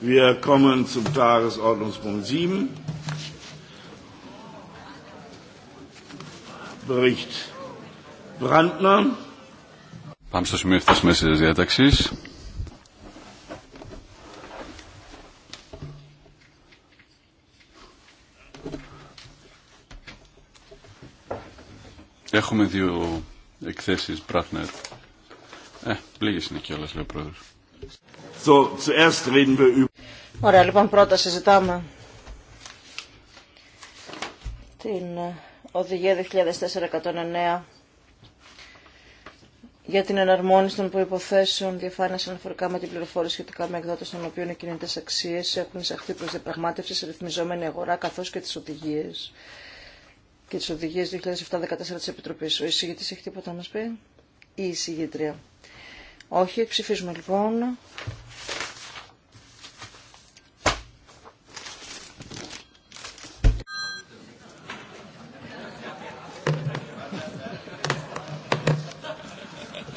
Wir kommen zum Tagesordnungspunkt 7. Bericht Brandner. Πάμε στο σημείο αυτής της μέσης διάταξης. Έχουμε δύο εκθέσεις Μπράτνερ. Ε, λίγες είναι κιόλας, λέει ο πρόεδρος. So, zuerst reden wir Ωραία, λοιπόν, πρώτα συζητάμε την ε, οδηγία 2409 για την εναρμόνιση των προποθέσεων διαφάνεια αναφορικά με την πληροφόρηση σχετικά με εκδότε των οποίων οι κινητέ αξίε έχουν εισαχθεί προ διαπραγμάτευση σε ρυθμιζόμενη αγορά καθώ και τι οδηγίε και τι οδηγίε 2007-14 τη Επιτροπή. Ο εισηγητή έχει τίποτα να μα πει, ή η εισηγήτρια. Όχι, ψηφίζουμε λοιπόν.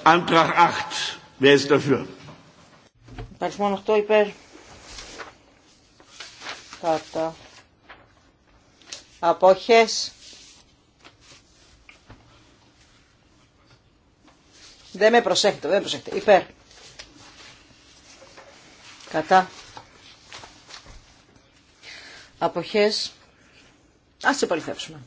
Antrag 8. Wer ist dafür? Παριθμόν 8 υπέρ. Κατά. Απόχες. Δεν με προσέχετε, δεν με προσέχετε. Υπέρ. Κατά. Αποχές. Ας επαληθεύσουμε.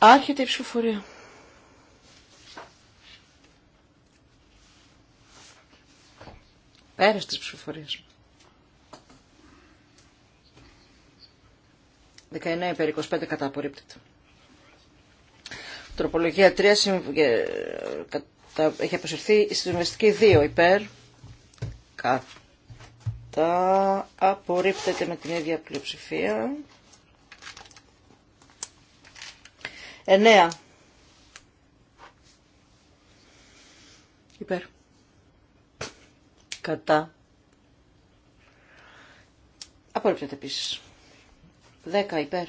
Άρχεται η ψηφοφορία. Πέρας της ψηφοφορίας. 19 υπέρ 25 κατά απορρίπτεται. Τροπολογία 3 ε, έχει αποσυρθεί στη συμβαστική 2 υπέρ κατά απορρίπτεται με την ίδια πλειοψηφία. 9. Υπέρ. Κατά. Απορρίπτεται επίση. 10 υπέρ.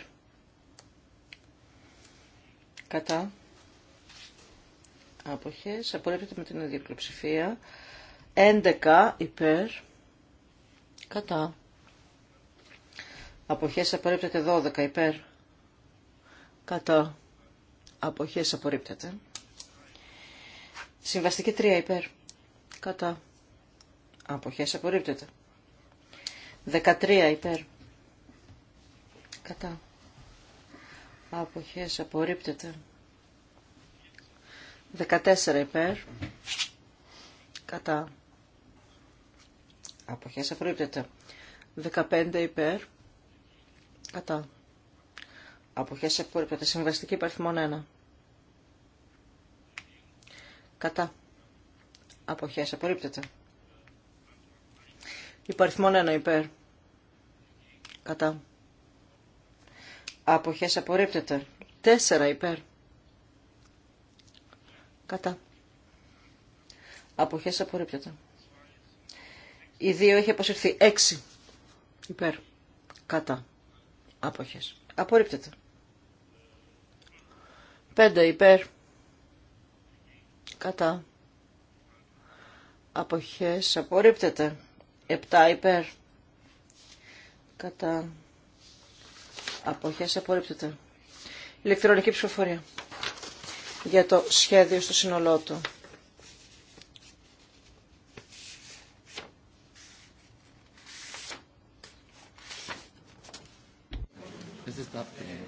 Κατά. Αποχές. Απορρίπτεται με την ίδια 11 υπέρ. Κατά. Αποχές απορρίπτεται 12 υπέρ. Κατά αποχές απορρίπτεται. Συμβαστική 3 υπέρ. Κατά. Αποχές απορρίπτεται. 13 υπέρ. Κατά. Αποχές απορρίπτεται. 14 υπέρ. Κατά. Αποχές απορρίπτεται. 15 υπέρ. Κατά. Αποχές απορρίπτεται. Συμβαστική υπαριθμόν 1. Κατά. Αποχές απορρίπτεται. Υπαριθμόν 1 υπέρ. Κατά. Αποχές απορρίπτεται. 4 υπέρ. Κατά. Αποχές απορρίπτεται. Η 2 έχει αποσυρθεί. 6 υπέρ. Κατά. Αποχές. Απορρίπτεται. 5 υπέρ. Κατά. Αποχές. Απορρίπτεται. 7 υπέρ. Κατά. Αποχές. Απορρίπτεται. Ηλεκτρονική ψηφοφορία. Για το σχέδιο στο σύνολό του.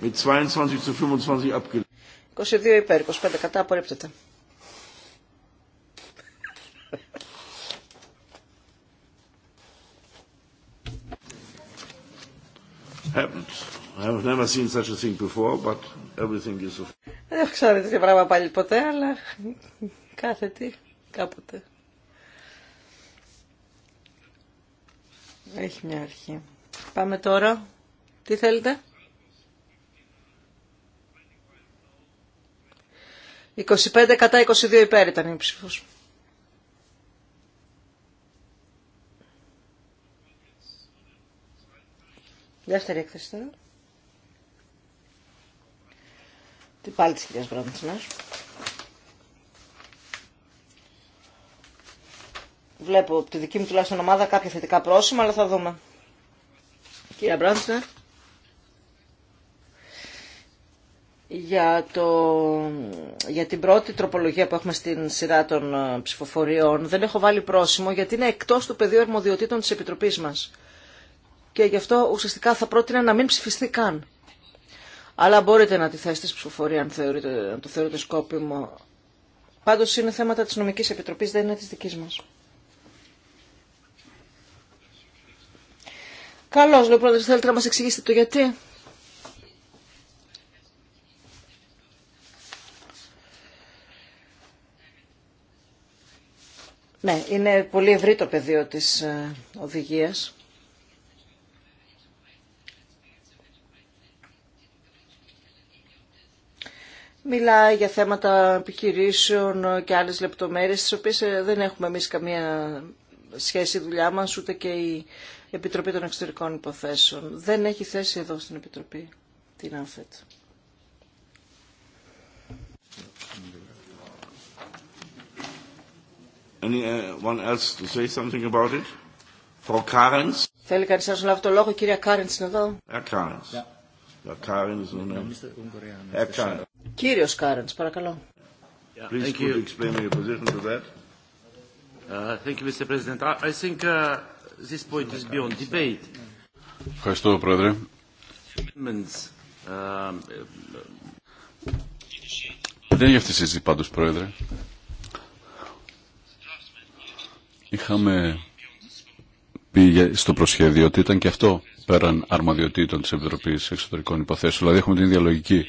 mit 22 zu 25 abgelehnt. 22 υπέρ, 25 κατά, απορρίπτεται. Δεν έχω ξαναδεί τέτοια πράγμα πάλι ποτέ, αλλά κάθε τι, κάποτε. Έχει μια αρχή. Πάμε τώρα. Τι θέλετε. 25 κατά 22 υπέρ ήταν η ψήφος. Δεύτερη έκθεση τώρα. Τι πάλι της κυρίας Βρόντσινας. Βλέπω από τη δική μου τουλάχιστον ομάδα κάποια θετικά πρόσημα, αλλά θα δούμε. Κυρία Μπρόντσινας. για, το, για την πρώτη τροπολογία που έχουμε στην σειρά των ε, ψηφοφοριών. Δεν έχω βάλει πρόσημο γιατί είναι εκτός του πεδίου αρμοδιοτήτων της Επιτροπής μας. Και γι' αυτό ουσιαστικά θα πρότεινα να μην ψηφιστεί καν. Αλλά μπορείτε να τη θέσετε στη ψηφοφορία αν, θεωρείτε, το θεωρείτε σκόπιμο. Πάντως είναι θέματα της νομικής επιτροπής, δεν είναι της δικής μας. Καλώς, λοιπόν, θέλετε να μας εξηγήσετε το γιατί. Ναι, είναι πολύ ευρύ το πεδίο της ε, οδηγίας. Μιλάει για θέματα επιχειρήσεων και άλλες λεπτομέρειες, τις οποίες ε, δεν έχουμε εμείς καμία σχέση δουλειά μας, ούτε και η Επιτροπή των Εξωτερικών Υποθέσεων. Δεν έχει θέση εδώ στην Επιτροπή, την ΑΦΕΤ. Anyone else to say something about it? Frau Karens? Θέλει κανείς να λάβει το λόγο, κυρία Κάρενς είναι εδώ. Herr Karens. Yeah. Karens Herr Karens. Κύριος Κάρενς, παρακαλώ. Yeah, Please could you explain your position to that? Uh, thank you, Mr. President. I think uh, this point is beyond debate. Ευχαριστώ, Πρόεδρε. Δεν είναι για αυτή τη συζήτηση πάντως, Πρόεδρε. Είχαμε πει στο προσχέδιο ότι ήταν και αυτό πέραν αρμοδιοτήτων της Επιτροπής Εξωτερικών Υποθέσεων. Δηλαδή έχουμε την ίδια λογική.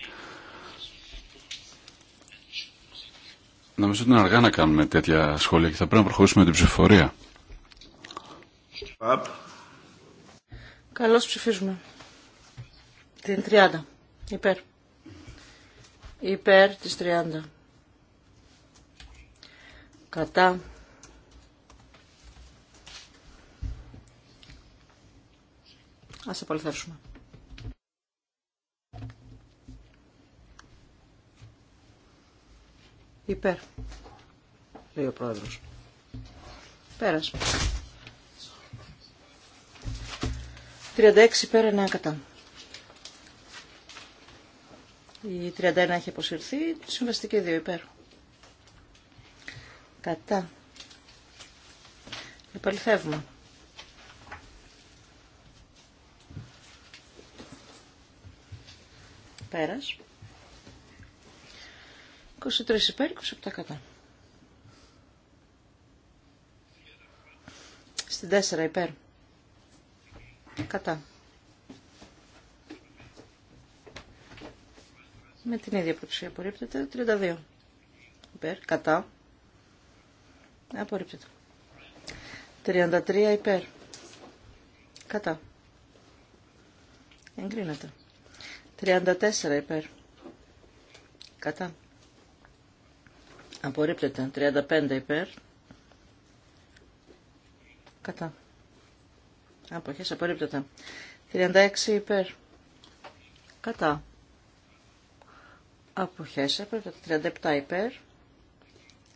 Νομίζω ότι είναι αργά να κάνουμε τέτοια σχόλια και θα πρέπει να προχωρήσουμε την ψηφοφορία. Καλώς ψηφίζουμε. Την 30. Υπέρ. Υπέρ της 30. Κατά. Ας απολυθεύσουμε. Υπέρ, λέει ο πρόεδρος. Πέρας. 36 υπέρ 9 κατά. Η 31 έχει αποσυρθεί, συμβαστική 2 υπέρ. Κατά. Επαληθεύουμε. Πέρας. 23 υπέρ, 27 κατά. Στην 4 υπέρ. Κατά. Με την ίδια προψία απορρίπτεται. 32 υπέρ. Κατά. Απορρίπτεται. 33 υπέρ. Κατά. Εγκρίνεται. 34 υπέρ. Κατά. Απορρίπτεται. 35 υπέρ. Κατά. Αποχές απορρίπτεται. 36 υπέρ. Κατά. Αποχές απορρίπτεται. 37 υπέρ.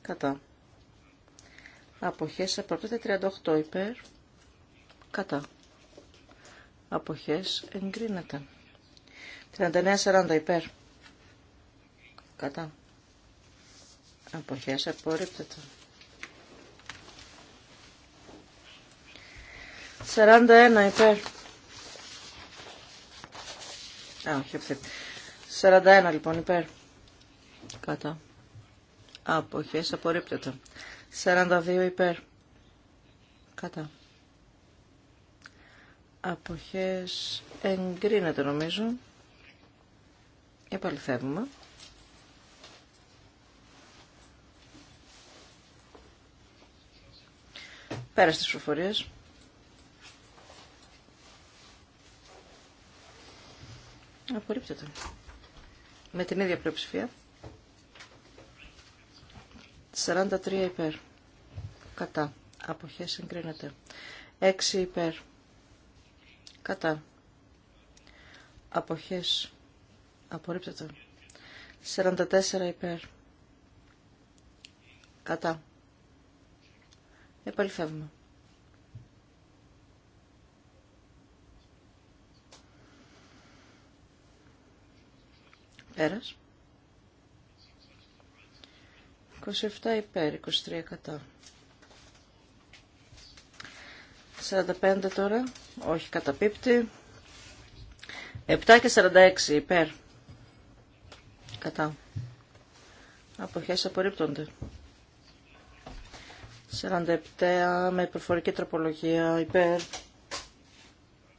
Κατά. Αποχές απορρίπτεται. 38 υπέρ. Κατά. Αποχές εγκρίνεται. 39-40 υπέρ. Κατά. Αποχές απορρίπτεται. 41 υπέρ. Α, όχι αυτή. 41 λοιπόν υπέρ. Κατά. Αποχές απορρίπτεται. 42 υπέρ. Κατά. Αποχές εγκρίνεται νομίζω. Επαληθεύουμε. Πέρα στις προφορίες. Απορρίπτεται. Με την ίδια πλειοψηφία. 43 υπέρ. Κατά. Αποχές συγκρίνεται. 6 υπέρ. Κατά. Αποχές το. 44 υπέρ. Κατά. Επαληθεύουμε. Πέρας. 27 υπέρ, 23 κατά. 45 τώρα, όχι καταπίπτει. 7 και 46 υπέρ. Κατά. Αποχές απορρίπτονται. 47 με προφορική τροπολογία υπέρ.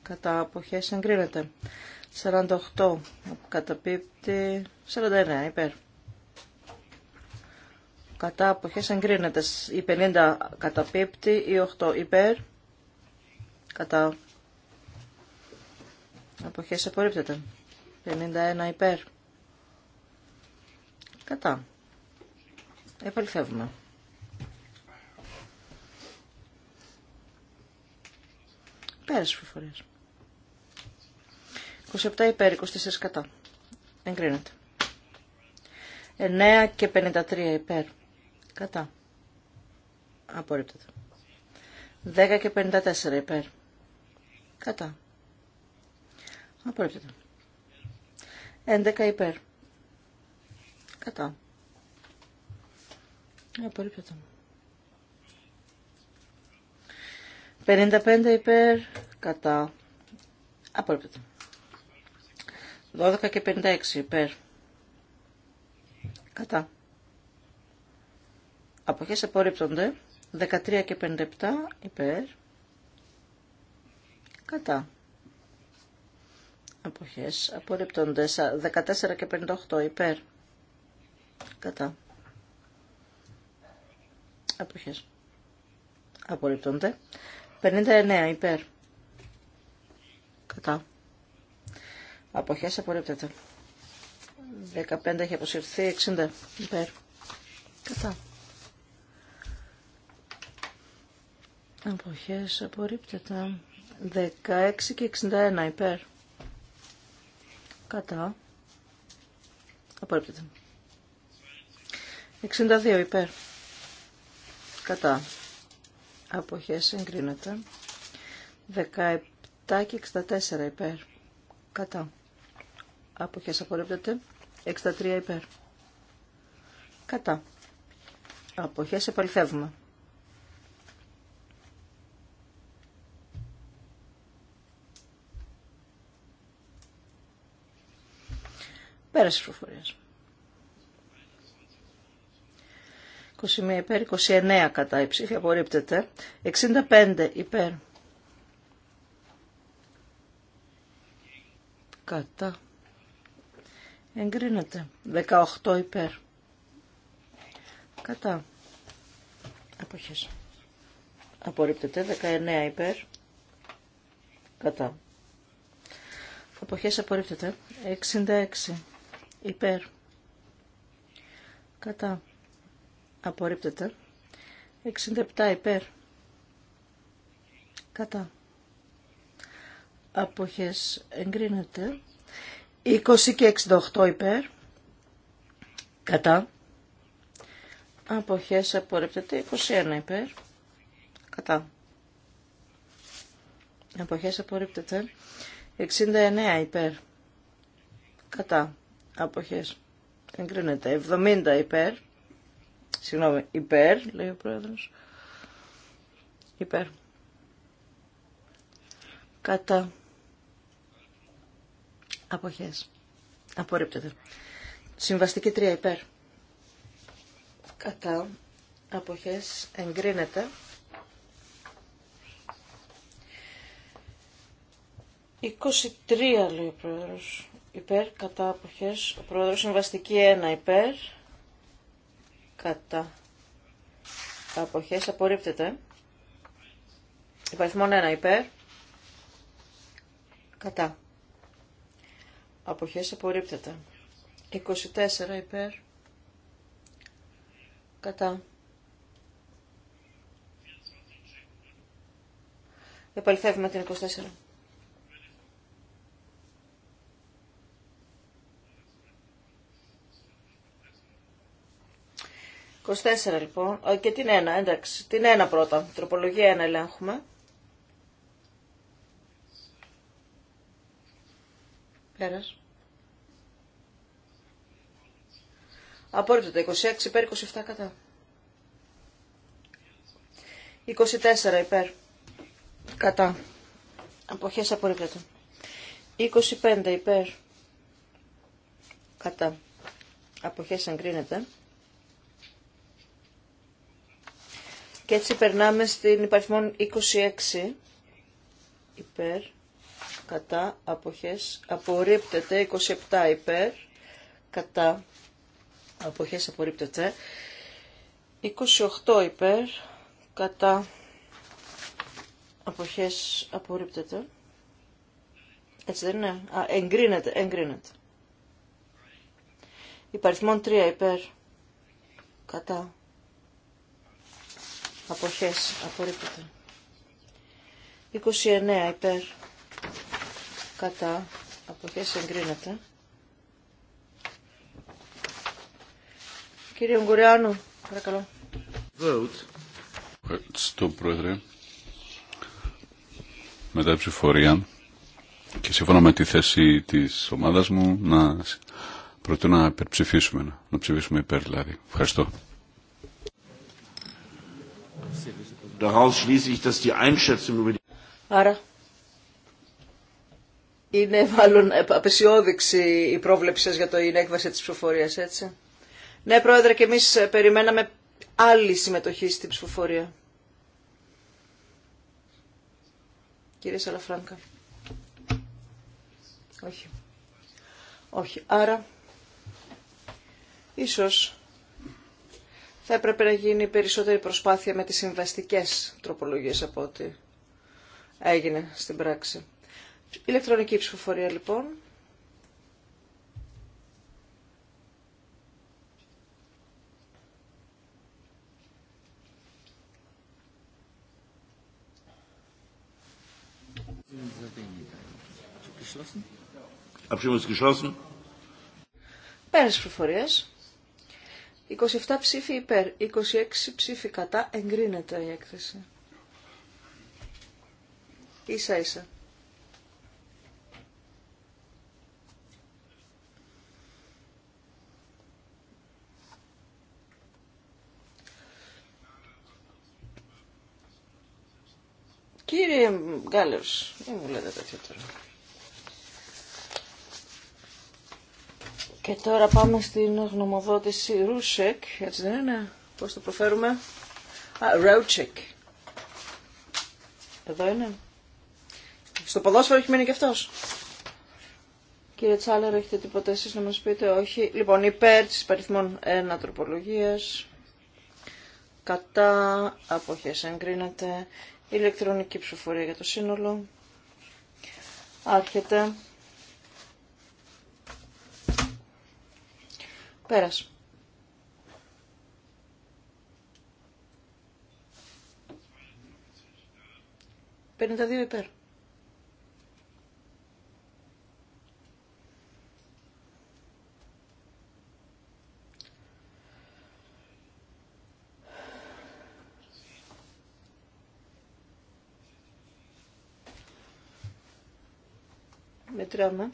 Κατά αποχές εγκρίνεται. 48 καταπίπτει. 49 υπέρ. Κατά αποχές εγκρίνεται. Η 50 καταπίπτει. Η 8 υπέρ. Κατά αποχές απορρίπτεται. 51 υπέρ. Κατά. Επαληθεύουμε. Πέρασε φορές. 27 υπέρ, 24 κατά. Εγκρίνεται. 9 και 53 υπέρ. Κατά. Απορρίπτεται. 10 και 54 υπέρ. Κατά. Απορρίπτεται. 11 υπέρ. Κατά. Απορρίπτεται. 55 υπέρ. Κατά. Απορρίπτεται. 12 και 56 υπέρ. Κατά. Αποχές απορρίπτονται. 13 και 57 υπέρ. Κατά. Αποχές απορρίπτονται. 14 και 58 υπέρ κατά αποχές απορρίπτονται 59 υπέρ κατά αποχές απορρίπτεται 15 έχει αποσυρθεί 60 υπέρ κατά αποχές απορρίπτεται 16 και 61 υπέρ κατά απορρίπτεται 62 υπέρ. Κατά. Αποχές συγκρίνεται. 17 και 64 υπέρ. Κατά. Αποχές απορρίπτεται. 63 υπέρ. Κατά. Αποχές επαληθεύουμε. Πέρασε προφορία. 21 υπέρ, 29 κατά η ψήφη, απορρίπτεται. 65 υπέρ. Κατά. Εγκρίνεται. 18 υπέρ. Κατά. Αποχές. Απορρίπτεται. 19 υπέρ. Κατά. Αποχές απορρίπτεται. 66 υπέρ. Κατά απορρίπτεται 67 υπέρ κατά αποχές εγκρίνεται 20 και 68 υπέρ κατά αποχές απορρίπτεται 21 υπέρ κατά αποχές απορρίπτεται 69 υπέρ κατά αποχές εγκρίνεται 70 υπέρ Συγγνώμη, υπέρ, λέει ο πρόεδρος. Υπέρ. Κατά. Αποχές. Απορρίπτεται. Συμβαστική 3 υπέρ. Κατά. Αποχές εγκρίνεται. 23 λέει ο πρόεδρος. Υπέρ, κατά αποχές. Ο πρόεδρος συμβαστική 1 υπέρ κατά αποχές απορρίπτεται. Υπαριθμόν 1 υπέρ, κατά αποχές απορρίπτεται. 24 υπέρ, κατά. Επαληθεύουμε την 24. 24 λοιπόν. Ε, και την 1, εντάξει. Την 1 πρώτα. Τροπολογία 1 ελέγχουμε. Πέρας. Απόρριπτεται. 26 υπέρ, 27 κατά. 24 υπέρ. Κατά. Αποχές απορρίπτεται. 25 υπέρ. Κατά. Αποχές εγκρίνεται. Και έτσι περνάμε στην υπαριθμόν 26 υπέρ, κατά, αποχές, απορρίπτεται, 27 υπέρ, κατά, αποχές, απορρίπτεται, 28 υπέρ, κατά, αποχές, απορρίπτεται, έτσι δεν είναι, α, εγκρίνεται, εγκρίνεται. Υπαριθμόν 3 υπέρ, κατά, Αποχές. Απορρίπτεται. 29 υπέρ. Κατά. Αποχές εγκρίνεται. Κύριε Γκουριάνου, παρακαλώ. Vote. Στο Πρόεδρε, μετά ψηφορία και σύμφωνα με τη θέση της ομάδας μου να προτείνω να υπερψηφίσουμε, να ψηφίσουμε υπέρ δηλαδή. Ευχαριστώ. Daraus schließe ich, dass die Einschätzung über die Άρα, είναι μάλλον απεσιόδειξη η πρόβλεψη σας για το είναι έκβαση της ψηφοφορίας, έτσι. Ναι, Πρόεδρε, και εμείς ε, περιμέναμε άλλη συμμετοχή στην ψηφοφορία. Κύριε Σαλαφράγκα. Όχι. Όχι. Άρα, ίσως θα έπρεπε να γίνει περισσότερη προσπάθεια με τις συμβαστικές τροπολογίες από ό,τι έγινε στην πράξη. Ηλεκτρονική ψηφοφορία λοιπόν. Abstimmung ist ψηφοφορίας. 27 ψήφοι υπέρ, 26 ψήφοι κατά, εγκρίνεται η έκθεση. Ίσα ίσα. Κύριε Γκάλερς, δεν μου λέτε τέτοια τώρα. Και τώρα πάμε στην γνωμοδότηση Ρούσεκ, έτσι δεν είναι, πώς το προφέρουμε. Α, Ρότσεκ. Εδώ είναι. Στο ποδόσφαιρο έχει μείνει και αυτός. Κύριε Τσάλερ, έχετε τίποτα εσείς να μας πείτε, όχι. Λοιπόν, υπέρ της παριθμών 1 τροπολογίας, κατά, αποχές εγκρίνεται, ηλεκτρονική ψηφοφορία για το σύνολο. Άρχεται. Πέρας. τα δύο υπέρ. Μετράμε.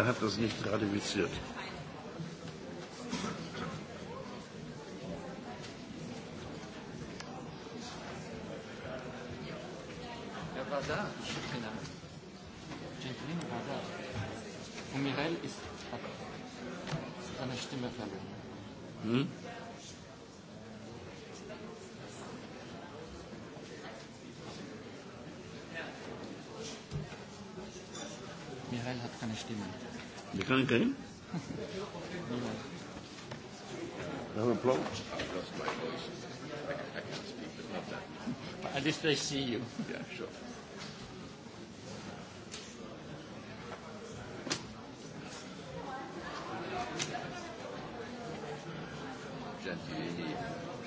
Er hat das nicht ratifiziert? Er war da, Jacqueline war da. Und Mireille ist, hat seine Stimme verloren. Hm? Mireille hat keine Stimme. You can't get in? No applause? I've lost my voice. I, I can't speak, but not that. At least they see you. Yeah, sure. Gentilini,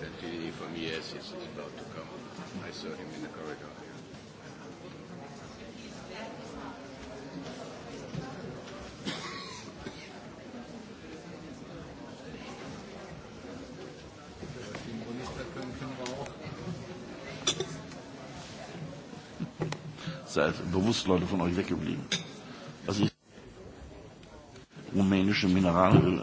Gentilini from ES is about to come. I saw him in the corridor. bewusst Leute von euch weggeblieben. Also rumänische Mineralöl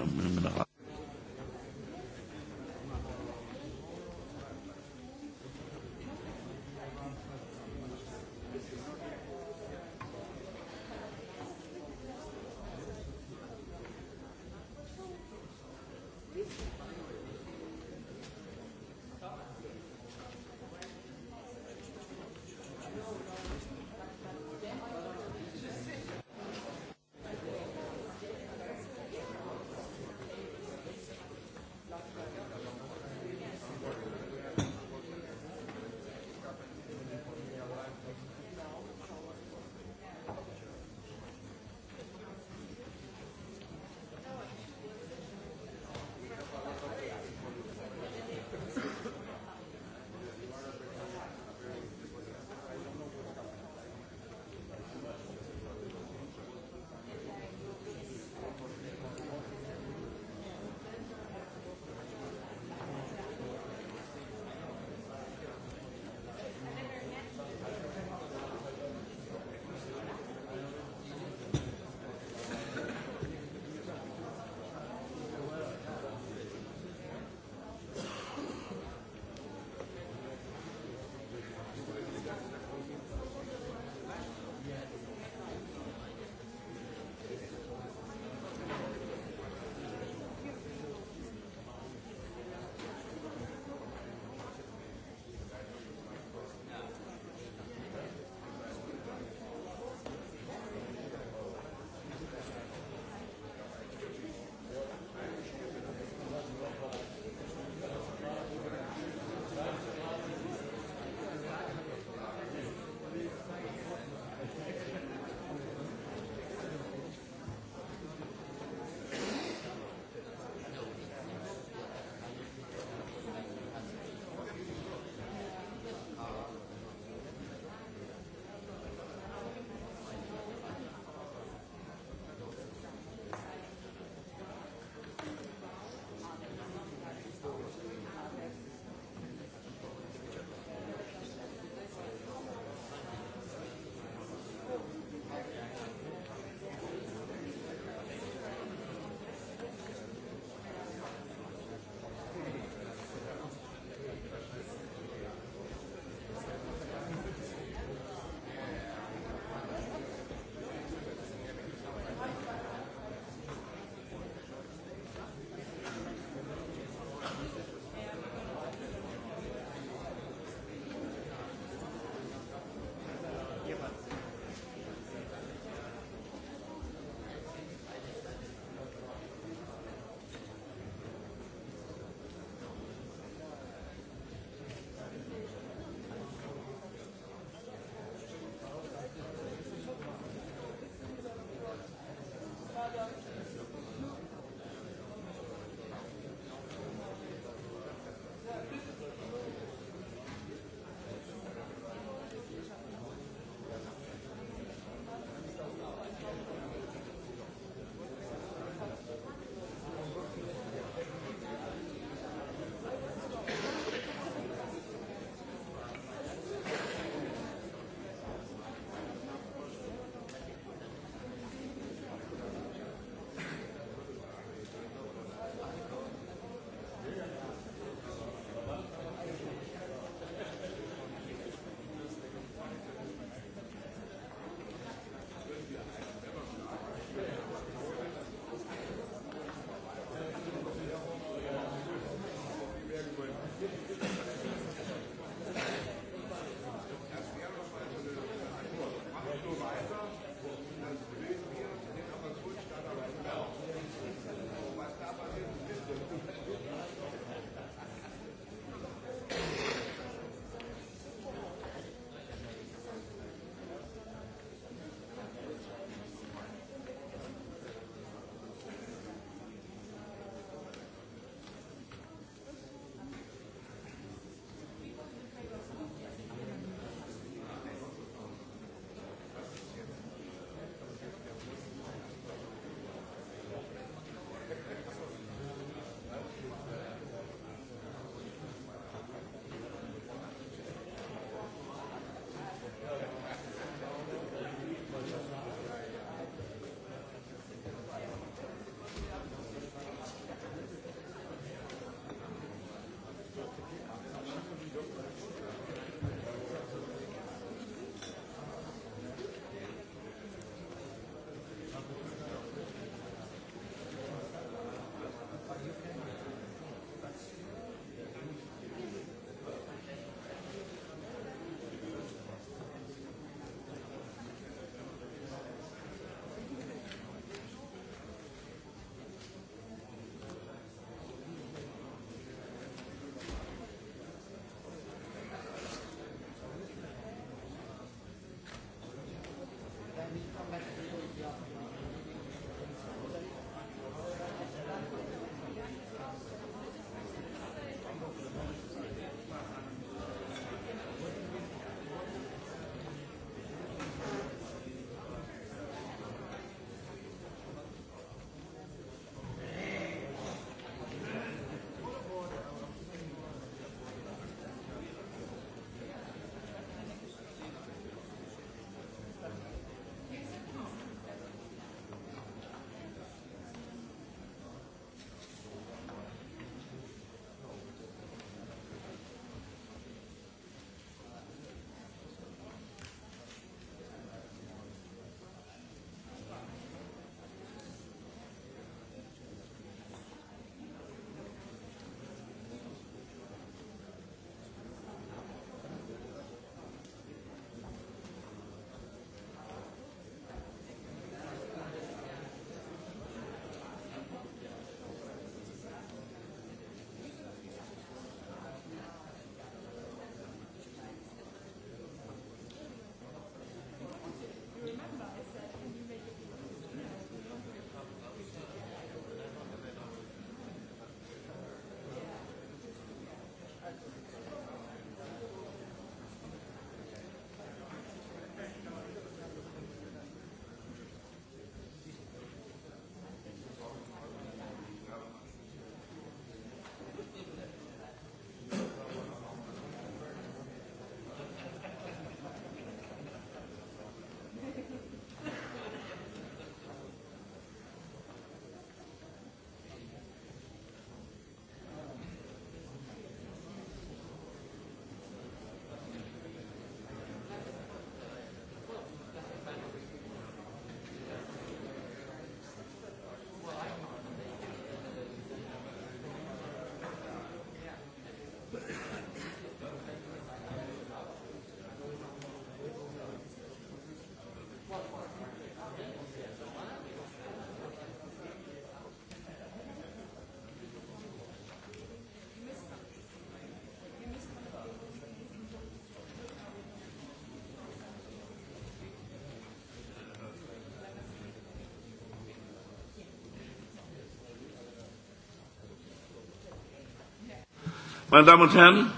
Meine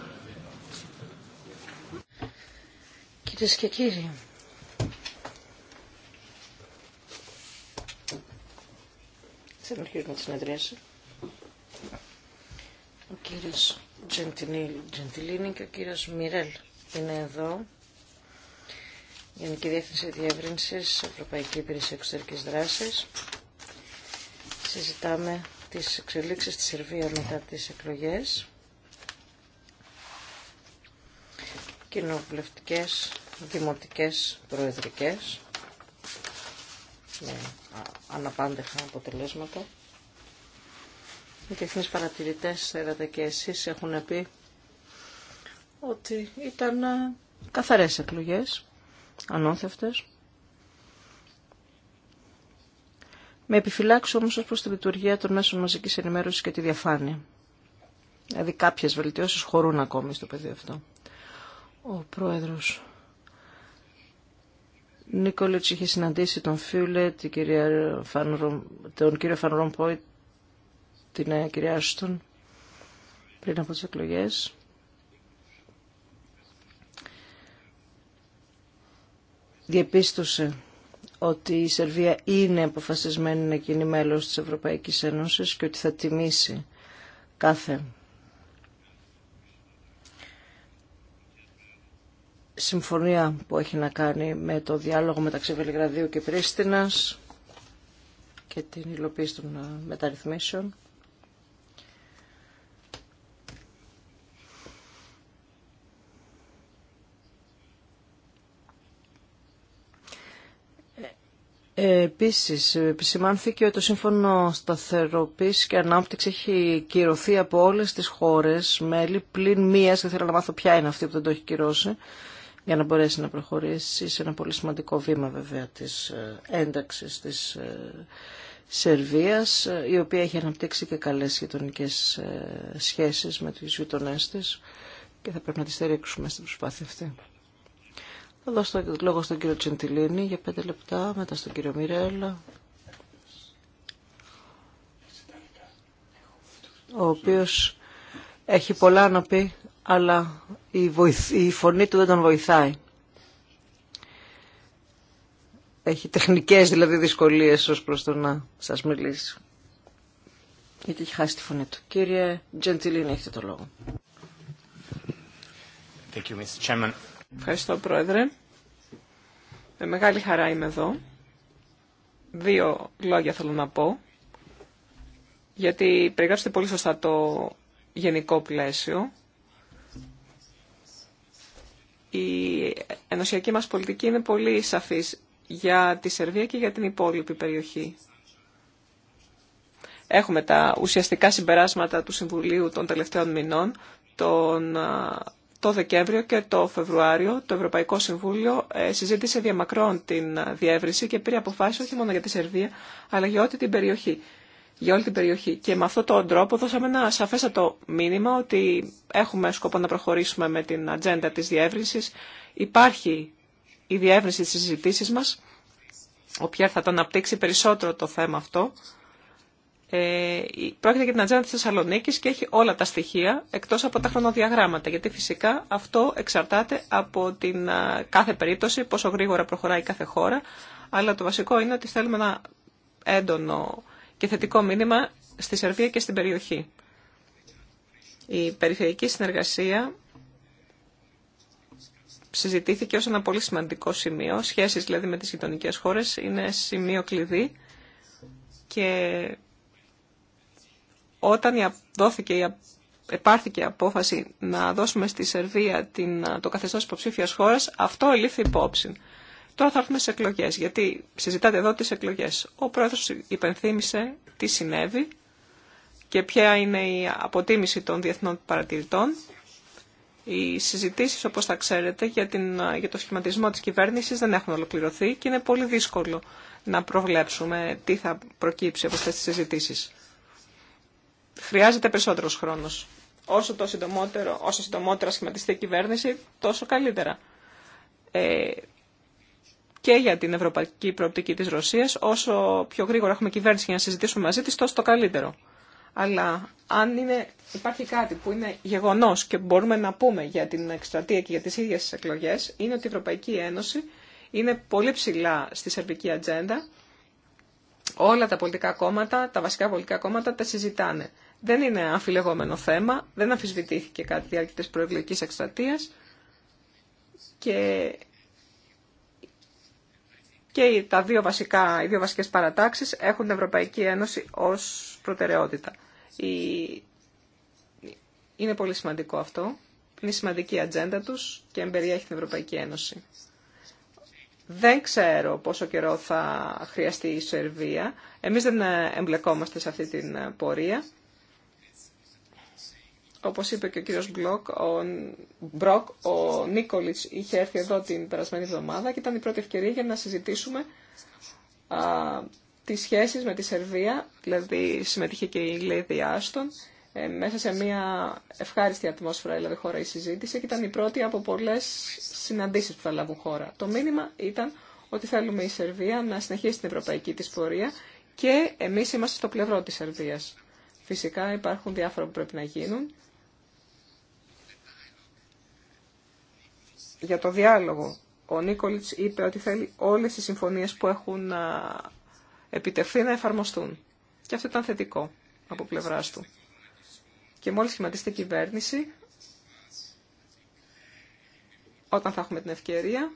Κυρίες και κύριοι, θέλω να τη συνεδρίαση. Ο κύριος Τζεντιλίνη και ο κύριος Μιρέλ είναι εδώ. Γενική Διεύθυνση Διεύρυνσης, Ευρωπαϊκή Υπηρεσία Εξωτερικής Δράσης. Συζητάμε τις εξελίξεις στη Σερβία μετά τις εκλογές. κοινοβουλευτικές, δημοτικές, προεδρικές με αναπάντεχα αποτελέσματα. Οι διεθνείς παρατηρητές, έρατε και εσείς, έχουν πει ότι ήταν ε, καθαρές εκλογές, ανώθευτες. Με επιφυλάξω όμως ως προς τη λειτουργία των μέσων μαζικής ενημέρωσης και τη διαφάνεια. Δηλαδή κάποιες βελτιώσεις χωρούν ακόμη στο πεδίο αυτό ο πρόεδρος Νίκολετς είχε συναντήσει τον Φιούλε, τον κύριο Φαν την ε, κυρία Άστον πριν από τις εκλογές. Διεπίστωσε ότι η Σερβία είναι αποφασισμένη να γίνει μέλος της Ευρωπαϊκής Ένωσης και ότι θα τιμήσει κάθε συμφωνία που έχει να κάνει με το διάλογο μεταξύ Βελιγραδίου και Πρίστινας και την υλοποίηση των ε, μεταρρυθμίσεων. Ε, επίσης, επισημάνθηκε ότι το Σύμφωνο σταθεροποίηση και Ανάπτυξη έχει κυρωθεί από όλες τις χώρες μέλη, πλην μίας. και θέλω να μάθω ποια είναι αυτή που δεν το έχει κυρώσει, για να μπορέσει να προχωρήσει σε ένα πολύ σημαντικό βήμα βέβαια της ε, ένταξης της ε, Σερβίας, ε, η οποία έχει αναπτύξει και καλές γειτονικέ σχέσεις με τους γειτονές της και θα πρέπει να τη στηρίξουμε στην προσπάθεια αυτή. Θα δώσω το λόγο στον κύριο Τσεντιλίνη για πέντε λεπτά, μετά στον κύριο Μιρέλα, ο οποίος έχει πολλά να πει αλλά η φωνή του δεν τον βοηθάει. Έχει τεχνικές δηλαδή δυσκολίες ως προς το να σας μιλήσει. Γιατί έχει χάσει τη φωνή του. Κύριε Τζεντιλίνη, έχετε το λόγο. Ευχαριστώ, Πρόεδρε. Με μεγάλη χαρά είμαι εδώ. Δύο λόγια θέλω να πω. Γιατί περιγράψετε πολύ σωστά το γενικό πλαίσιο η ενωσιακή μας πολιτική είναι πολύ σαφής για τη Σερβία και για την υπόλοιπη περιοχή. Έχουμε τα ουσιαστικά συμπεράσματα του Συμβουλίου των τελευταίων μηνών, τον, το Δεκέμβριο και το Φεβρουάριο το Ευρωπαϊκό Συμβούλιο ε, συζήτησε διαμακρών την διεύρυνση και πήρε αποφάσεις όχι μόνο για τη Σερβία αλλά για ό,τι την περιοχή για όλη την περιοχή. Και με αυτόν τον τρόπο δώσαμε ένα σαφέστατο μήνυμα ότι έχουμε σκοπό να προχωρήσουμε με την ατζέντα της διεύρυνσης. Υπάρχει η διεύρυνση στις συζητήσεις μας. Ο Πιέρ θα το αναπτύξει περισσότερο το θέμα αυτό. Ε, πρόκειται για την ατζέντα της Θεσσαλονίκη και έχει όλα τα στοιχεία εκτός από τα χρονοδιαγράμματα. Γιατί φυσικά αυτό εξαρτάται από την κάθε περίπτωση, πόσο γρήγορα προχωράει κάθε χώρα. Αλλά το βασικό είναι ότι θέλουμε ένα έντονο και θετικό μήνυμα στη Σερβία και στην περιοχή. Η περιφερειακή συνεργασία συζητήθηκε ως ένα πολύ σημαντικό σημείο. Σχέσεις δηλαδή με τις γειτονικέ χώρες είναι σημείο κλειδί και όταν δόθηκε, επάρθηκε η απόφαση να δώσουμε στη Σερβία την, το καθεστώς υποψήφιας χώρας, αυτό ελήφθη υπόψη. Τώρα θα έρθουμε στι εκλογέ, γιατί συζητάτε εδώ τι εκλογέ. Ο πρόεδρο υπενθύμησε τι συνέβη και ποια είναι η αποτίμηση των διεθνών παρατηρητών. Οι συζητήσει, όπω θα ξέρετε, για, την, για το σχηματισμό τη κυβέρνηση δεν έχουν ολοκληρωθεί και είναι πολύ δύσκολο να προβλέψουμε τι θα προκύψει από αυτέ τι συζητήσει. Χρειάζεται περισσότερο χρόνο. Όσο, το συντομότερο, όσο συντομότερα σχηματιστεί η κυβέρνηση, τόσο καλύτερα. Ε, και για την ευρωπαϊκή προοπτική της Ρωσίας. Όσο πιο γρήγορα έχουμε κυβέρνηση για να συζητήσουμε μαζί της, τόσο το καλύτερο. Αλλά αν είναι, υπάρχει κάτι που είναι γεγονός και μπορούμε να πούμε για την εκστρατεία και για τις ίδιες τις εκλογές, είναι ότι η Ευρωπαϊκή Ένωση είναι πολύ ψηλά στη σερβική ατζέντα. Όλα τα πολιτικά κόμματα, τα βασικά πολιτικά κόμματα τα συζητάνε. Δεν είναι αμφιλεγόμενο θέμα, δεν αμφισβητήθηκε κάτι διάρκεια της προεκλογικής και και τα δύο βασικά, οι δύο βασικές παρατάξεις έχουν την Ευρωπαϊκή Ένωση ως προτεραιότητα. Είναι πολύ σημαντικό αυτό. Είναι σημαντική η ατζέντα τους και εμπεριέχει την Ευρωπαϊκή Ένωση. Δεν ξέρω πόσο καιρό θα χρειαστεί η Σερβία. Εμείς δεν ε, εμπλεκόμαστε σε αυτή την ε, πορεία. Όπως είπε και ο κύριος Μπλοκ, ο Μπροκ, ο Νίκολιτς είχε έρθει εδώ την περασμένη εβδομάδα και ήταν η πρώτη ευκαιρία για να συζητήσουμε α, τις σχέσεις με τη Σερβία, δηλαδή συμμετείχε και η Λέιδη Άστον, ε, μέσα σε μια ευχάριστη ατμόσφαιρα δηλαδή χώρα η συζήτηση και ήταν η πρώτη από πολλές συναντήσεις που θα λάβουν χώρα. Το μήνυμα ήταν ότι θέλουμε η Σερβία να συνεχίσει την ευρωπαϊκή της πορεία και εμείς είμαστε στο πλευρό της Σερβίας. Φυσικά υπάρχουν διάφορα που πρέπει να γίνουν για το διάλογο. Ο Νίκολιτς είπε ότι θέλει όλες οι συμφωνίες που έχουν επιτευχθεί να εφαρμοστούν. Και αυτό ήταν θετικό από πλευράς του. Και μόλις σχηματίστηκε η κυβέρνηση, όταν θα έχουμε την ευκαιρία,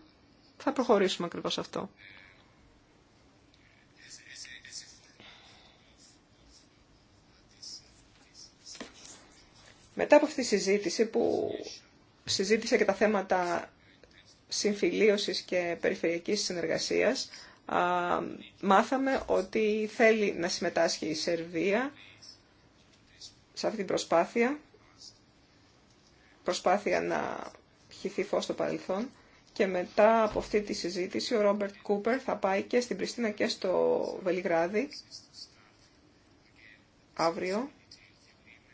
θα προχωρήσουμε ακριβώς αυτό. Μετά από αυτή τη συζήτηση που συζήτησε και τα θέματα συμφιλίωσης και περιφερειακής συνεργασίας μάθαμε ότι θέλει να συμμετάσχει η Σερβία σε αυτή την προσπάθεια, προσπάθεια να χυθεί φως στο παρελθόν και μετά από αυτή τη συζήτηση ο Ρόμπερτ Κούπερ θα πάει και στην Πριστίνα και στο Βελιγράδι αύριο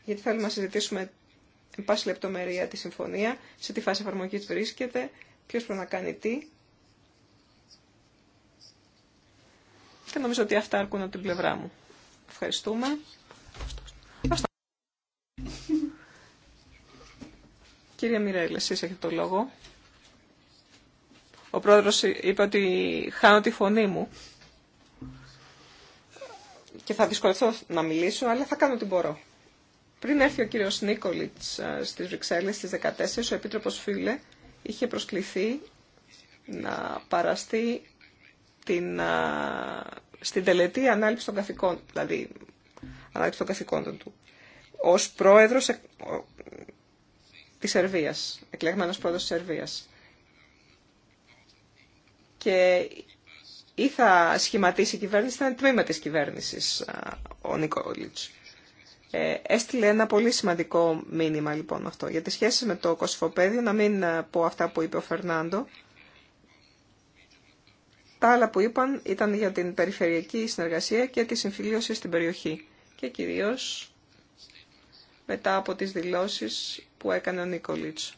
γιατί θέλουμε να συζητήσουμε εν πάση λεπτομερία τη συμφωνία, σε τι φάση εφαρμογή βρίσκεται ποιος πρέπει να κάνει τι. Και νομίζω ότι αυτά αρκούν από την πλευρά μου. Ευχαριστούμε. Κύριε Μιρέλη, εσείς έχετε το λόγο. Ο πρόεδρος είπε ότι χάνω τη φωνή μου και θα δυσκολευθώ να μιλήσω, αλλά θα κάνω ό,τι μπορώ. Πριν έρθει ο κύριος Νίκολιτς ε, στις Βρυξέλλες στις 14, ο Επίτροπος Φίλε είχε προσκληθεί να παραστεί την, στην τελετή ανάληψη των καθηκών, δηλαδή ανάληψη των καθηκόντων του, ως πρόεδρος ε, της Σερβίας, εκλεγμένος πρόεδρος της Σερβίας. Και ή θα σχηματίσει η κυβέρνηση, θα είναι τμήμα της κυβέρνησης ο Νικόλιτς. Ε, έστειλε ένα πολύ σημαντικό μήνυμα λοιπόν αυτό. Για τις σχέσεις με το Κοσφοπέδιο, να μην ε, πω αυτά που είπε ο Φερνάντο. Τα άλλα που είπαν ήταν για την περιφερειακή συνεργασία και τη συμφιλίωση στην περιοχή. Και κυρίως μετά από τις δηλώσεις που έκανε ο Νίκολιτς.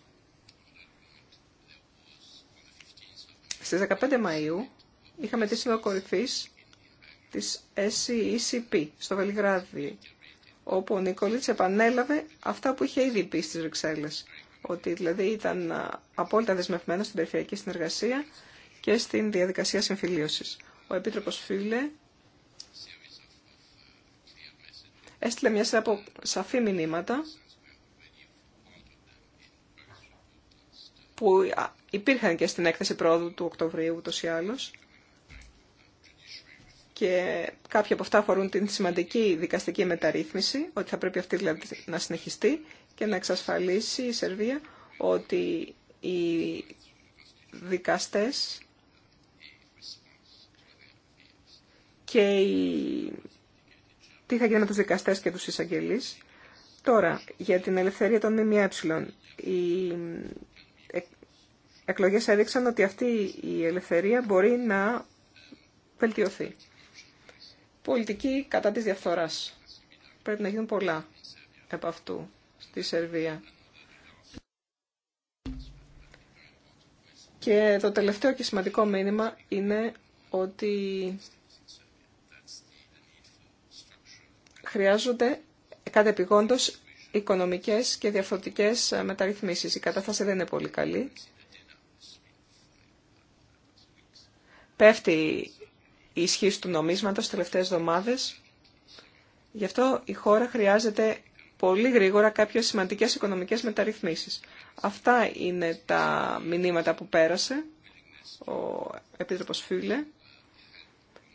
Στις 15 Μαΐου είχαμε τη συνοκορυφής της SECP e στο Βελιγράδι όπου ο Νικολίτς επανέλαβε αυτά που είχε ήδη πει στις Βρυξέλλες. Ότι δηλαδή ήταν απόλυτα δεσμευμένο στην περιφερειακή συνεργασία και στην διαδικασία συμφιλίωσης. Ο Επίτροπος Φίλε έστειλε μια σειρά από σαφή μηνύματα που υπήρχαν και στην έκθεση πρόοδου του Οκτωβρίου ούτως ή άλλως και κάποια από αυτά αφορούν την σημαντική δικαστική μεταρρύθμιση, ότι θα πρέπει αυτή δηλαδή να συνεχιστεί και να εξασφαλίσει η Σερβία ότι οι δικαστές και οι... τι θα γίνει με τους δικαστές και τους εισαγγελείς. Τώρα, για την ελευθερία των ΜΜΕ, οι εκλογές έδειξαν ότι αυτή η ελευθερία μπορεί να βελτιωθεί πολιτική κατά της διαφθοράς. Πρέπει να γίνουν πολλά από αυτού στη Σερβία. Και το τελευταίο και σημαντικό μήνυμα είναι ότι χρειάζονται επιγόντως οικονομικές και διαφορετικές μεταρρυθμίσεις. Η κατάσταση δεν είναι πολύ καλή. Πέφτει η ισχύση του νομίσματος τις τελευταίες εβδομάδες. Γι' αυτό η χώρα χρειάζεται πολύ γρήγορα κάποιες σημαντικές οικονομικές μεταρρυθμίσεις. Αυτά είναι τα μηνύματα που πέρασε ο Επίτροπος Φίλε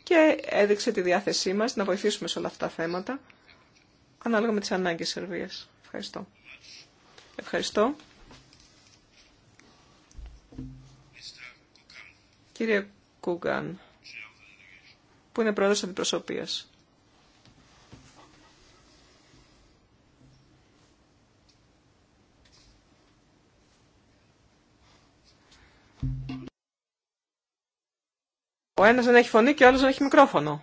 και έδειξε τη διάθεσή μας να βοηθήσουμε σε όλα αυτά τα θέματα ανάλογα με τις ανάγκες της Σερβίας. Ευχαριστώ. Ευχαριστώ. Κύριε Κούγκαν που είναι πρόεδρος αντιπροσωπείας. Ο ένας δεν έχει φωνή και ο άλλος δεν έχει μικρόφωνο.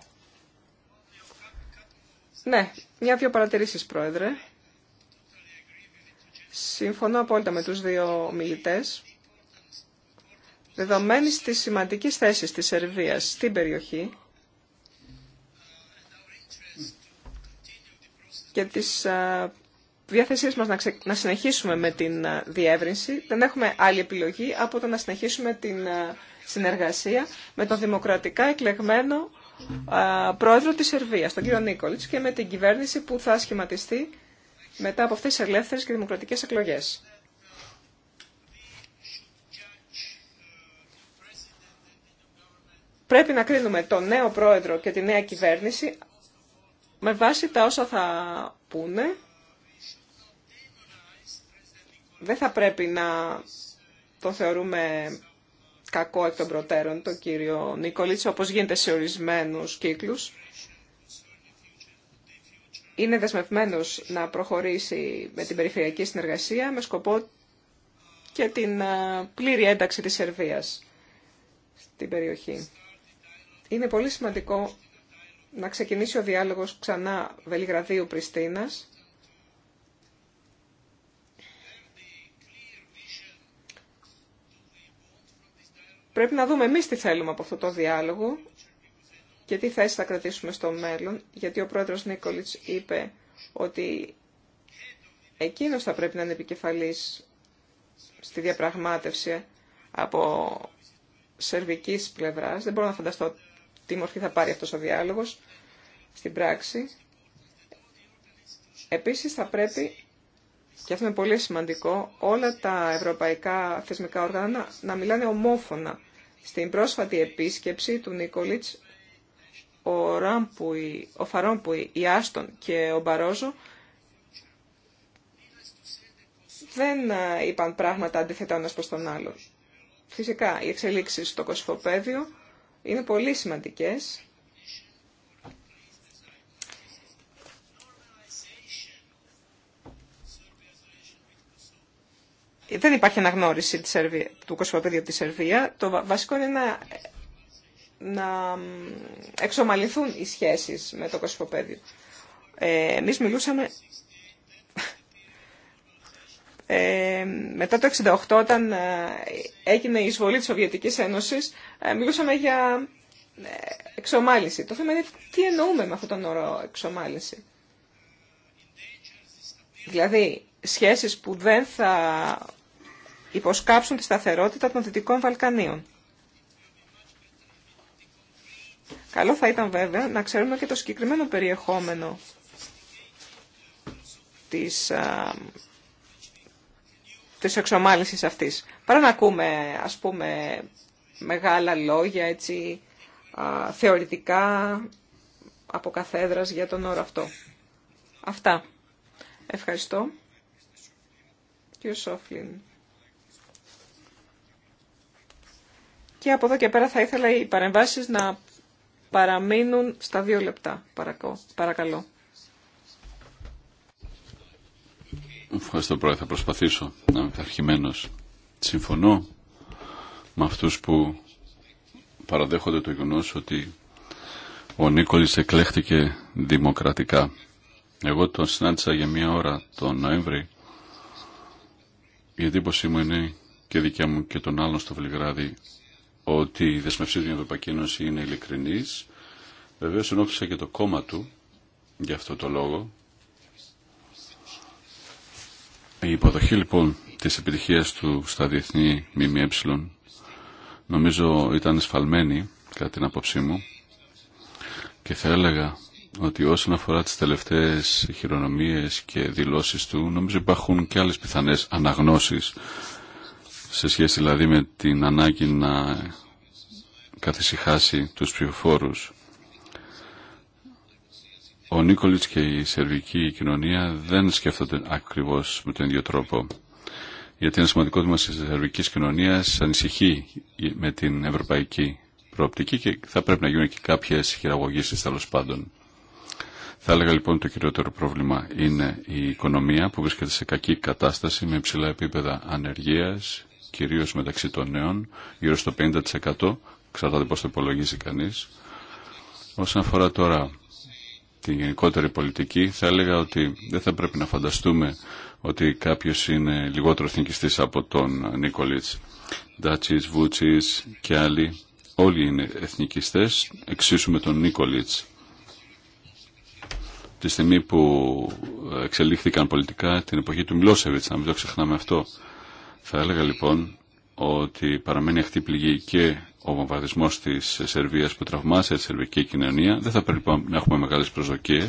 Ναι, μια-δυο παρατηρήσεις, Πρόεδρε. Συμφωνώ απόλυτα με τους δύο μιλητές. Δεδομένης της σημαντικής θέσης της Σερβίας στην περιοχή, και της ε, διάθεσής μας να, να συνεχίσουμε με την ε, διεύρυνση. Δεν έχουμε άλλη επιλογή από το να συνεχίσουμε την ε, συνεργασία με τον δημοκρατικά εκλεγμένο πρόεδρο της Σερβίας, τον κύριο Νίκολιτς, και με την κυβέρνηση που θα σχηματιστεί μετά από αυτές τις ελεύθερες και δημοκρατικές εκλογές. Πρέπει να κρίνουμε τον νέο πρόεδρο και τη νέα κυβέρνηση με βάση τα όσα θα πούνε, δεν θα πρέπει να το θεωρούμε κακό εκ των προτέρων, τον κύριο Νικολίτσο, όπως γίνεται σε ορισμένους κύκλους. Είναι δεσμευμένος να προχωρήσει με την περιφερειακή συνεργασία με σκοπό και την πλήρη ένταξη της Σερβίας στην περιοχή. Είναι πολύ σημαντικό να ξεκινήσει ο διάλογος ξανά Βελιγραδίου-Πριστίνας. Πρέπει να δούμε εμείς τι θέλουμε από αυτό το διάλογο και τι θέση θα κρατήσουμε στο μέλλον, γιατί ο πρόεδρος Νίκολιτς είπε ότι εκείνος θα πρέπει να είναι επικεφαλής στη διαπραγμάτευση από σερβικής πλευράς. Δεν μπορώ να φανταστώ τι μορφή θα πάρει αυτός ο διάλογος στην πράξη. Επίσης θα πρέπει, και αυτό είναι πολύ σημαντικό, όλα τα ευρωπαϊκά θεσμικά όργανα να, μιλάνε ομόφωνα. Στην πρόσφατη επίσκεψη του Νικολίτς, ο, Ράμπουι, ο Φαρόμπουι, η Άστον και ο Μπαρόζο δεν είπαν πράγματα αντίθετα ένας προς τον άλλο. Φυσικά, οι εξελίξεις στο κοσφοπέδιο είναι πολύ σημαντικές. Δεν υπάρχει αναγνώριση της του κοσμοπέδιου της τη Σερβία. Το βασικό είναι να, να εξομαλυνθούν οι σχέσεις με το κοσμοπέδιο Ε, εμείς μιλούσαμε ε, μετά το 1968, όταν ε, έγινε η εισβολή της Σοβιετικής Ένωσης, ε, μιλούσαμε για ε, εξομάλυση. Το θέμα είναι τι εννοούμε με αυτόν τον όρο εξομάλυση. Δηλαδή, σχέσεις που δεν θα υποσκάψουν τη σταθερότητα των Δυτικών Βαλκανίων. Καλό θα ήταν βέβαια να ξέρουμε και το συγκεκριμένο περιεχόμενο της της εξομάλυνσης αυτής. Παρά να ακούμε, ας πούμε, μεγάλα λόγια, έτσι, θεωρητικά από καθέδρας για τον όρο αυτό. Αυτά. Ευχαριστώ. Κύριο Σόφλιν. Και από εδώ και πέρα θα ήθελα οι παρεμβάσεις να παραμείνουν στα δύο λεπτά, παρακαλώ. Ευχαριστώ πρόεδρε, θα προσπαθήσω να είμαι Συμφωνώ με αυτούς που παραδέχονται το γεγονό ότι ο Νίκολης εκλέχτηκε δημοκρατικά. Εγώ τον συνάντησα για μία ώρα τον Νοέμβρη. Η εντύπωσή μου είναι και δικιά μου και των άλλων στο Βελιγράδι ότι η δεσμευσή του Ευρωπαϊκή Ένωση είναι ειλικρινής. Βεβαίω ενώπισα και το κόμμα του για αυτό το λόγο η υποδοχή λοιπόν της επιτυχίας του στα διεθνή ΜΜΕ νομίζω ήταν εσφαλμένη κατά την άποψή μου και θα έλεγα ότι όσον αφορά τις τελευταίες χειρονομίες και δηλώσεις του νομίζω υπάρχουν και άλλες πιθανές αναγνώσεις σε σχέση δηλαδή με την ανάγκη να καθησυχάσει τους ψηφοφόρους ο Νίκολιτς και η σερβική κοινωνία δεν σκέφτονται ακριβώς με τον ίδιο τρόπο. Γιατί ένα σημαντικό τμήμα τη σερβική κοινωνία ανησυχεί με την ευρωπαϊκή προοπτική και θα πρέπει να γίνουν και κάποιε χειραγωγήσει τέλο πάντων. Θα έλεγα λοιπόν ότι το κυριότερο πρόβλημα είναι η οικονομία που βρίσκεται σε κακή κατάσταση με υψηλά επίπεδα ανεργία, κυρίω μεταξύ των νέων, γύρω στο 50%, εξαρτάται πώ το υπολογίζει κανεί. Όσον αφορά τώρα την γενικότερη πολιτική, θα έλεγα ότι δεν θα πρέπει να φανταστούμε ότι κάποιος είναι λιγότερο εθνικιστής από τον Νίκολιτς. Ντάτσις, Βούτσις και άλλοι, όλοι είναι εθνικιστές, εξίσου με τον Νίκολιτς. Τη στιγμή που εξελίχθηκαν πολιτικά την εποχή του Μιλόσεβιτς, να μην το ξεχνάμε αυτό. Θα έλεγα λοιπόν ότι παραμένει αυτή πληγή και ο βομβαρδισμό τη Σερβίας που τραυμάσε τη σερβική κοινωνία. Δεν θα πρέπει να έχουμε μεγάλε προσδοκίε,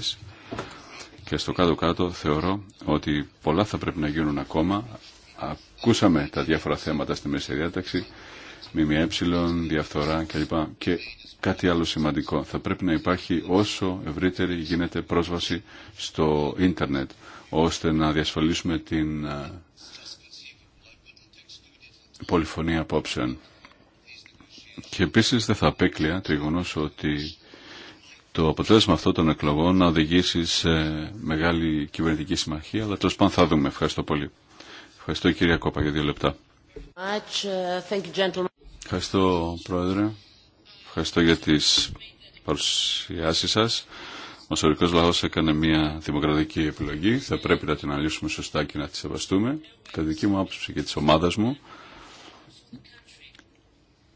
και στο κάτω-κάτω θεωρώ ότι πολλά θα πρέπει να γίνουν ακόμα. Ακούσαμε τα διάφορα θέματα στη Μέση Διάταξη, ΜΜΕ, διαφθορά κλπ. Και κάτι άλλο σημαντικό. Θα πρέπει να υπάρχει όσο ευρύτερη γίνεται πρόσβαση στο ίντερνετ, ώστε να διασφαλίσουμε την ε, πολυφωνία απόψεων. Και επίση δεν θα απέκλεια το γεγονό ότι το αποτέλεσμα αυτών των εκλογών να οδηγήσει σε μεγάλη κυβερνητική συμμαχία, αλλά τέλο πάντων θα δούμε. Ευχαριστώ πολύ. Ευχαριστώ κυρία Κόπα για δύο λεπτά. Uh, Ευχαριστώ πρόεδρε. Ευχαριστώ για τι παρουσιάσει σα. Ο σωρικό λαό έκανε μια δημοκρατική επιλογή. Θα πρέπει να την αναλύσουμε σωστά και να τη σεβαστούμε. Κατά δική μου άποψη και τη ομάδα μου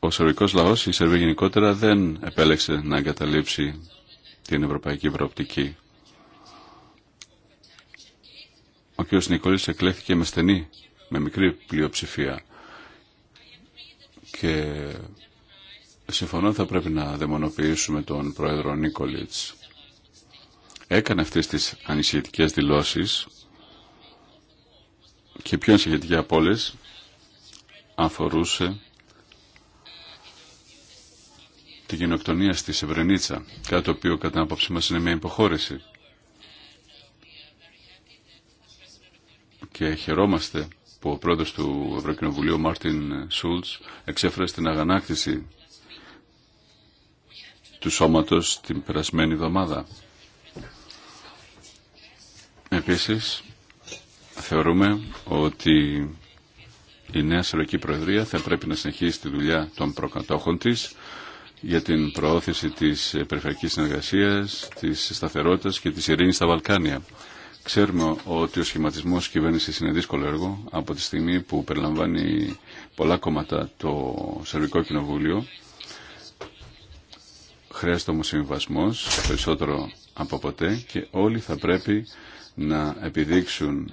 ο σερβικός λαός, η Σερβία γενικότερα δεν επέλεξε να εγκαταλείψει την ευρωπαϊκή προοπτική. Ο κ. Νικολής εκλέχθηκε με στενή, με μικρή πλειοψηφία και συμφωνώ θα πρέπει να δαιμονοποιήσουμε τον πρόεδρο Νίκολιτς. Έκανε αυτές τις ανησυχητικές δηλώσεις και πιο ανησυχητική από όλες αφορούσε τη γενοκτονία στη Σεβρενίτσα, κάτι το οποίο κατά την άποψή μας είναι μια υποχώρηση. Και χαιρόμαστε που ο πρόεδρος του Ευρωκοινοβουλίου Μάρτιν Σούλτς εξέφρασε την αγανάκτηση του σώματος την περασμένη εβδομάδα. Επίσης, θεωρούμε ότι η νέα Σεροκή Προεδρία θα πρέπει να συνεχίσει τη δουλειά των προκατόχων της για την προώθηση της περιφερειακής συνεργασίας, της σταθερότητας και της ειρήνης στα Βαλκάνια. Ξέρουμε ότι ο σχηματισμός κυβέρνηση είναι δύσκολο έργο από τη στιγμή που περιλαμβάνει πολλά κόμματα το Σερβικό Κοινοβούλιο. Χρειάζεται όμως συμβασμός περισσότερο από ποτέ και όλοι θα πρέπει να επιδείξουν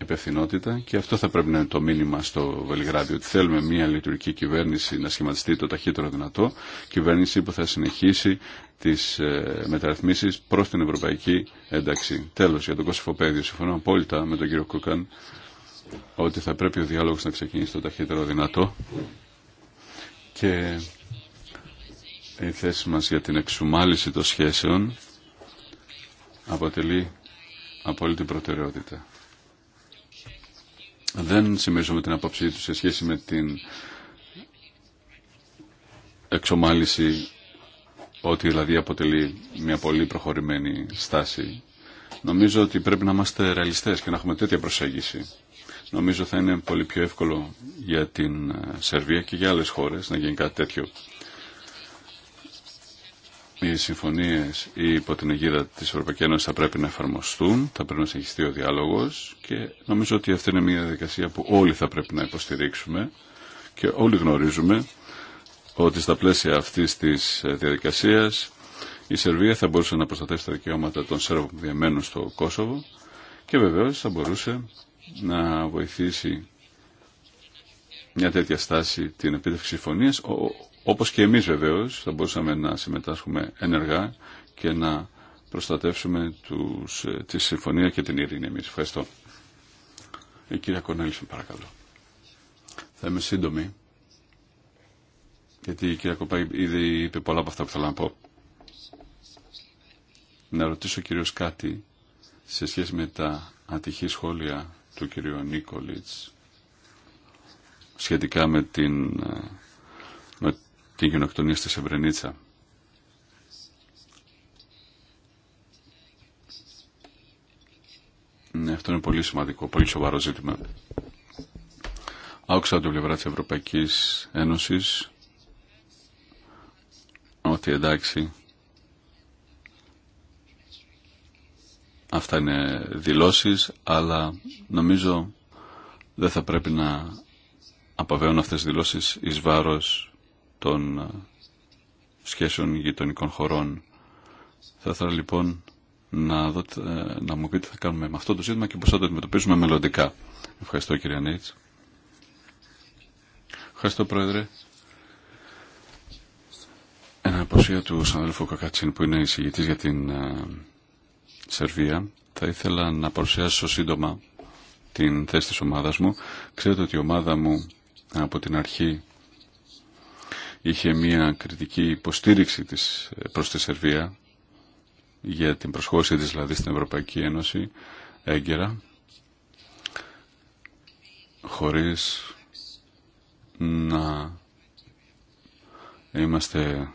υπευθυνότητα και αυτό θα πρέπει να είναι το μήνυμα στο Βελιγράδι ότι θέλουμε μια λειτουργική κυβέρνηση να σχηματιστεί το ταχύτερο δυνατό κυβέρνηση που θα συνεχίσει τις ε, μεταρρυθμίσεις προς την ευρωπαϊκή ένταξη. Τέλος για τον Κωσυφοπαίδιο συμφωνώ απόλυτα με τον κύριο Κούκαν ότι θα πρέπει ο διάλογος να ξεκινήσει το ταχύτερο δυνατό και η θέση μας για την εξουμάλυση των σχέσεων αποτελεί απόλυτη προτεραιότητα δεν συμμερίζομαι την απόψη του σε σχέση με την εξομάλυση ότι δηλαδή αποτελεί μια πολύ προχωρημένη στάση. Νομίζω ότι πρέπει να είμαστε ρεαλιστές και να έχουμε τέτοια προσέγγιση. Νομίζω θα είναι πολύ πιο εύκολο για την ε, Σερβία και για άλλες χώρες να γίνει κάτι τέτοιο οι η υπό την αιγύρα τη ευρωπαικη ενωση θα πρέπει να εφαρμοστούν, θα πρέπει να συνεχιστεί ο διάλογος και νομίζω ότι αυτή είναι μια διαδικασία που όλοι θα πρέπει να υποστηρίξουμε και όλοι γνωρίζουμε ότι στα πλαίσια αυτη τη διαδικασια η Σερβία θα μπορούσε να προστατεύσει τα δικαιώματα των Σέρβων που διαμένουν στο Κόσοβο και βεβαιω θα μπορούσε να βοηθήσει μια τέτοια στάση την επίτευξη συμφωνια όπως και εμείς βεβαίως θα μπορούσαμε να συμμετάσχουμε ενεργά και να προστατεύσουμε τους, ε, τη συμφωνία και την ειρήνη εμείς. Ευχαριστώ. Η ε, κυρία Κονέλησον παρακαλώ. Θα είμαι σύντομη γιατί η κυρία Κοπά ήδη είπε πολλά από αυτά που θέλω να πω. Να ρωτήσω κυρίως κάτι σε σχέση με τα ατυχή σχόλια του κυρίου Νίκολιτς σχετικά με, την, ε, την γενοκτονία στη Σεβρενίτσα. Ναι, αυτό είναι πολύ σημαντικό, πολύ σοβαρό ζήτημα. Άκουσα από την πλευρά της Ευρωπαϊκής Ένωσης ότι εντάξει αυτά είναι δηλώσεις αλλά νομίζω δεν θα πρέπει να απαβαίνουν αυτές τις δηλώσεις εις βάρος των ε, σχέσεων γειτονικών χωρών. Θα ήθελα λοιπόν να, ε, να μου πείτε τι θα κάνουμε με αυτό το ζήτημα και πώς θα το αντιμετωπίσουμε μελλοντικά. Ευχαριστώ κύριε Νίτς. Ευχαριστώ πρόεδρε. Ένα αποσία του συναδέλφου Κακατσίν που είναι εισηγητής για την ε, Σερβία. Θα ήθελα να παρουσιάσω σύντομα την θέση της ομάδας μου. Ξέρετε ότι η ομάδα μου από την αρχή είχε μια κριτική υποστήριξη της, προς τη Σερβία για την προσχώρηση της δηλαδή στην Ευρωπαϊκή Ένωση έγκαιρα χωρίς να είμαστε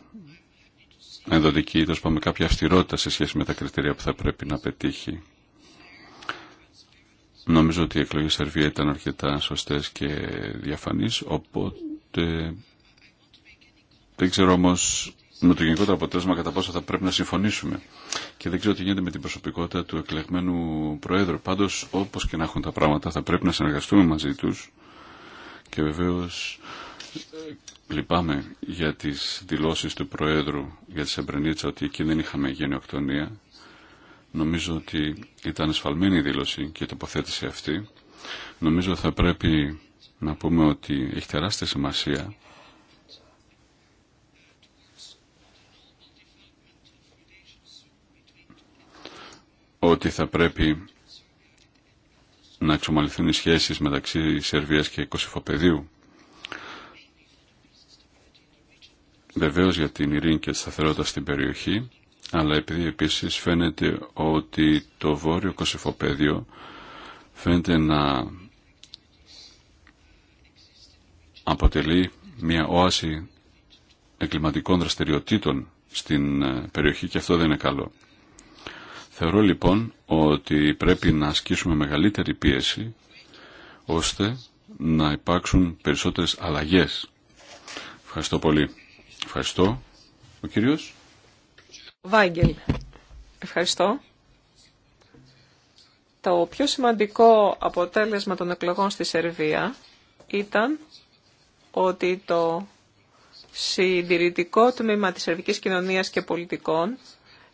ενδοτικοί, τόσο πάμε κάποια αυστηρότητα σε σχέση με τα κριτήρια που θα πρέπει να πετύχει. Νομίζω ότι η εκλογή Σερβία ήταν αρκετά σωστές και διαφανείς, οπότε δεν ξέρω όμω με το γενικό αποτέλεσμα κατά πόσο θα πρέπει να συμφωνήσουμε. Και δεν ξέρω τι γίνεται με την προσωπικότητα του εκλεγμένου Προέδρου. Πάντω, όπω και να έχουν τα πράγματα, θα πρέπει να συνεργαστούμε μαζί του. Και βεβαίω ε, λυπάμαι για τι δηλώσει του Προέδρου για τη Σεμπρενίτσα ότι εκεί δεν είχαμε γενιοκτονία. Νομίζω ότι ήταν ασφαλμένη η δήλωση και η τοποθέτηση αυτή. Νομίζω θα πρέπει να πούμε ότι έχει τεράστια σημασία ότι θα πρέπει να εξομαλυθούν οι σχέσεις μεταξύ Σερβίας και Κωσυφοπεδίου. Βεβαίως για την ειρήνη και τη σταθερότητα στην περιοχή, αλλά επειδή επίσης φαίνεται ότι το βόρειο Κωσυφοπέδιο φαίνεται να αποτελεί μια όαση εγκληματικών δραστηριοτήτων στην ε, περιοχή και αυτό δεν είναι καλό. Θεωρώ λοιπόν ότι πρέπει να ασκήσουμε μεγαλύτερη πίεση ώστε να υπάρξουν περισσότερες αλλαγές. Ευχαριστώ πολύ. Ευχαριστώ. Ο κύριος. Βάγγελ. Ευχαριστώ. Το πιο σημαντικό αποτέλεσμα των εκλογών στη Σερβία ήταν ότι το συντηρητικό τμήμα της σερβικής κοινωνίας και πολιτικών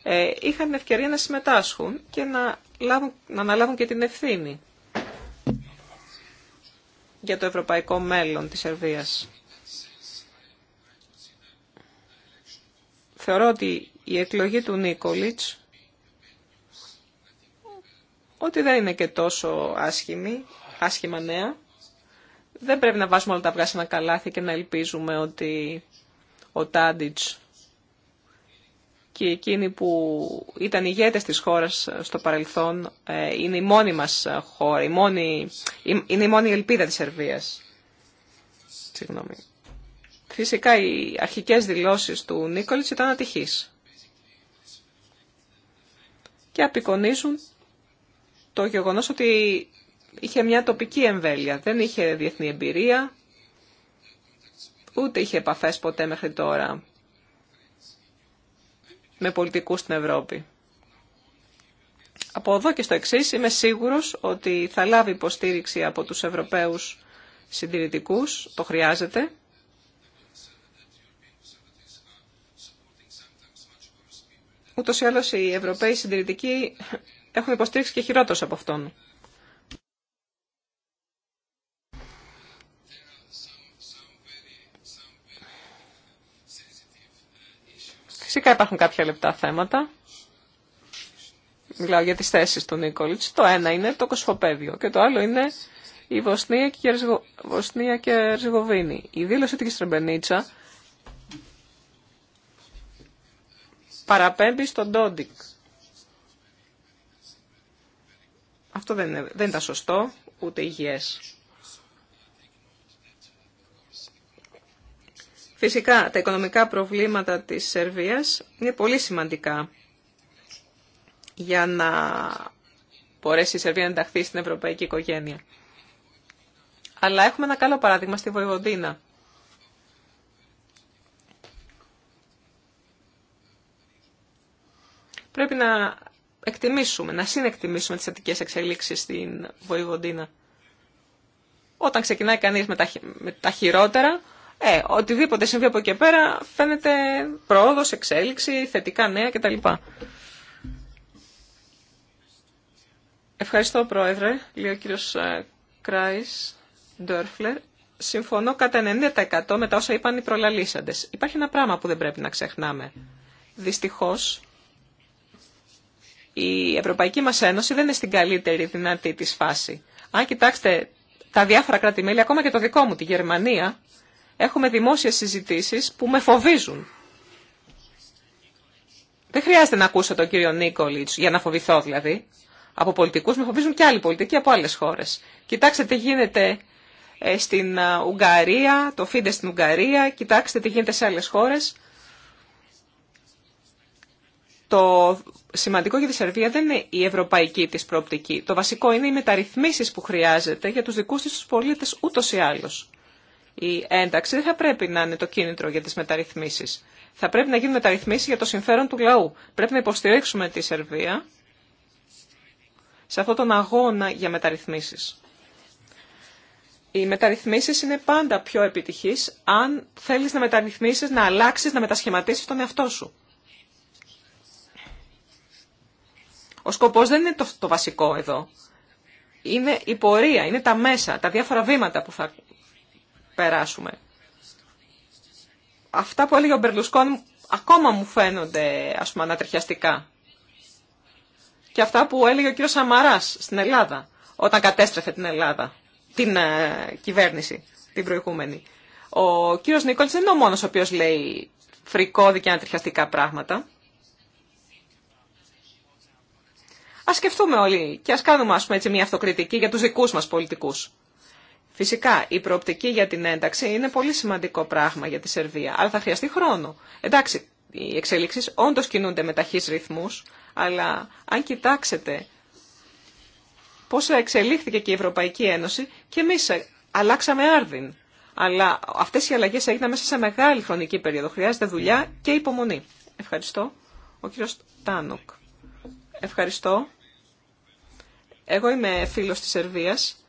ε, είχαν ευκαιρία να συμμετάσχουν και να, αναλάβουν και την ευθύνη για το ευρωπαϊκό μέλλον της Σερβίας. Θεωρώ ότι η εκλογή του Νίκολιτς ότι δεν είναι και τόσο άσχημη, άσχημα νέα. Δεν πρέπει να βάζουμε όλα τα αυγά σε ένα καλάθι και να ελπίζουμε ότι ο Τάντιτς και εκείνοι που ήταν ηγέτες της χώρας στο παρελθόν ε, είναι η μόνη μας χώρα, η μόνη, είναι η μόνη ελπίδα της Σερβίας. Συγγνώμη. Φυσικά οι αρχικές δηλώσεις του Νίκολιτς ήταν ατυχείς και απεικονίζουν το γεγονός ότι είχε μια τοπική εμβέλεια, δεν είχε διεθνή εμπειρία, ούτε είχε επαφές ποτέ μέχρι τώρα με πολιτικούς στην Ευρώπη. Από εδώ και στο εξή είμαι σίγουρος ότι θα λάβει υποστήριξη από τους Ευρωπαίους συντηρητικούς, το χρειάζεται. Ούτως ή άλλως οι Ευρωπαίοι συντηρητικοί έχουν υποστήριξη και χειρότερος από αυτόν. Φυσικά υπάρχουν κάποια λεπτά θέματα. Μιλάω για τις θέσεις του Νίκολιτς. Το ένα είναι το κοσφοπέδιο και το άλλο είναι η Βοσνία και, η Βοσνία Η δήλωση της Στρεμπενίτσα παραπέμπει στον Ντόντικ. Αυτό δεν, είναι, δεν ήταν σωστό, ούτε υγιές. Φυσικά τα οικονομικά προβλήματα της Σερβίας είναι πολύ σημαντικά για να μπορέσει η Σερβία να ενταχθεί στην ευρωπαϊκή οικογένεια. Αλλά έχουμε ένα καλό παράδειγμα στη Βοηγοντίνα. Πρέπει να εκτιμήσουμε, να συνεκτιμήσουμε τις θετικές εξελίξεις στην Βοηγοντίνα. Όταν ξεκινάει κανείς με τα, χειρότερα, ε, οτιδήποτε συμβεί από εκεί πέρα φαίνεται πρόοδος, εξέλιξη, θετικά νέα κτλ. Ευχαριστώ, Πρόεδρε, λέει ο κύριος ε, Κράις Ντόρφλερ. Συμφωνώ κατά 90% με τα όσα είπαν οι προλαλήσαντες. Υπάρχει ένα πράγμα που δεν πρέπει να ξεχνάμε. Δυστυχώς, η Ευρωπαϊκή μας Ένωση δεν είναι στην καλύτερη δυνατή της φάση. Αν κοιτάξτε τα διάφορα κράτη-μέλη, ακόμα και το δικό μου, τη Γερμανία, έχουμε δημόσιες συζητήσεις που με φοβίζουν. Δεν χρειάζεται να ακούσω τον κύριο Νίκολιτς για να φοβηθώ δηλαδή. Από πολιτικούς με φοβίζουν και άλλοι πολιτικοί από άλλες χώρες. Κοιτάξτε τι γίνεται ε, στην ε, Ουγγαρία, το Φίντε στην Ουγγαρία, κοιτάξτε τι γίνεται σε άλλες χώρες. Το σημαντικό για τη Σερβία δεν είναι η ευρωπαϊκή της προοπτική. Το βασικό είναι οι μεταρρυθμίσεις που χρειάζεται για τους δικούς της τους πολίτες ούτως ή άλλως η ένταξη δεν θα πρέπει να είναι το κίνητρο για τις μεταρρυθμίσεις. Θα πρέπει να γίνουν μεταρρυθμίσει για το συμφέρον του λαού. Πρέπει να υποστηρίξουμε τη Σερβία σε αυτόν τον αγώνα για μεταρρυθμίσεις. Οι μεταρρυθμίσει είναι πάντα πιο επιτυχεί αν θέλεις να μεταρρυθμίσεις, να αλλάξεις, να μετασχηματίσεις τον εαυτό σου. Ο σκοπό δεν είναι το, το βασικό εδώ. Είναι η πορεία, είναι τα μέσα, τα διάφορα βήματα που θα περάσουμε. Αυτά που έλεγε ο Μπερλουσκόν ακόμα μου φαίνονται ας πούμε ανατριχιαστικά. Και αυτά που έλεγε ο κύριος Σαμαράς στην Ελλάδα, όταν κατέστρεφε την Ελλάδα, την ε, κυβέρνηση, την προηγούμενη. Ο κύριος Νίκολς δεν είναι ο μόνος ο οποίος λέει φρικόδη και ανατριχιαστικά πράγματα. Ας σκεφτούμε όλοι και ας κάνουμε ας πούμε, έτσι, μια αυτοκριτική για τους δικούς μας πολιτικούς. Φυσικά, η προοπτική για την ένταξη είναι πολύ σημαντικό πράγμα για τη Σερβία, αλλά θα χρειαστεί χρόνο. Εντάξει, οι εξέλιξει όντω κινούνται με ταχύ ρυθμού, αλλά αν κοιτάξετε πώ εξελίχθηκε και η Ευρωπαϊκή Ένωση και εμεί αλλάξαμε άρδιν. Αλλά αυτέ οι αλλαγέ έγιναν μέσα σε μεγάλη χρονική περίοδο. Χρειάζεται δουλειά και υπομονή. Ευχαριστώ. Ο κύριο Τάνοκ. Ευχαριστώ. Εγώ είμαι φίλο τη Σερβίας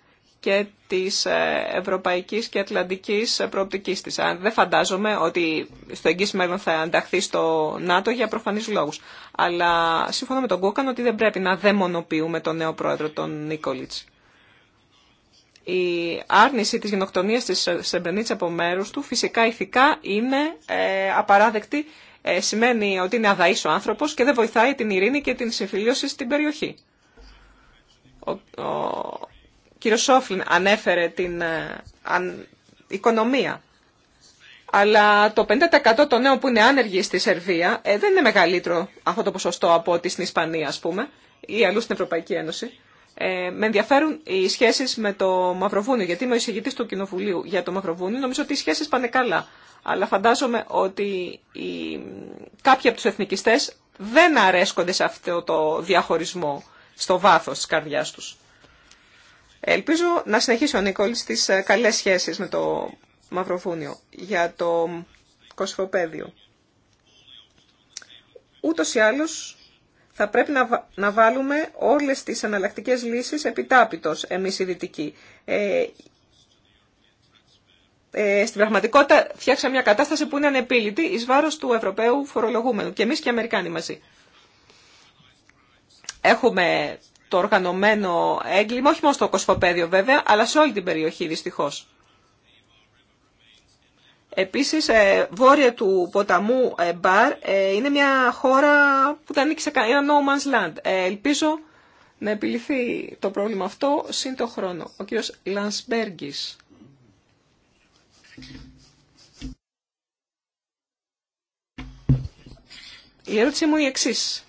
και της ε, ευρωπαϊκής και ατλαντικής προοπτικής της. Δεν φαντάζομαι ότι στο εγγύς μέλλον θα ανταχθεί στο ΝΑΤΟ για προφανείς λόγους. Αλλά σύμφωνα με τον Κούκαν ότι δεν πρέπει να δαιμονοποιούμε τον νέο πρόεδρο τον Νίκολιτς. Η άρνηση της γενοκτονίας της Σεμπενίτς από μέρους του φυσικά ηθικά είναι ε, απαράδεκτη. Ε, σημαίνει ότι είναι αδαής ο άνθρωπος και δεν βοηθάει την ειρήνη και την συμφιλίωση στην περιοχή κύριος Σόφλιν ανέφερε την ε, οικονομία. Αλλά το 50% των νέων που είναι άνεργοι στη Σερβία ε, δεν είναι μεγαλύτερο αυτό το ποσοστό από ότι στην Ισπανία, ας πούμε, ή αλλού στην Ευρωπαϊκή Ένωση. Ε, με ενδιαφέρουν οι σχέσεις με το Μαυροβούνιο, γιατί είμαι ο εισηγητής του Κοινοβουλίου για το Μαυροβούνιο. Νομίζω ότι οι σχέσεις πάνε καλά. Αλλά φαντάζομαι ότι οι... κάποιοι από τους εθνικιστές δεν αρέσκονται σε αυτό το διαχωρισμό στο βάθος της καρδιάς τους. Ελπίζω να συνεχίσει ο Νίκολης τις ε, καλές σχέσεις με το Μαυροφούνιο για το κοσφοπέδιο. Ούτως ή άλλως θα πρέπει να βάλουμε όλες τις εναλλακτικέ λύσεις επιτάπητος εμείς οι δυτικοί. Ε, ε στην πραγματικότητα φτιάξαμε μια κατάσταση που είναι ανεπίλητη εις βάρος του Ευρωπαίου φορολογούμενου και εμείς και οι Αμερικάνοι μαζί. Έχουμε το οργανωμένο έγκλημα, όχι μόνο στο Κοσμοπέδιο βέβαια, αλλά σε όλη την περιοχή δυστυχώς. Επίσης, ε, βόρεια του ποταμού ε, Μπαρ ε, είναι μια χώρα που δεν σε κανένα no man's land. ελπίζω να επιληθεί το πρόβλημα αυτό σύν το χρόνο. Ο κύριος Λανσμπέργκης. Η ερώτησή μου είναι η εξής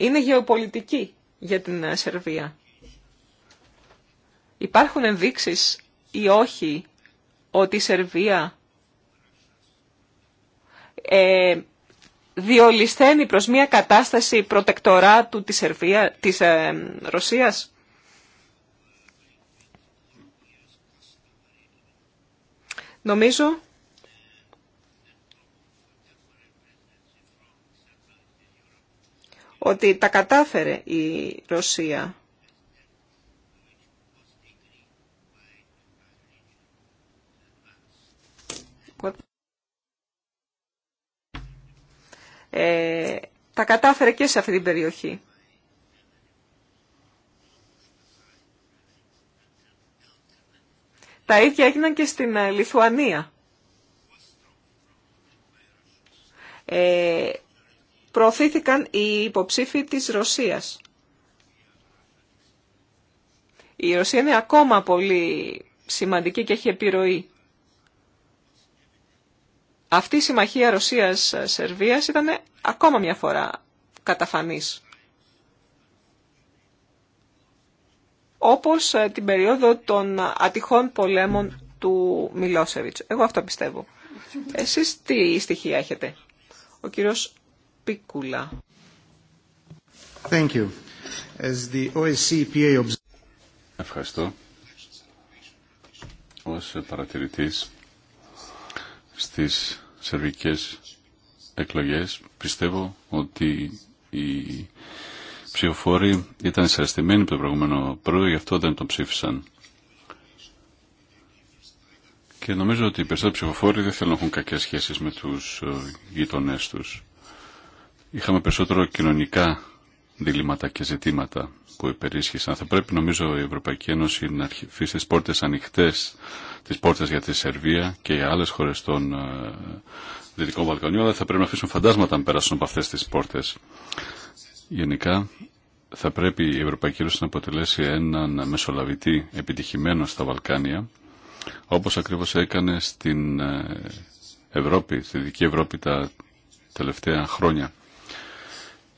είναι γεωπολιτική για την ε, Σερβία. Υπάρχουν ενδείξεις ή όχι ότι η Σερβία ε, διολυσθένει προς μια κατάσταση προτεκτοράτου της, Σερβία, της ε, Ρωσίας. Νομίζω ότι τα κατάφερε η Ρωσία. Ε, τα κατάφερε και σε αυτή την περιοχή. Τα ίδια έγιναν και στην ε, Λιθουανία. Ε, προωθήθηκαν οι υποψήφοι της Ρωσίας. Η Ρωσία είναι ακόμα πολύ σημαντική και έχει επιρροή. Αυτή η συμμαχία Ρωσίας-Σερβίας ήταν ακόμα μια φορά καταφανής. Όπως ε, την περίοδο των ατυχών πολέμων του Μιλόσεβιτς. Εγώ αυτό πιστεύω. Εσείς τι στοιχεία έχετε. Ο κύριος Πίκουλα. Thank you. As the Ευχαριστώ. Ως παρατηρητής στις σερβικές εκλογές πιστεύω ότι οι ψηφοφόροι ήταν σαραστημένοι από το προηγούμενο πρόεδρο γι' αυτό δεν τον ψήφισαν. Και νομίζω ότι οι περισσότεροι ψηφοφόροι δεν θέλουν να έχουν κακές σχέσεις με τους ε, γειτονές τους είχαμε περισσότερο κοινωνικά διλήμματα και ζητήματα που υπερίσχυσαν. Θα πρέπει νομίζω η Ευρωπαϊκή Ένωση να αρχίσει τις πόρτες ανοιχτές, τις πόρτες για τη Σερβία και για άλλες χώρες των ε, Δυτικών Βαλκανίων, αλλά θα πρέπει να αφήσουν φαντάσματα να πέρασουν από αυτές τις πόρτες. Γενικά θα πρέπει η Ευρωπαϊκή Ένωση να αποτελέσει έναν μεσολαβητή επιτυχημένο στα Βαλκάνια, όπως ακριβώς έκανε στην ε, Ευρώπη, στη Δυτική Ευρώπη τα τελευταία χρόνια.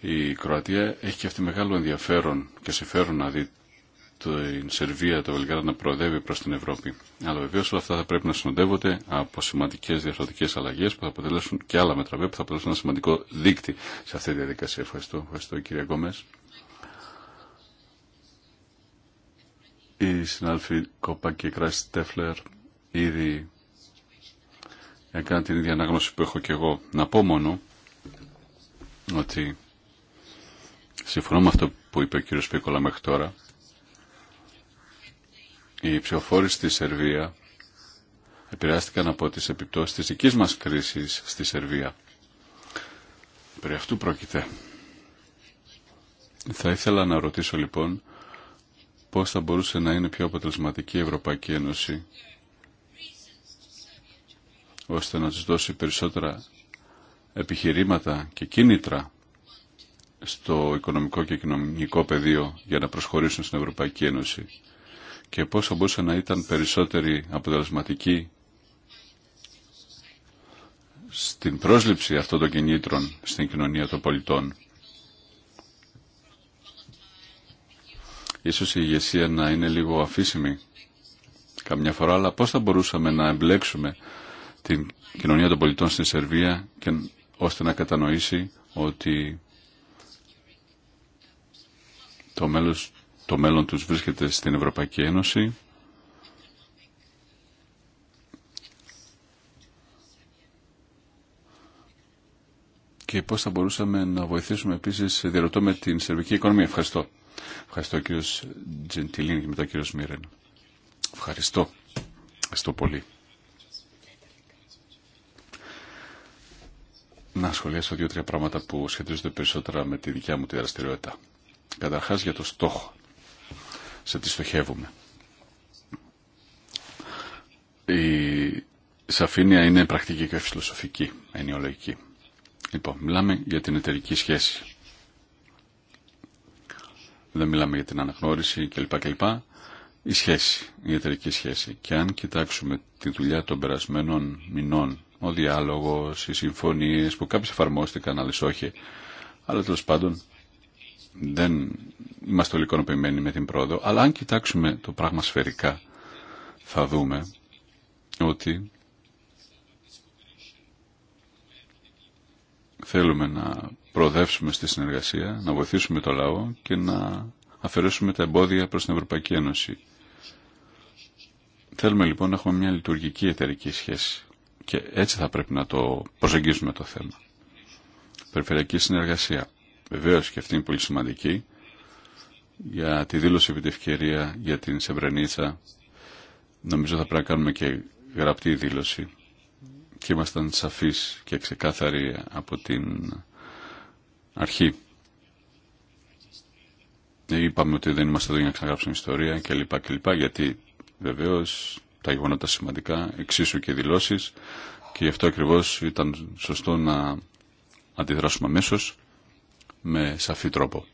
Η Κροατία έχει και αυτή μεγάλο ενδιαφέρον και συμφέρον να δει την Σερβία, το Βελγάρα να προοδεύει προς την Ευρώπη. Αλλά βεβαίως όλα αυτά θα πρέπει να συνοδεύονται από σημαντικές διαφορετικές αλλαγές που θα αποτελέσουν και άλλα μέτρα που θα αποτελέσουν ένα σημαντικό δίκτυ σε αυτή τη διαδικασία. Ευχαριστώ, ευχαριστώ κύριε Γκόμες. Οι συνάδελφοι Κόπα και Κράση Τέφλερ ήδη έκαναν την ίδια ανάγνωση που έχω και εγώ. Να πω μόνο ότι Συμφωνώ με αυτό που είπε ο κύριος Πίκολα μέχρι τώρα. Οι ψηφοφόροι στη Σερβία επηρεάστηκαν από τις επιπτώσεις της δικής μας κρίσης στη Σερβία. Περί αυτού πρόκειται. Θα ήθελα να ρωτήσω λοιπόν πώς θα μπορούσε να είναι πιο αποτελεσματική η Ευρωπαϊκή Ένωση ώστε να τους δώσει περισσότερα επιχειρήματα και κίνητρα στο οικονομικό και κοινωνικό πεδίο για να προσχωρήσουν στην Ευρωπαϊκή Ένωση και πόσο μπορούσε να ήταν περισσότεροι αποτελεσματικοί στην πρόσληψη αυτών των κινήτρων στην κοινωνία των πολιτών. Ίσως η ηγεσία να είναι λίγο αφήσιμη καμιά φορά, αλλά πώς θα μπορούσαμε να εμπλέξουμε την κοινωνία των πολιτών στη Σερβία και, ώστε να κατανοήσει ότι το, μέλος, το μέλλον τους βρίσκεται στην Ευρωπαϊκή Ένωση και πώς θα μπορούσαμε να βοηθήσουμε επίσης διαρωτώ με την σερβική οικονομία. Ευχαριστώ. Ευχαριστώ κύριος Τζεντιλίνη και μετά κύριο Μίρεν. Ευχαριστώ. Ευχαριστώ πολύ. Να σχολιάσω δύο-τρία πράγματα που σχετίζονται περισσότερα με τη δικιά μου τη δραστηριότητα. Καταρχάς για το στόχο. Σε τι στοχεύουμε. Η σαφήνεια είναι πρακτική και φιλοσοφική, ενιολογική. Λοιπόν, μιλάμε για την εταιρική σχέση. Δεν μιλάμε για την αναγνώριση κλπ. κλπ. Η σχέση, η εταιρική σχέση. Και αν κοιτάξουμε τη δουλειά των περασμένων μηνών, ο διάλογος, οι συμφωνίες που κάποιες εφαρμόστηκαν, άλλες όχι, αλλά τέλο πάντων δεν είμαστε όλοι με την πρόοδο, αλλά αν κοιτάξουμε το πράγμα σφαιρικά, θα δούμε ότι θέλουμε να προοδεύσουμε στη συνεργασία, να βοηθήσουμε το λαό και να αφαιρέσουμε τα εμπόδια προς την Ευρωπαϊκή Ένωση. Θέλουμε λοιπόν να έχουμε μια λειτουργική εταιρική σχέση και έτσι θα πρέπει να το προσεγγίζουμε το θέμα. Περιφερειακή συνεργασία. Βεβαίω και αυτή είναι πολύ σημαντική, για τη δήλωση επί ευκαιρία για την Σεμπρενίτσα. Νομίζω θα πρέπει να κάνουμε και γραπτή δήλωση και ήμασταν σαφείς και ξεκάθαροι από την αρχή. Είπαμε ότι δεν είμαστε εδώ για να ξαναγράψουμε ιστορία κλπ. κλπ γιατί βεβαίως τα γεγονότα σημαντικά, εξίσου και δηλώσεις και γι' αυτό ακριβώς ήταν σωστό να αντιδράσουμε αμέσως με σαφή τρόπο.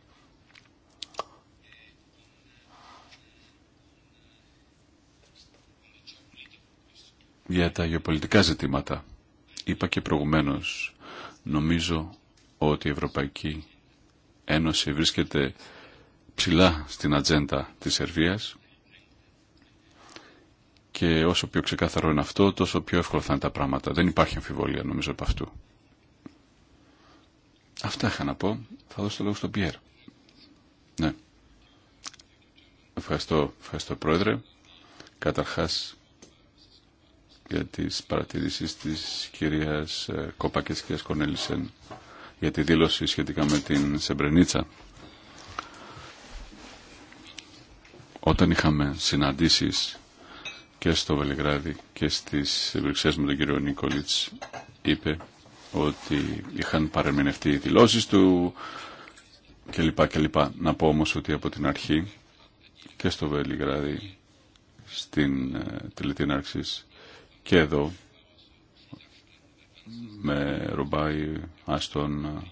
Για τα γεωπολιτικά ζητήματα, είπα και προηγουμένως, νομίζω ότι η Ευρωπαϊκή Ένωση βρίσκεται ψηλά στην ατζέντα της Σερβίας και όσο πιο ξεκάθαρο είναι αυτό, τόσο πιο εύκολα θα είναι τα πράγματα. Δεν υπάρχει αμφιβολία νομίζω από αυτού. Αυτά είχα να πω. Θα δώσω το λόγο στον Πιέρ. Ναι. Ευχαριστώ, ευχαριστώ Πρόεδρε. Καταρχάς για τις παρατηρήσεις της κυρίας ε, Κόπα και της Κονέλησεν για τη δήλωση σχετικά με την Σεμπρενίτσα. Όταν είχαμε συναντήσεις και στο Βελιγράδι και στις Βρυξέλλε με τον κύριο Νίκολιτς είπε ότι είχαν παρεμεινευτεί οι δηλώσεις του και λοιπά. Να πω όμως ότι από την αρχή και στο Βελιγράδι στην ε, τελετή ενάρξης και εδώ με Ρομπάι, Άστον,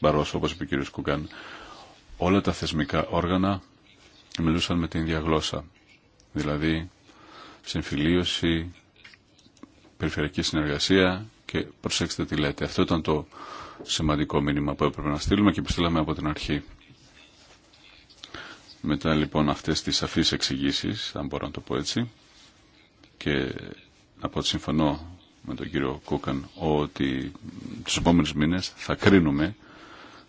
...Μπαρός όπως είπε ο κύριος Κουγκάν όλα τα θεσμικά όργανα μιλούσαν με την ίδια γλώσσα δηλαδή συμφιλίωση περιφερειακή συνεργασία και προσέξτε τι λέτε. Αυτό ήταν το σημαντικό μήνυμα που έπρεπε να στείλουμε και που στείλαμε από την αρχή. Μετά λοιπόν αυτές τις σαφείς εξηγήσει, αν μπορώ να το πω έτσι, και να πω ότι συμφωνώ με τον κύριο Κούκαν ότι τους επόμενους μήνες θα κρίνουμε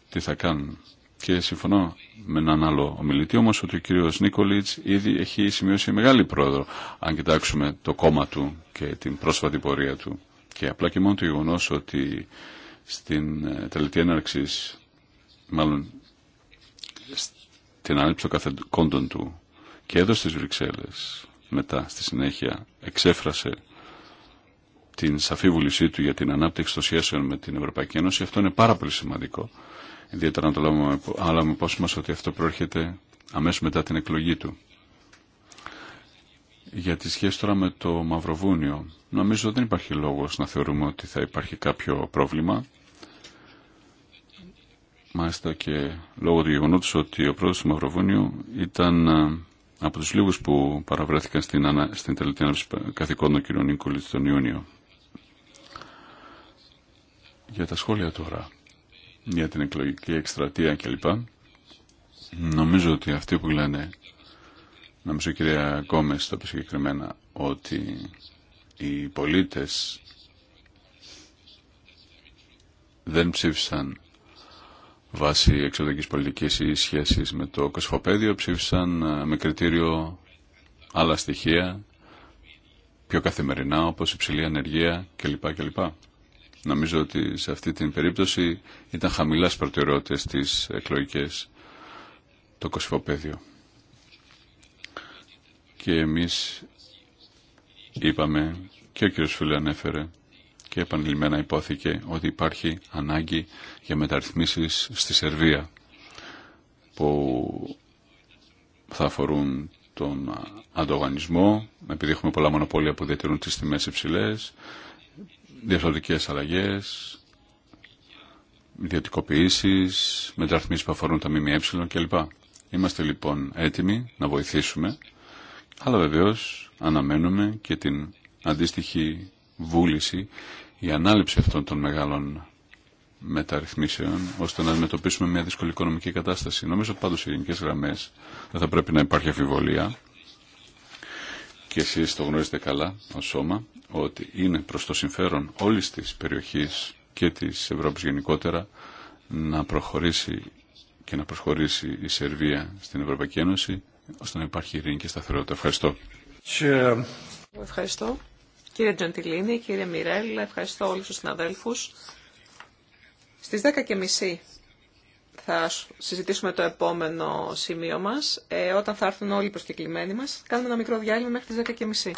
τι θα κάνουν. Και συμφωνώ με έναν άλλο ομιλητή όμως ότι ο κύριος Νίκολιτς ήδη έχει σημειώσει μεγάλη πρόοδο αν κοιτάξουμε το κόμμα του και την πρόσφατη πορεία του. Και απλά και μόνο το γεγονό ότι στην ε, τελετή έναρξη, μάλλον στην ανάληψη των καθεκόντων του και εδώ στις Βρυξέλλες μετά στη συνέχεια εξέφρασε την σαφή βούλησή του για την ανάπτυξη των σχέσεων με την Ευρωπαϊκή Ένωση, αυτό είναι πάρα πολύ σημαντικό. Ιδιαίτερα να το λάβουμε, αλλά με πόσο μας ότι αυτό προέρχεται αμέσω μετά την εκλογή του για τη σχέση τώρα με το Μαυροβούνιο. Νομίζω δεν υπάρχει λόγος να θεωρούμε ότι θα υπάρχει κάποιο πρόβλημα. Μάλιστα και λόγω του γεγονότος ότι ο πρόεδρος του Μαυροβούνιου ήταν ε, από τους λίγους που παραβρέθηκαν στην, ανα... στην τελετή ανάπτυξη καθηκόντων κ. Νίκολης τον Ιούνιο. Για τα σχόλια τώρα, για την εκλογική εκστρατεία κλπ. Νομίζω ότι αυτοί που λένε Νομίζω κυρία Γκόμες το πει συγκεκριμένα ότι οι πολίτες δεν ψήφισαν βάσει εξωτερικής πολιτικής ή σχέσης με το κοσφοπέδιο, ψήφισαν ε, με κριτήριο άλλα στοιχεία, πιο καθημερινά όπως υψηλή ανεργία κλπ. κλπ. Νομίζω ότι σε αυτή την περίπτωση ήταν χαμηλά προτεραιότητες τις εκλογικές το κοσφοπέδιο και εμείς είπαμε και ο κύριος Φίλε ανέφερε και επανειλημμένα υπόθηκε ότι υπάρχει ανάγκη για μεταρρυθμίσεις στη Σερβία που θα αφορούν τον αντογανισμό επειδή έχουμε πολλά μονοπόλια που διατηρούν τις τιμές υψηλές, διαφορετικές αλλαγές, ιδιωτικοποιήσεις, μεταρρυθμίσεις που αφορούν τα ΜΜΕ κλπ. Είμαστε λοιπόν έτοιμοι να βοηθήσουμε αλλά βεβαίως αναμένουμε και την αντίστοιχη βούληση η ανάληψη αυτών των μεγάλων μεταρρυθμίσεων ώστε να αντιμετωπίσουμε μια δύσκολη οικονομική κατάσταση. Νομίζω πάντως οι γενικέ γραμμές δεν θα πρέπει να υπάρχει αφιβολία και εσείς το γνωρίζετε καλά ως σώμα ότι είναι προς το συμφέρον όλης της περιοχή και της Ευρώπης γενικότερα να προχωρήσει και να προσχωρήσει η Σερβία στην Ευρωπαϊκή Ένωση ώστε να υπάρχει ειρήνη και σταθερότητα. Ευχαριστώ. Ευχαριστώ. Κύριε Τζαντιλίνη, κύριε Μιρέλ, ευχαριστώ όλους τους συναδέλφου. Στις 10.30 θα συζητήσουμε το επόμενο σημείο μας, ε, όταν θα έρθουν όλοι οι προσκεκλημένοι μας. Κάνουμε ένα μικρό διάλειμμα μέχρι τις 10.30.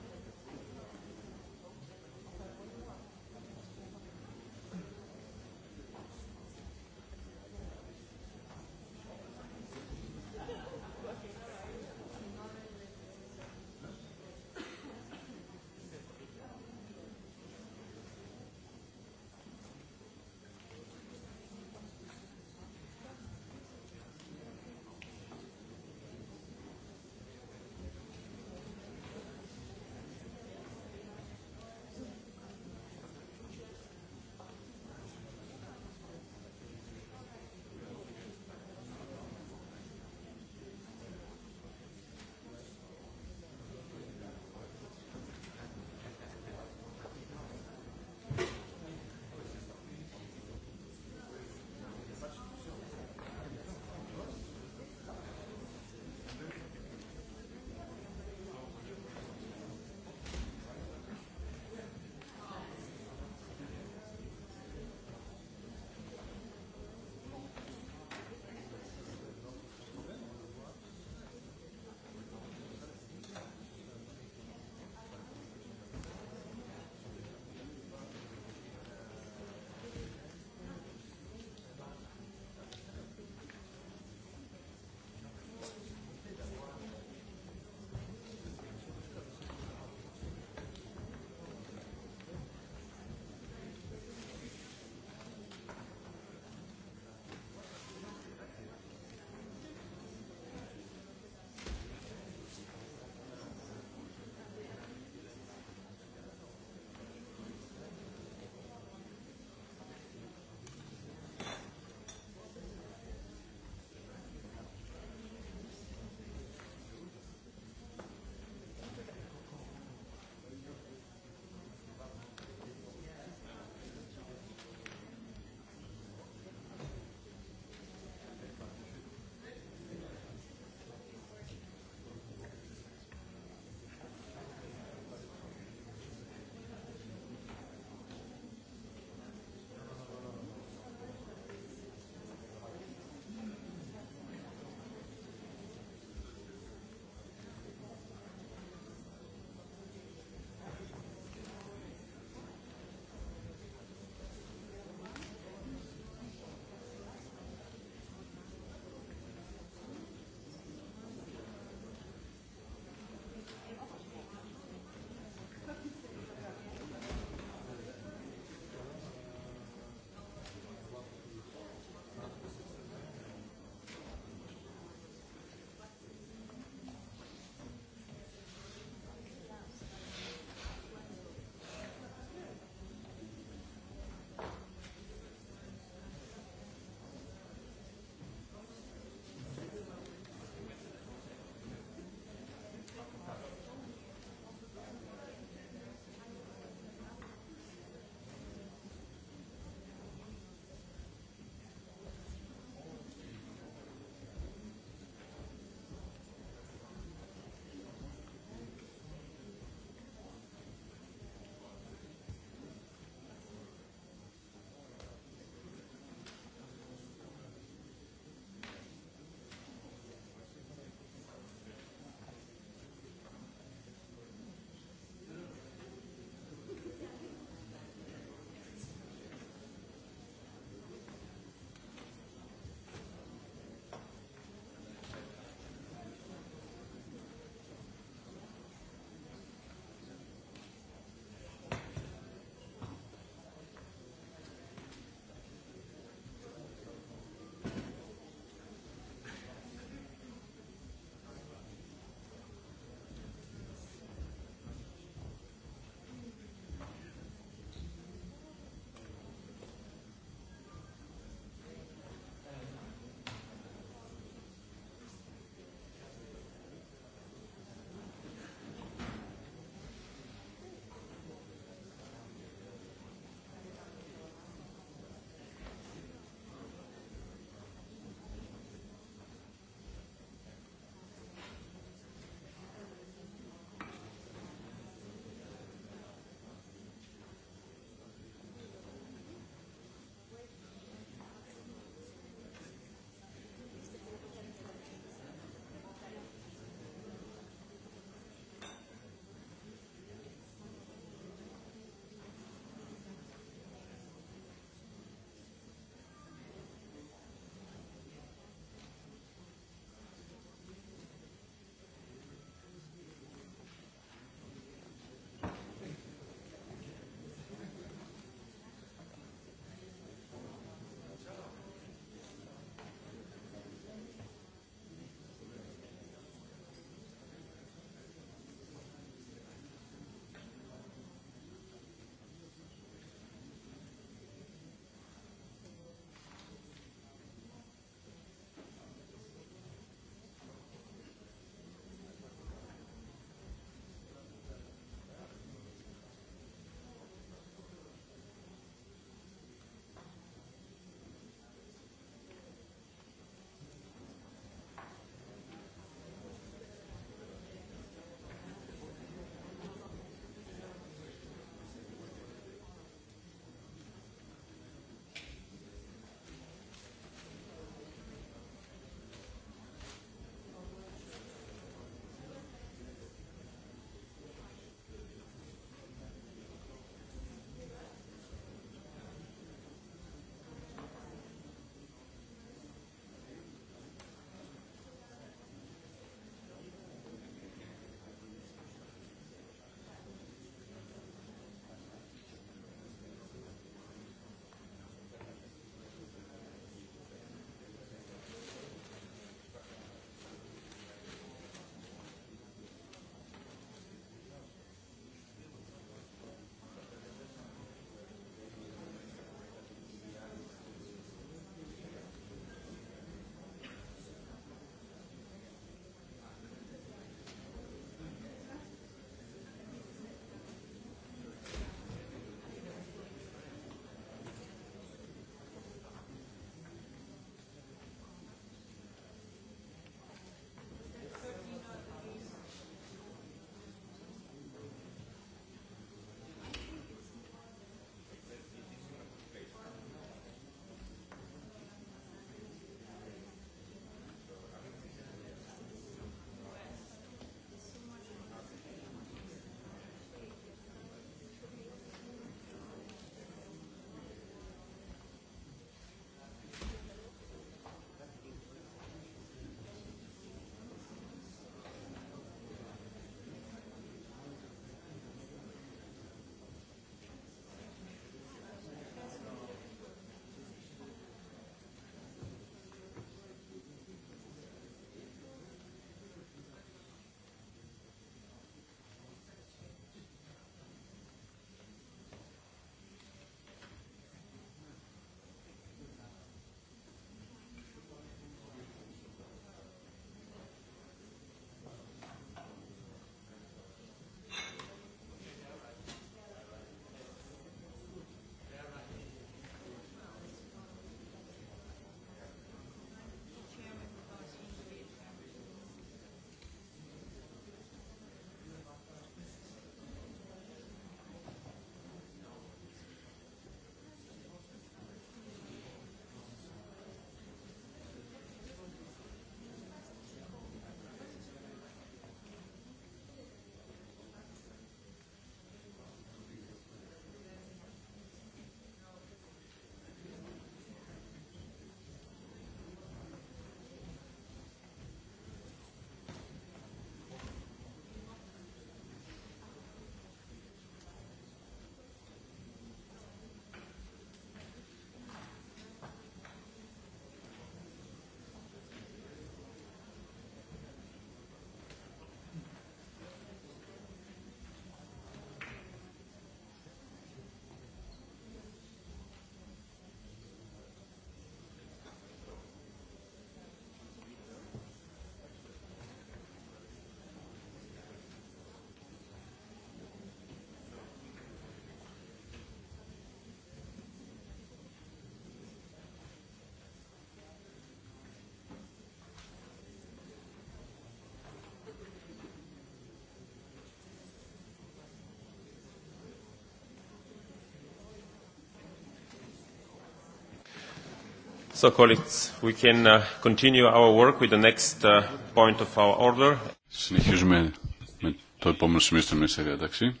Συνεχίζουμε με το επόμενο σημείο στην μέση διάταξη.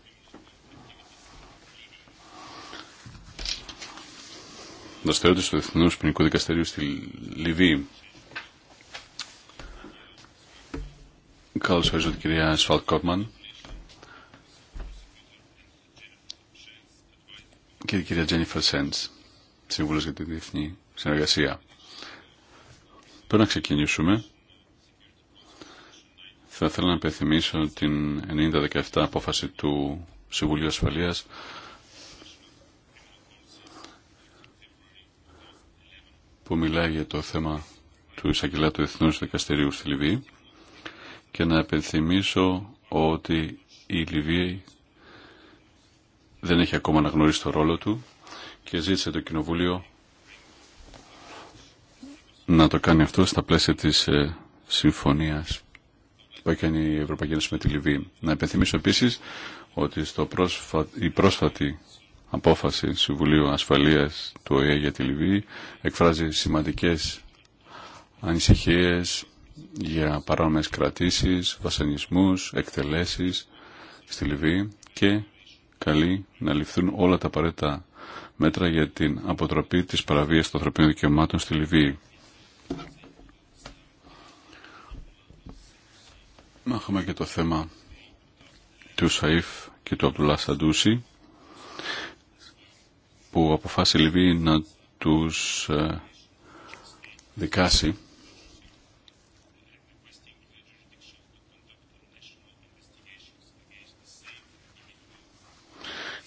Δραστηριότητα του Εθνού Ποινικού Δικαστηρίου στη Λιβύη. Καλώ ορίζω την κυρία Σφαλ Κόρμαν και την κυρία Τζένιφερ Σέντ, σύμβουλο για τη Διεθνή συνεργασία. να ξεκινήσουμε. Θα ήθελα να υπενθυμίσω την 9017 απόφαση του Συμβουλίου Ασφαλείας που μιλάει για το θέμα του εισαγγελάτου του Εθνούς Δικαστηρίου στη Λιβύη και να επενθυμίσω ότι η Λιβύη δεν έχει ακόμα αναγνωρίσει το ρόλο του και ζήτησε το Κοινοβούλιο να το κάνει αυτό στα πλαίσια της ε, συμφωνίας που έκανε η Ευρωπαϊκή Ένωση με τη Λιβύη. Να επενθυμίσω επίσης ότι η πρόσφατη απόφαση Συμβουλίου Ασφαλείας του ΟΗΕ για τη Λιβύη εκφράζει σημαντικές ανησυχίες για παράνομες κρατήσεις, βασανισμούς, εκτελέσεις στη Λιβύη και καλεί να ληφθούν όλα τα απαραίτητα μέτρα για την αποτροπή της παραβίας των ανθρωπίνων δικαιωμάτων στη Λιβύη έχουμε και το θέμα του Σαΐφ και του Απτουλά Σαντούση που αποφάσισε η Λιβύη να τους ε, δικάσει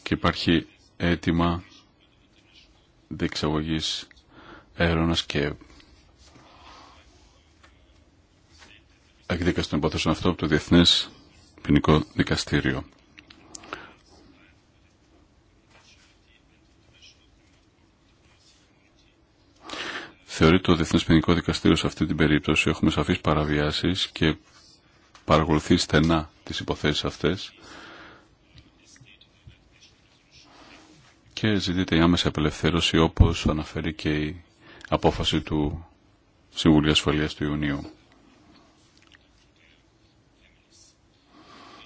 και υπάρχει έτοιμα διεξαγωγής έρωνας και εκδίκαση των υποθέσεων αυτό από το διεθνέ Ποινικό Δικαστήριο. Θεωρεί το Διεθνές Ποινικό Δικαστήριο σε αυτή την περίπτωση έχουμε σαφείς παραβιάσεις και παρακολουθεί στενά τις υποθέσεις αυτές και ζητείται η άμεση απελευθέρωση όπως αναφέρει και η απόφαση του Συμβουλίου Ασφαλείας του Ιουνίου.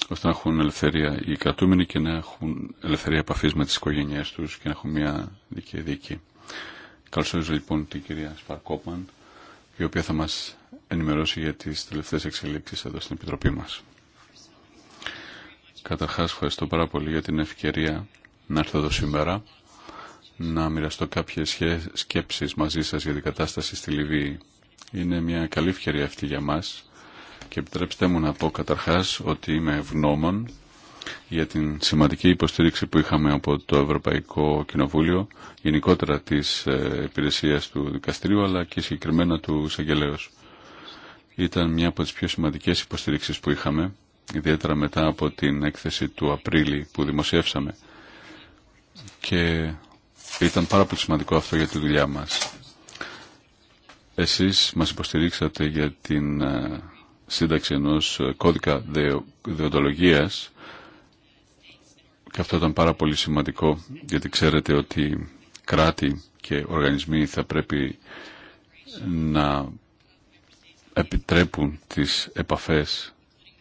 ώστε να έχουν ελευθερία οι κρατούμενοι και να έχουν ελευθερία επαφή με τις οικογένειές τους και να έχουν μια δίκαιη δίκη. Καλωσορίζω λοιπόν την κυρία Σπαρκόπαν, η οποία θα μας ενημερώσει για τις τελευταίες εξελίξεις εδώ στην Επιτροπή μας. Καταρχάς ευχαριστώ πάρα πολύ για την ευκαιρία να έρθω εδώ σήμερα να μοιραστώ κάποιες σκέψεις μαζί σας για την κατάσταση στη Λιβύη. Είναι μια καλή ευκαιρία αυτή για μας και επιτρέψτε μου να πω καταρχάς ότι είμαι ευγνώμων για την σημαντική υποστήριξη που είχαμε από το Ευρωπαϊκό Κοινοβούλιο, γενικότερα της ε, υπηρεσίας του δικαστηρίου, αλλά και συγκεκριμένα του Σαγγελέως. Ήταν μια από τις πιο σημαντικές υποστήριξεις που είχαμε, ιδιαίτερα μετά από την έκθεση του Απρίλη που δημοσιεύσαμε. Και ήταν πάρα πολύ σημαντικό αυτό για τη δουλειά μας. Εσείς μας υποστηρίξατε για την ε, σύνταξη ενός ε, κώδικα δεοντολογίας και αυτό ήταν πάρα πολύ σημαντικό γιατί ξέρετε ότι κράτη και οργανισμοί θα πρέπει να επιτρέπουν τις επαφές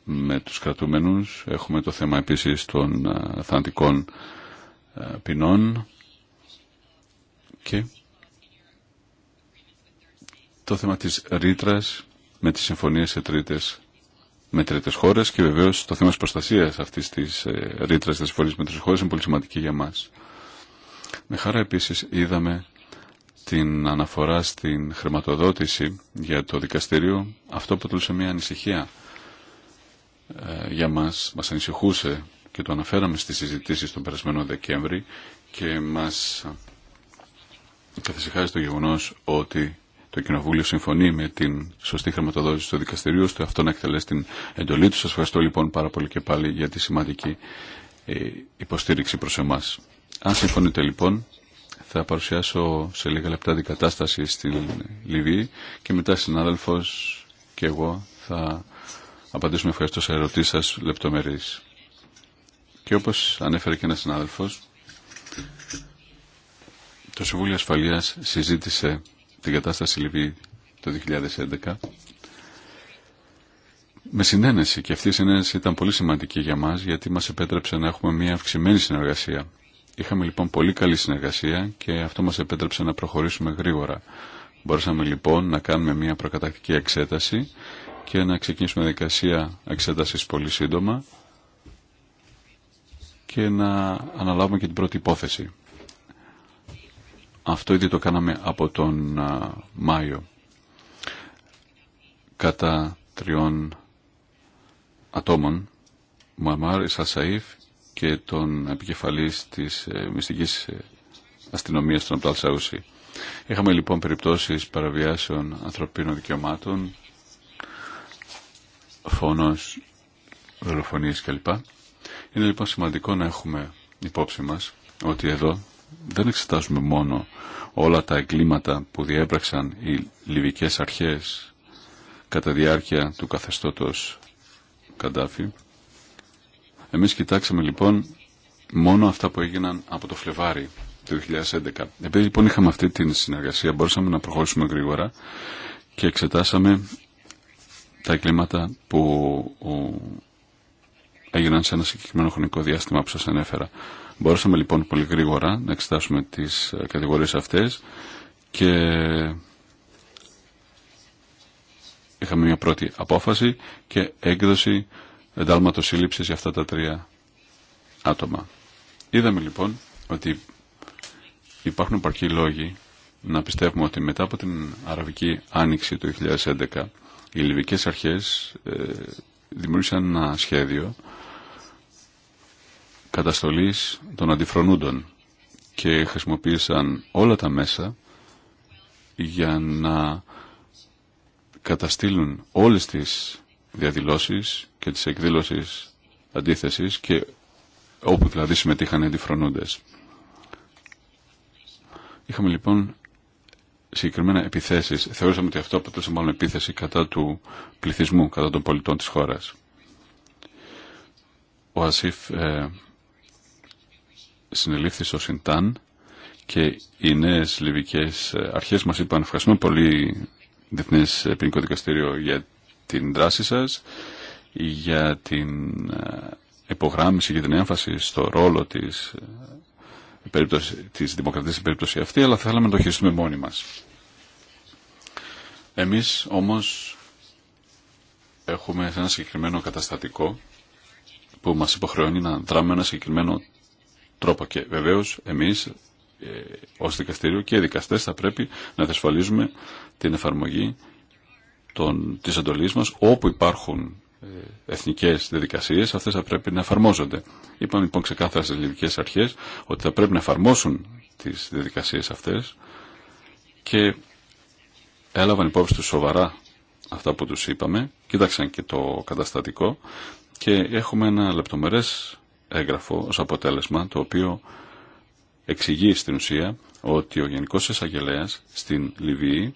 με τους κρατούμενους. Έχουμε το θέμα επίσης των ε, θαντικών ε, ποινών και το θέμα της ρήτρας με τις συμφωνίες σε με τρίτες χώρες και βεβαίως το θέμα της προστασίας αυτής της ε, ρήτρας της συμφωνίας με τρίτες χώρες είναι πολύ σημαντική για μας. Με χάρα επίσης είδαμε την αναφορά στην χρηματοδότηση για το δικαστήριο. Αυτό αποτελούσε μια ανησυχία ε, για μας, μας ανησυχούσε και το αναφέραμε στις συζητήσεις τον περασμένο Δεκέμβρη και μας ε, καθυσυχάζει το γεγονός ότι το Κοινοβούλιο συμφωνεί με την σωστή χρηματοδότηση του δικαστηρίου, στο αυτό να εκτελέσει την εντολή του. Σα ευχαριστώ λοιπόν πάρα πολύ και πάλι για τη σημαντική ε, υποστήριξη προ εμά. Αν συμφωνείτε λοιπόν, θα παρουσιάσω σε λίγα λεπτά την κατάσταση στην Λιβύη και μετά συνάδελφο και εγώ θα απαντήσουμε ευχαριστώ σε ερωτήσει σα λεπτομερεί. Και όπω ανέφερε και ένα συνάδελφο, το Συμβούλιο Ασφαλείας συζήτησε την κατάσταση Λιβύη το 2011 με συνένεση και αυτή η συνένεση ήταν πολύ σημαντική για μας γιατί μας επέτρεψε να έχουμε μια αυξημένη συνεργασία. Είχαμε λοιπόν πολύ καλή συνεργασία και αυτό μας επέτρεψε να προχωρήσουμε γρήγορα. Μπορούσαμε λοιπόν να κάνουμε μια προκατακτική εξέταση και να ξεκινήσουμε δικασία εξέτασης πολύ σύντομα και να αναλάβουμε και την πρώτη υπόθεση. Αυτό ήδη το κάναμε από τον Μάιο. Κατά τριών ατόμων, Μουαμαρ, Σασαΐφ και τον επικεφαλής της ε, μυστικής ε, αστυνομίας των Σαούση. Είχαμε λοιπόν περιπτώσεις παραβιάσεων ανθρωπίνων δικαιωμάτων, φόνος, δολοφονίες κλπ. Είναι λοιπόν σημαντικό να έχουμε υπόψη μας ότι εδώ δεν εξετάζουμε μόνο όλα τα εγκλήματα που διέπραξαν οι λιβικές αρχές κατά διάρκεια του καθεστώτος Καντάφη. Εμείς κοιτάξαμε λοιπόν μόνο αυτά που έγιναν από το Φλεβάρι του 2011. Επειδή λοιπόν είχαμε αυτή την συνεργασία μπορούσαμε να προχωρήσουμε γρήγορα και εξετάσαμε τα εγκλήματα που έγιναν σε ένα συγκεκριμένο χρονικό διάστημα που σας ανέφερα. Μπορούσαμε λοιπόν πολύ γρήγορα να εξετάσουμε τις ε, κατηγορίες αυτές και είχαμε μια πρώτη απόφαση και έκδοση εντάλματος σύλληψης για αυτά τα τρία άτομα. Είδαμε λοιπόν ότι υπάρχουν παρκή λόγοι να πιστεύουμε ότι μετά από την Αραβική Άνοιξη του 2011 οι Λιβικές Αρχές ε, δημιούργησαν ένα σχέδιο καταστολής των αντιφρονούντων και χρησιμοποίησαν όλα τα μέσα για να καταστήλουν όλες τις διαδηλώσεις και τις εκδήλωσεις αντίθεσης και όπου δηλαδή συμμετείχαν οι αντιφρονούντες. Είχαμε λοιπόν συγκεκριμένα επιθέσεις. Θεωρούσαμε ότι αυτό αποτελούσε μάλλον επίθεση κατά του πληθυσμού, κατά των πολιτών της χώρας. Ο Ασίφ ε, συνελήφθη στο Σιντάν και οι νέε λιβικέ ε, αρχέ μα είπαν ευχαριστούμε πολύ Διεθνέ Ποινικό Δικαστήριο για την δράση σα, για την ε, υπογράμμιση και την έμφαση στο ρόλο τη ε, της δημοκρατίας στην περίπτωση αυτή, αλλά θα θέλαμε να το χειριστούμε μόνοι μας. Εμείς όμως έχουμε ένα συγκεκριμένο καταστατικό που μας υποχρεώνει να δράμε ένα συγκεκριμένο τρόπο. Και βεβαίως εμείς ε, ως δικαστήριο και οι δικαστές θα πρέπει να δεσφαλίζουμε την εφαρμογή τη της μα όπου υπάρχουν ε, εθνικές διαδικασίε, αυτές θα πρέπει να εφαρμόζονται. Είπαμε λοιπόν ξεκάθαρα στι ελληνικέ αρχές ότι θα πρέπει να εφαρμόσουν τις διαδικασίε αυτές και έλαβαν υπόψη του σοβαρά αυτά που τους είπαμε, κοίταξαν και το καταστατικό και έχουμε ένα λεπτομερές έγγραφο ως αποτέλεσμα το οποίο εξηγεί στην ουσία ότι ο Γενικός Εισαγγελέας στην Λιβύη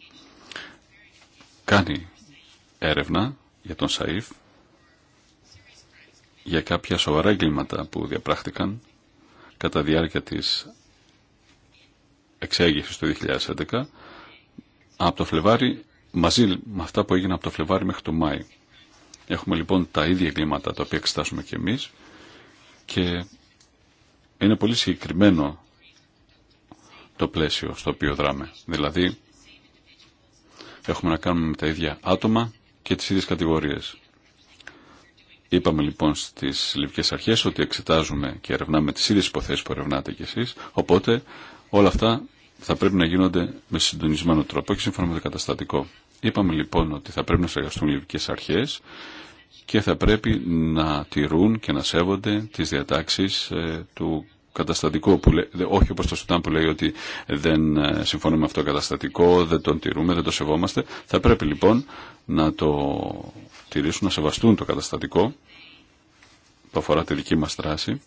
κάνει έρευνα για τον Σαΐφ για κάποια σοβαρά εγκλήματα που διαπράχτηκαν κατά διάρκεια της εξέγησης του 2011 από το Φλεβάρι μαζί με αυτά που έγιναν από το Φλεβάρι μέχρι το Μάη. Έχουμε λοιπόν τα ίδια εγκλήματα τα οποία εξετάσουμε και εμείς και είναι πολύ συγκεκριμένο το πλαίσιο στο οποίο δράμε. Δηλαδή, έχουμε να κάνουμε με τα ίδια άτομα και τις ίδιες κατηγορίες. Είπαμε λοιπόν στις λιβικές αρχές ότι εξετάζουμε και ερευνάμε τις ίδιες υποθέσεις που ερευνάτε κι εσείς, οπότε όλα αυτά θα πρέπει να γίνονται με συντονισμένο τρόπο και σύμφωνα με το καταστατικό. Είπαμε λοιπόν ότι θα πρέπει να συνεργαστούν λιβικές αρχές και θα πρέπει να τηρούν και να σέβονται τις διατάξεις ε, του καταστατικού, που όχι όπως το Σουτάν που λέει ότι δεν ε, συμφωνούμε με αυτό το καταστατικό, δεν τον τηρούμε, δεν το σεβόμαστε. Θα πρέπει λοιπόν να το τηρήσουν, να σεβαστούν το καταστατικό που αφορά τη δική μας δράση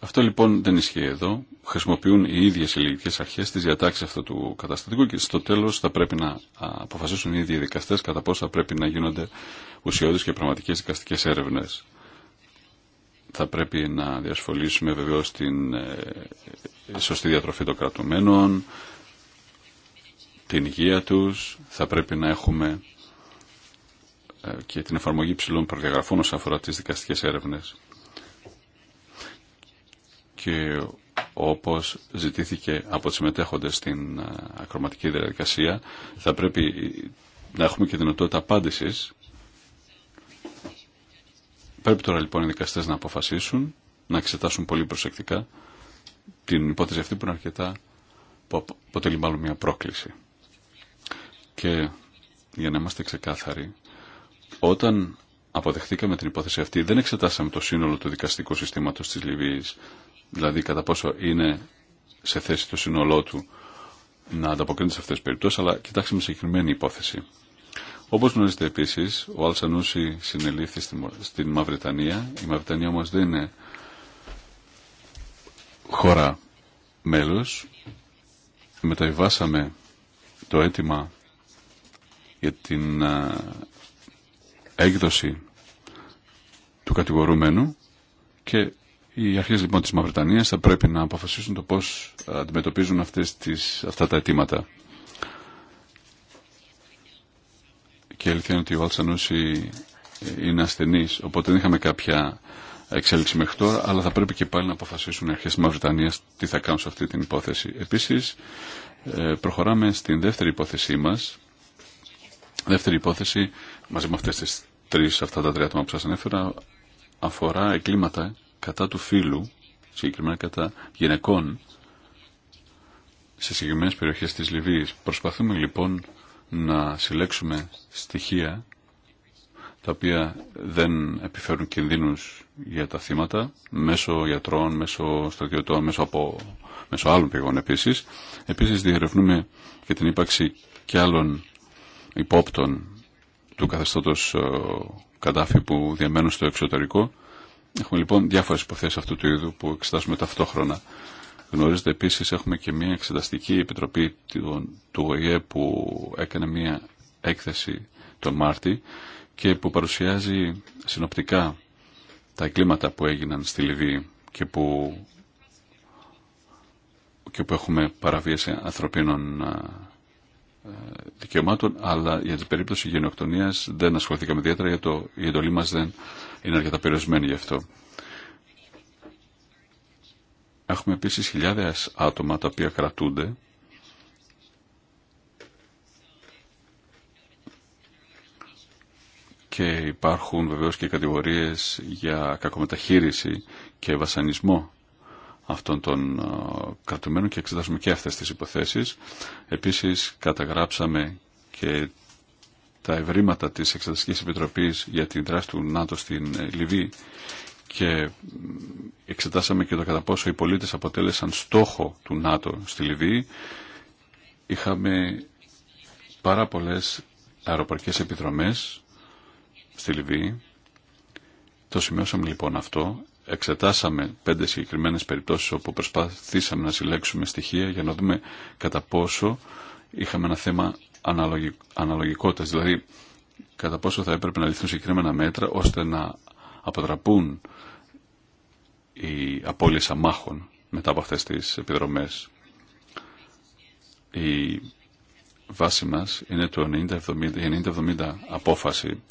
Αυτό λοιπόν δεν ισχύει εδώ. Χρησιμοποιούν οι ίδιε ελληνικέ αρχέ τι διατάξει αυτού του καταστατικού και στο τέλο θα πρέπει να αποφασίσουν οι ίδιοι δικαστέ κατά πόσο θα πρέπει να γίνονται ουσιώδει και πραγματικέ δικαστικέ έρευνε. Θα πρέπει να διασφαλίσουμε βεβαίω την ε, ε, σωστή διατροφή των κρατουμένων, την υγεία του. Θα πρέπει να έχουμε ε, και την εφαρμογή ψηλών προδιαγραφών όσον αφορά τι δικαστικέ έρευνε και όπως ζητήθηκε από τις συμμετέχοντες στην ε, ακροματική διαδικασία θα πρέπει να έχουμε και δυνατότητα απάντησης. Πρέπει τώρα λοιπόν οι δικαστές να αποφασίσουν, να εξετάσουν πολύ προσεκτικά την υπόθεση αυτή που είναι αρκετά που αποτελεί μάλλον μια πρόκληση. Και για να είμαστε ξεκάθαροι, όταν αποδεχτήκαμε την υπόθεση αυτή, δεν εξετάσαμε το σύνολο του δικαστικού συστήματος της Λιβύης δηλαδή κατά πόσο είναι σε θέση το σύνολό του να ανταποκρίνεται σε αυτές τις περιπτώσεις, αλλά κοιτάξτε με συγκεκριμένη υπόθεση. Όπως γνωρίζετε επίσης, ο Αλσανούση συνελήφθη στην Μαυρετανία. Η Μαυρετανία όμως δεν είναι χώρα μέλος. Μεταβιβάσαμε το αίτημα για την έκδοση του κατηγορούμενου και οι αρχέ λοιπόν τη Μαυρετανίας θα πρέπει να αποφασίσουν το πώ αντιμετωπίζουν αυτές τις, αυτά τα αιτήματα. Και η αλήθεια είναι ότι ο Αλτσανούση είναι ασθενή, οπότε δεν είχαμε κάποια εξέλιξη μέχρι τώρα, αλλά θα πρέπει και πάλι να αποφασίσουν οι αρχέ τη Μαυρετανίας τι θα κάνουν σε αυτή την υπόθεση. Επίση, ε, προχωράμε στην δεύτερη υπόθεσή μα. Δεύτερη υπόθεση, μαζί με αυτέ τι τρει αυτά τα τρία άτομα που σα ανέφερα, αφορά εγκλήματα κατά του φίλου συγκεκριμένα κατά γυναικών, σε συγκεκριμένες περιοχές της Λιβύης. Προσπαθούμε λοιπόν να συλλέξουμε στοιχεία τα οποία δεν επιφέρουν κινδύνους για τα θύματα μέσω γιατρών, μέσω στρατιωτών, μέσω, από, μέσω άλλων πηγών επίσης. Επίσης διερευνούμε και την ύπαρξη και άλλων υπόπτων του καθεστώτος ε, κατάφη που διαμένουν στο εξωτερικό Έχουμε λοιπόν διάφορες υποθέσεις αυτού του είδου που εξετάζουμε ταυτόχρονα. Γνωρίζετε επίσης έχουμε και μια εξεταστική επιτροπή του ΟΗΕ που έκανε μια έκθεση τον Μάρτι και που παρουσιάζει συνοπτικά τα εγκλήματα που έγιναν στη Λιβύη και που, και που έχουμε παραβίαση ανθρωπίνων ε, δικαιωμάτων, αλλά για την περίπτωση γενοκτονίας δεν ασχοληθήκαμε ιδιαίτερα, γιατί το, η εντολή μας δεν είναι αρκετά περιορισμένη γι' αυτό. Έχουμε επίσης χιλιάδες άτομα τα οποία κρατούνται και υπάρχουν βεβαίως και κατηγορίες για κακομεταχείριση και βασανισμό αυτών των ε, κρατουμένων και εξετάζουμε και αυτές τις υποθέσεις. Επίσης καταγράψαμε και τα ευρήματα της Εξεταστικής Επιτροπής για την δράση του ΝΑΤΟ στην Λιβύη και εξετάσαμε και το κατά πόσο οι πολίτες αποτέλεσαν στόχο του ΝΑΤΟ στη Λιβύη, είχαμε πάρα πολλές αεροπορικές επιδρομές στη Λιβύη. Το σημειώσαμε λοιπόν αυτό. Εξετάσαμε πέντε συγκεκριμένες περιπτώσεις όπου προσπαθήσαμε να συλλέξουμε στοιχεία για να δούμε κατά πόσο είχαμε ένα θέμα Αναλογικότητα. δηλαδή κατά πόσο θα έπρεπε να ληφθούν συγκεκριμένα μέτρα ώστε να αποτραπούν οι απώλειες αμάχων μετά από αυτές τις επιδρομές. Η βάση μας είναι το 90 απόφαση.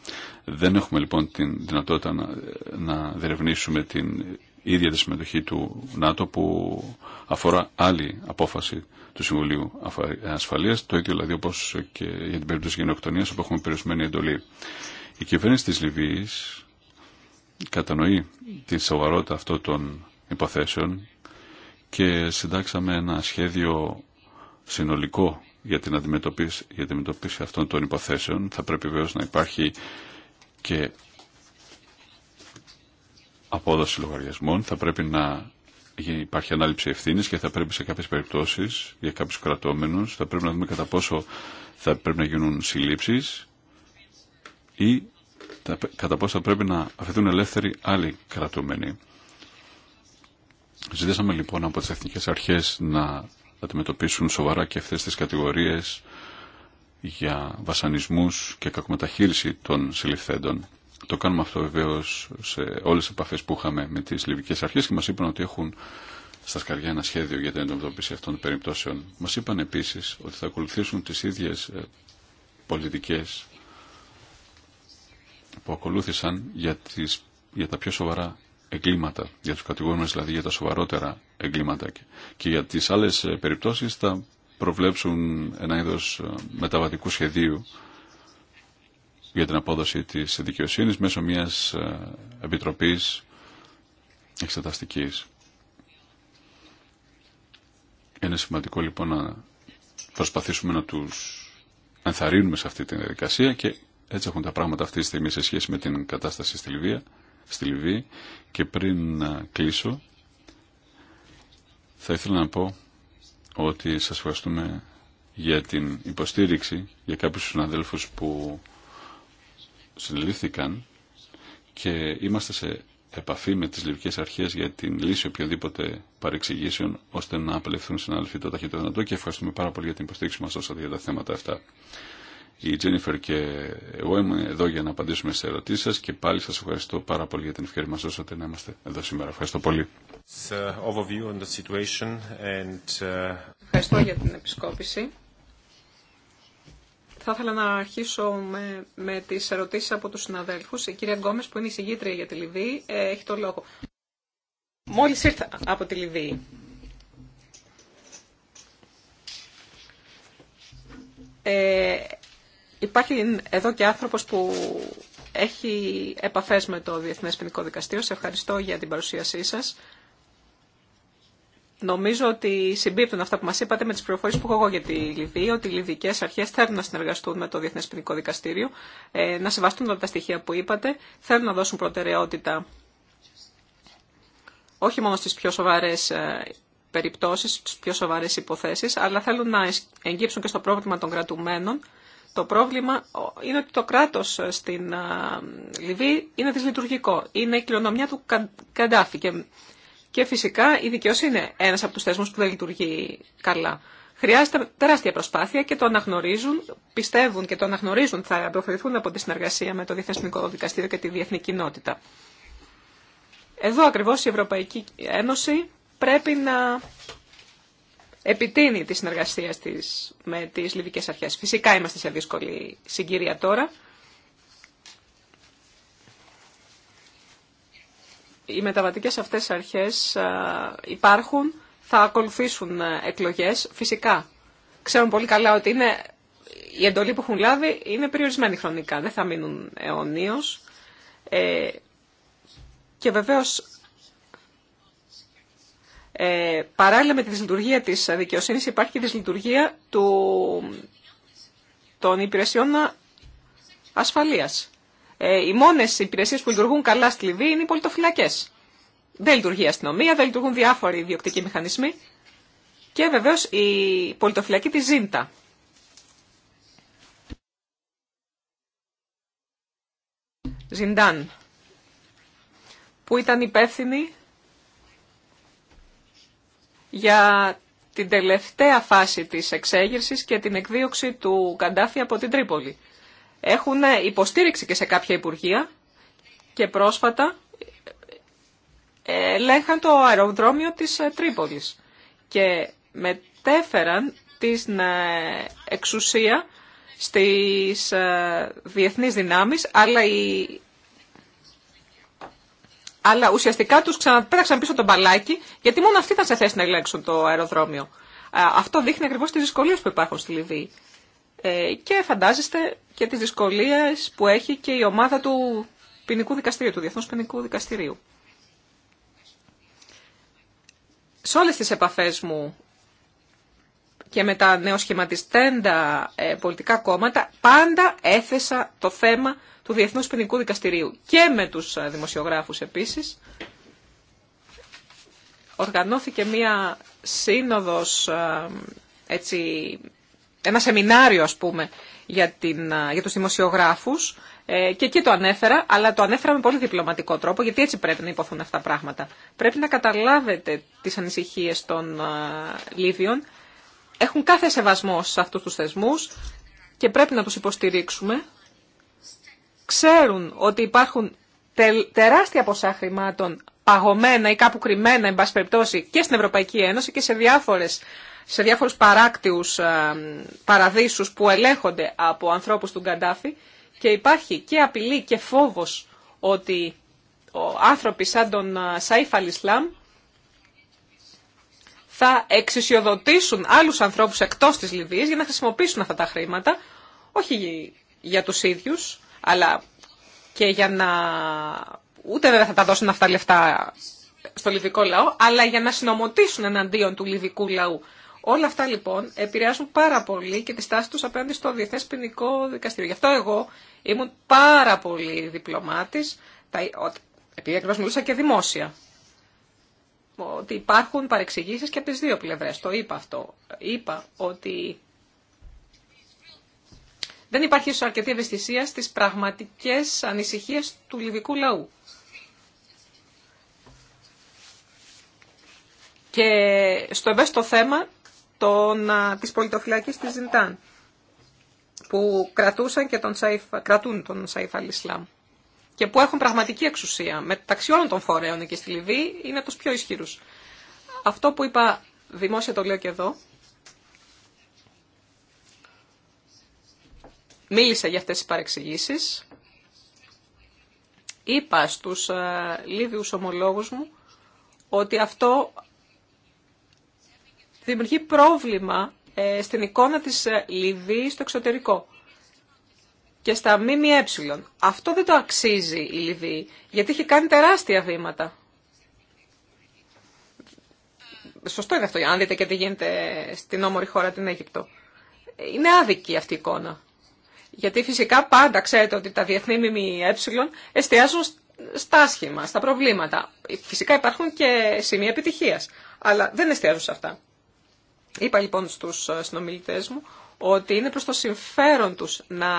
Δεν έχουμε λοιπόν την δυνατότητα να, να διερευνήσουμε την η ίδια τη συμμετοχή του ΝΑΤΟ που αφορά άλλη απόφαση του Συμβουλίου Ασφαλεία, το ίδιο δηλαδή όπω και για την περίπτωση γενοκτονία όπου έχουμε περιορισμένη εντολή. Η κυβέρνηση τη Λιβύη κατανοεί τη σοβαρότητα αυτών των υποθέσεων και συντάξαμε ένα σχέδιο συνολικό για την αντιμετωπίση, για την αντιμετωπίση αυτών των υποθέσεων. Θα πρέπει βεβαίω να υπάρχει και απόδοση λογαριασμών, θα πρέπει να υπάρχει ανάληψη ευθύνη και θα πρέπει σε κάποιε περιπτώσει, για κάποιου κρατώμένου. θα πρέπει να δούμε κατά πόσο θα πρέπει να γίνουν συλλήψει ή κατά πόσο θα πρέπει να αφαιθούν ελεύθεροι άλλοι κρατούμενοι. Ζητήσαμε λοιπόν από τις εθνικές αρχές να αντιμετωπίσουν σοβαρά και αυτέ τι κατηγορίε για βασανισμούς και κακομεταχείριση των συλληφθέντων. Το κάνουμε αυτό βεβαίω σε όλε τι επαφέ που είχαμε με τι λιβικέ αρχέ και μα είπαν ότι έχουν στα σκαριά ένα σχέδιο για την αντιμετώπιση αυτών των περιπτώσεων. Μα είπαν επίση ότι θα ακολουθήσουν τι ίδιε πολιτικέ που ακολούθησαν για, τις, για τα πιο σοβαρά εγκλήματα, για τους κατηγορούμενους δηλαδή για τα σοβαρότερα εγκλήματα και για τις άλλες ε, περιπτώσεις θα προβλέψουν ένα είδος ε, μεταβατικού σχεδίου για την απόδοση της δικαιοσύνης μέσω μιας ε, επιτροπής εξεταστικής. Είναι σημαντικό λοιπόν να προσπαθήσουμε να τους ενθαρρύνουμε σε αυτή τη διαδικασία και έτσι έχουν τα πράγματα αυτή τη στιγμή σε σχέση με την κατάσταση στη Λιβύη. Στη Λιβύη. Και πριν να κλείσω θα ήθελα να πω ότι σας ευχαριστούμε για την υποστήριξη για κάποιους συναδέλφους που συλλήφθηκαν και είμαστε σε επαφή με τις λιβικές αρχές για την λύση οποιοδήποτε παρεξηγήσεων ώστε να απελευθούν συνάδελφοι το ταχύτερο δυνατό και ευχαριστούμε πάρα πολύ για την υποστήριξη μας όσο για τα θέματα αυτά. Η Τζένιφερ και εγώ είμαι εδώ για να απαντήσουμε σε ερωτήσεις σας και πάλι σας ευχαριστώ πάρα πολύ για την ευκαιρία μας όσο να είμαστε εδώ σήμερα. Ευχαριστώ πολύ. Uh, uh, ευχαριστώ για την επισκόπηση. Θα ήθελα να αρχίσω με, με τις ερωτήσεις από τους συναδέλφους. Η κυρία Γκόμες που είναι η συγγήτρια για τη Λιβύη ε, έχει το λόγο. Μόλις ήρθα από τη Λιβύη. Ε, υπάρχει εδώ και άνθρωπος που έχει επαφές με το Διεθνές Ποινικό Δικαστήριο. Σε ευχαριστώ για την παρουσίασή σας. Νομίζω ότι συμπίπτουν αυτά που μα είπατε με τι πληροφορίε που έχω εγώ για τη Λιβύη, ότι οι λιβυκές αρχέ θέλουν να συνεργαστούν με το Διεθνέ Ποινικό Δικαστήριο, ε, να σεβαστούν όλα τα στοιχεία που είπατε, θέλουν να δώσουν προτεραιότητα όχι μόνο στι πιο σοβαρέ ε, περιπτώσεις, στις πιο σοβαρές υποθέσεις, αλλά θέλουν να εγγύψουν και στο πρόβλημα των κρατουμένων. Το πρόβλημα είναι ότι το κράτος ε, στην Λιβύη είναι δυσλειτουργικό. Είναι η κληρονομιά του Καντάφη και φυσικά η δικαιοσύνη είναι ένας από τους θεσμού που δεν λειτουργεί καλά. Χρειάζεται τεράστια προσπάθεια και το αναγνωρίζουν, πιστεύουν και το αναγνωρίζουν, θα αποφευθούν από τη συνεργασία με το Διεθνικό Δικαστήριο και τη διεθνή κοινότητα. Εδώ ακριβώς η Ευρωπαϊκή Ένωση πρέπει να επιτείνει τη συνεργασία της με τις Λιβικές Αρχές. Φυσικά είμαστε σε δύσκολη συγκυρία τώρα. οι μεταβατικές αυτές αρχές υπάρχουν, θα ακολουθήσουν ε, εκλογές, φυσικά. Ξέρουν πολύ καλά ότι είναι, η εντολή που έχουν λάβει είναι περιορισμένη χρονικά, δεν θα μείνουν αιωνίως. Ε, και βεβαίως ε, παράλληλα με τη δυσλειτουργία της δικαιοσύνης υπάρχει και η δυσλειτουργία του, των υπηρεσιών ασφαλείας. Ε, οι μόνες υπηρεσίε που λειτουργούν καλά στη Λιβύη είναι οι πολιτοφυλακέ. Δεν λειτουργεί η αστυνομία, δεν λειτουργούν διάφοροι ιδιοκτικοί μηχανισμοί και βεβαίω η πολιτοφυλακή της ΖΙΝΤΑ. Ζιντάν, που ήταν υπεύθυνη για την τελευταία φάση της εξέγερσης και την εκδίωξη του Καντάφη από την Τρίπολη έχουν υποστήριξη και σε κάποια υπουργεία και πρόσφατα ελέγχαν το αεροδρόμιο της ε, Τρίπολης και μετέφεραν την ε, εξουσία στις ε, διεθνείς δυνάμεις, αλλά, η... ουσιαστικά τους ξαναπέταξαν πίσω τον μπαλάκι, γιατί μόνο αυτοί ήταν σε θέση να ελέγξουν το αεροδρόμιο. Αυτό δείχνει ακριβώς τις δυσκολίες που υπάρχουν στη Λιβύη. Ε, και φαντάζεστε και τις δυσκολίες που έχει και η ομάδα του ποινικού δικαστηρίου, του Διεθνούς Ποινικού Δικαστηρίου. Σε όλες τις επαφές μου και με τα νεοσχηματιστέντα ε, πολιτικά κόμματα, πάντα έθεσα το θέμα του Διεθνούς Ποινικού Δικαστηρίου και με τους ε, δημοσιογράφους επίσης. Οργανώθηκε μία σύνοδος έτσι, ένα σεμινάριο ας πούμε για, την, για τους δημοσιογράφους ε, και εκεί το ανέφερα, αλλά το ανέφερα με πολύ διπλωματικό τρόπο γιατί έτσι πρέπει να υποθούν αυτά τα πράγματα. Πρέπει να καταλάβετε τις ανησυχίες των Λίβιων. Έχουν κάθε σεβασμό σε αυτούς τους θεσμούς και πρέπει να τους υποστηρίξουμε. Ξέρουν ότι υπάρχουν τεράστια ποσά χρημάτων παγωμένα ή κάπου κρυμμένα, εν πάση περιπτώσει, και στην Ευρωπαϊκή Ένωση και σε διάφορες σε διάφορους παράκτιους ε, παραδείσους που ελέγχονται από ανθρώπους του Γκαντάφη και υπάρχει και απειλή και φόβος ότι άνθρωποι σαν τον ε, Σαϊφ Αλισλάμ θα εξισιοδοτήσουν άλλους ανθρώπους εκτός της Λιβύης για να χρησιμοποιήσουν αυτά τα χρήματα, όχι για τους ίδιους, αλλά και για να... ούτε βέβαια θα τα δώσουν αυτά λεφτά στο λιβικό λαό, αλλά για να συνομωτήσουν εναντίον του λιβικού λαού Όλα αυτά λοιπόν επηρεάζουν πάρα πολύ και τη στάση του απέναντι στο Διεθνέ Ποινικό Δικαστήριο. Γι' αυτό εγώ ήμουν πάρα πολύ διπλωμάτης, επειδή ακριβώ μιλούσα και δημόσια. Ότι υπάρχουν παρεξηγήσεις και από τι δύο πλευρές. Το είπα αυτό. Είπα ότι δεν υπάρχει αρκετή ευαισθησία στι πραγματικέ ανησυχίε του λιβικού λαού. Και στο ευαίσθητο θέμα των, της πολιτοφυλακής της Ζιντάν που κρατούσαν και τον Σαϊφ, κρατούν τον Σαϊφ και που έχουν πραγματική εξουσία μεταξύ όλων των φορέων εκεί στη Λιβύη είναι τους πιο ισχυρούς. Αυτό που είπα δημόσια το λέω και εδώ μίλησα για αυτές τις παρεξηγήσεις είπα στους Λίβιους ομολόγους μου ότι αυτό δημιουργεί πρόβλημα ε, στην εικόνα της ε, Λιβύης στο εξωτερικό και στα ΜΜΕ. Αυτό δεν το αξίζει η Λιβύη, γιατί έχει κάνει τεράστια βήματα. Σωστό είναι αυτό, αν δείτε και τι γίνεται στην όμορφη χώρα την Αίγυπτο. Είναι άδικη αυτή η εικόνα. Γιατί φυσικά πάντα ξέρετε ότι τα διεθνή ΜΜΕ εστιάζουν στα άσχημα, στα προβλήματα. Φυσικά υπάρχουν και σημεία επιτυχίας, αλλά δεν εστιάζουν σε αυτά. Είπα λοιπόν στους ε, συνομιλητές μου ότι είναι προς το συμφέρον τους να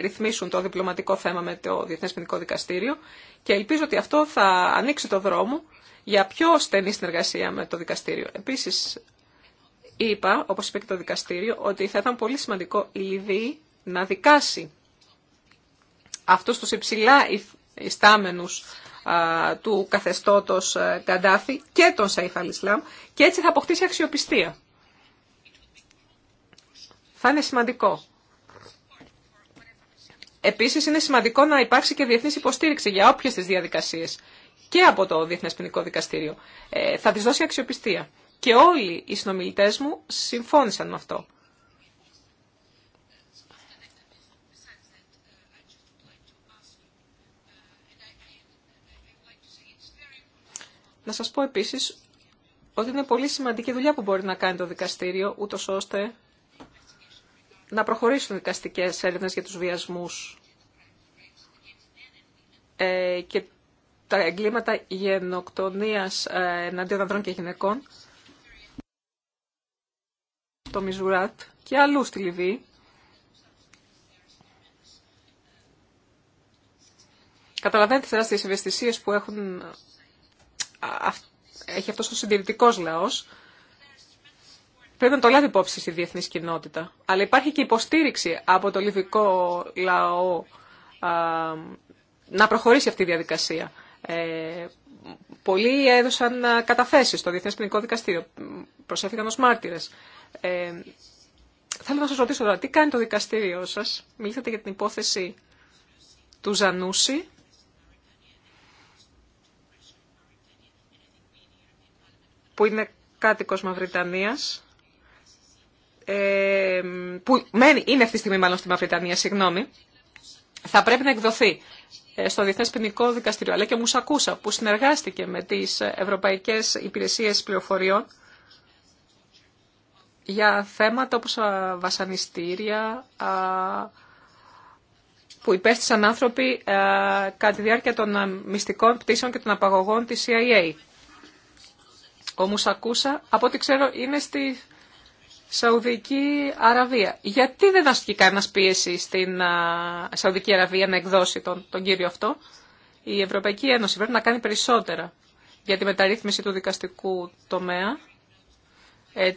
ρυθμίσουν το διπλωματικό θέμα με το Διεθνές Ποινικό Δικαστήριο και ελπίζω ότι αυτό θα ανοίξει το δρόμο για πιο στενή συνεργασία με το δικαστήριο. Επίσης, είπα, όπως είπε και το δικαστήριο, ότι θα ήταν πολύ σημαντικό η Λιβύη να δικάσει αυτούς τους υψηλά ιστάμενους του καθεστώτος Καντάφη ε, και τον Σαϊφ και έτσι θα αποκτήσει αξιοπιστία θα είναι σημαντικό. Επίσης, είναι σημαντικό να υπάρξει και διεθνή υποστήριξη για όποιε τι διαδικασίες και από το Διεθνές Ποινικό Δικαστήριο. Ε, θα τη δώσει αξιοπιστία. Και όλοι οι συνομιλητές μου συμφώνησαν με αυτό. Να σας πω επίσης ότι είναι πολύ σημαντική δουλειά που μπορεί να κάνει το δικαστήριο, ούτως ώστε να προχωρήσουν οι δικαστικές έρευνες για τους βιασμούς ε, και τα εγκλήματα γενοκτονίας ε, εναντίον ανδρών και γυναικών το Μιζουράτ και αλλού στη Λιβύη. Καταλαβαίνετε τις τεράστιες ευαισθησίες που έχουν, έχει αυτός ο συντηρητικός λαός πρέπει να το λάβει υπόψη στη διεθνή κοινότητα. Αλλά υπάρχει και υποστήριξη από το λιβικό λαό α, να προχωρήσει αυτή η διαδικασία. Ε, πολλοί έδωσαν καταθέσεις στο Διεθνές Ποινικό Δικαστήριο, προσέφηκαν ως μάρτυρες. Ε, θέλω να σας ρωτήσω τώρα, τι κάνει το δικαστήριό σας, μιλήσατε για την υπόθεση του Ζανούση, που είναι κάτοικος Μαυριτανίας ε, που είναι αυτή τη στιγμή μάλλον στη Μαυριτανία, συγγνώμη, θα πρέπει να εκδοθεί ε, στο Διεθνέ Ποινικό Δικαστήριο. Αλλά και ο Μουσακούσα που συνεργάστηκε με τι Ευρωπαϊκέ Υπηρεσίε Πληροφοριών για θέματα όπως βασανιστήρια που υπέστησαν άνθρωποι κατά τη διάρκεια των μυστικών πτήσεων και των απαγωγών τη CIA. Ο Μουσακούσα, από ό,τι ξέρω, είναι στη Σαουδική Αραβία. Γιατί δεν ασκεί κανένα πίεση στην Σαουδική Αραβία να εκδώσει τον, τον κύριο αυτό. Η Ευρωπαϊκή Ένωση πρέπει να κάνει περισσότερα για τη μεταρρύθμιση του δικαστικού τομέα.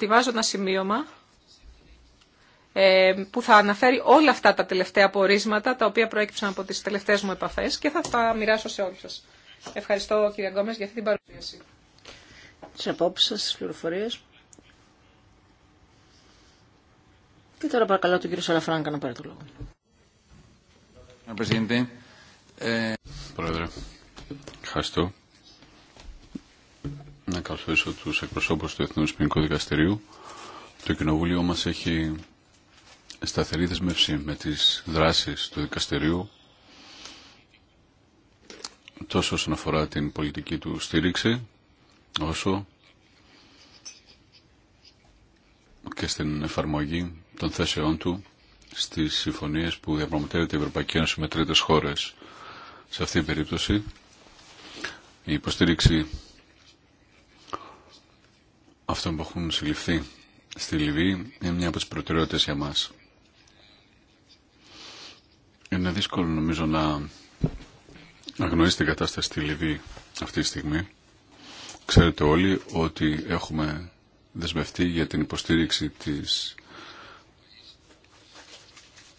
βάζω ένα σημείωμα ε, που θα αναφέρει όλα αυτά τα τελευταία απορίσματα τα οποία προέκυψαν από τις τελευταίες μου επαφές και θα τα μοιράσω σε όλους σας. Ευχαριστώ κύριε Γκόμες για αυτή την παρουσίαση. Τις απόψεις σας, πληροφορίες. Και τώρα παρακαλώ τον κύριο Σαλαφράγκα να πάρει το λόγο. Ε, Πρόεδρε, ευχαριστώ. Να καλωσορίσω του εκπροσώπου του Εθνού Ποινικού Δικαστηρίου. Το Κοινοβούλιο μα έχει σταθερή δεσμεύση με τι δράσει του Δικαστηρίου τόσο όσον αφορά την πολιτική του στήριξη όσο και στην εφαρμογή των θέσεών του στις συμφωνίες που διαπραγματεύεται η Ευρωπαϊκή Ένωση με τρίτες χώρες. Σε αυτή την περίπτωση η υποστήριξη αυτών που έχουν συλληφθεί στη Λιβύη είναι μια από τις προτεραιότητες για μας. Είναι δύσκολο νομίζω να αγνοήσει την κατάσταση στη Λιβύη αυτή τη στιγμή. Ξέρετε όλοι ότι έχουμε δεσμευτεί για την υποστήριξη της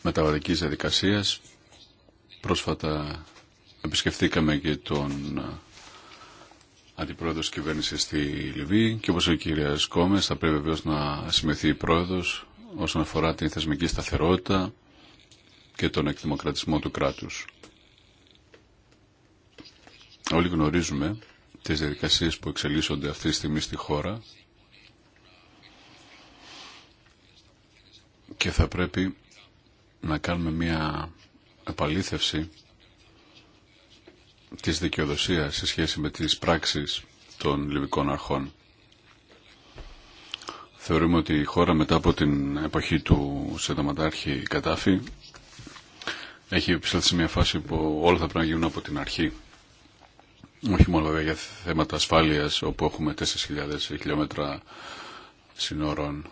μεταβατικής διαδικασίας. Πρόσφατα επισκεφθήκαμε και τον ε, αντιπρόεδρο τη κυβέρνηση στη Λιβύη και όπω ο κ. Κόμε, θα πρέπει βεβαίω να συμμεθεί η πρόεδρο όσον αφορά την θεσμική σταθερότητα και τον εκδημοκρατισμό του κράτους. Όλοι γνωρίζουμε τις διαδικασίες που εξελίσσονται αυτή τη στιγμή στη χώρα και θα πρέπει να κάνουμε μια επαλήθευση της δικαιοδοσίας σε σχέση με τις πράξεις των λιβικών αρχών. Θεωρούμε ότι η χώρα μετά από την εποχή του Σενταματάρχη Κατάφη έχει επιστρέψει σε μια φάση που όλα θα πρέπει να γίνουν από την αρχή. Όχι μόνο βέβαια για θέματα ασφάλειας όπου έχουμε 4.000 χιλιόμετρα συνόρων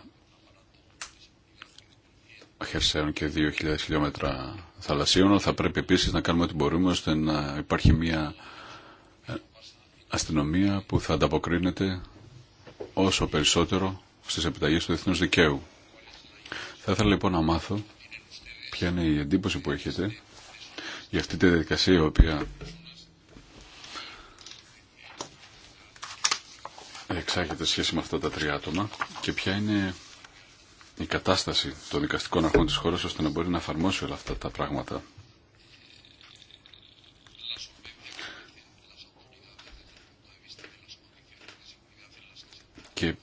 χερσαίων και 2.000 χιλιόμετρα θαλασσίων, θα πρέπει επίσης να κάνουμε ό,τι μπορούμε ώστε να υπάρχει μια ε, αστυνομία που θα ανταποκρίνεται όσο περισσότερο στις επιταγές του διεθνούς δικαίου. Θα ήθελα λοιπόν να μάθω ποια είναι η εντύπωση που έχετε για αυτή τη διαδικασία η οποία εξάγεται σχέση με αυτά τα τρία άτομα και ποια είναι η κατάσταση των δικαστικών αρχών της χώρας ώστε να μπορεί να εφαρμόσει όλα αυτά τα πράγματα. Και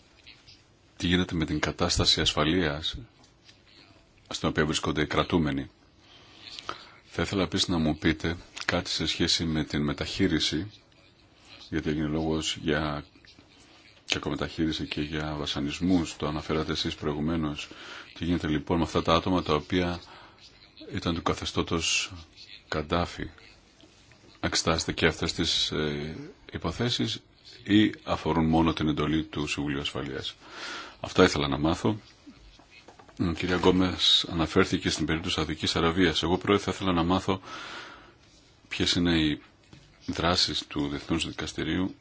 τι γίνεται με την κατάσταση ασφαλείας στην οποία βρισκόνται οι κρατούμενοι. Θα ήθελα επίσης να μου πείτε κάτι σε σχέση με την μεταχείριση γιατί έγινε λόγος για και κακομεταχείριση και για βασανισμούς, το αναφέρατε εσείς προηγουμένως. Τι γίνεται λοιπόν με αυτά τα άτομα τα οποία ήταν του καθεστώτος Καντάφη. Αξιτάζεται και αυτές τις ε, υποθέσεις ή αφορούν μόνο την εντολή του Συμβουλίου Ασφαλείας. Αυτά ήθελα να μάθω. Η κυρία Γκόμες αναφέρθηκε στην περίπτωση Σαουδικής Αραβίας. Εγώ πρώτα θα ήθελα να μάθω ποιες είναι οι δράσεις του συμβουλιου ασφαλειας αυτα ηθελα να μαθω η κυρια γκομες αναφερθηκε στην περιπτωση Αδική Αραβία. εγω πρωτα θα ηθελα να μαθω ποιε ειναι οι δράσει του Διεθνού δικαστηριου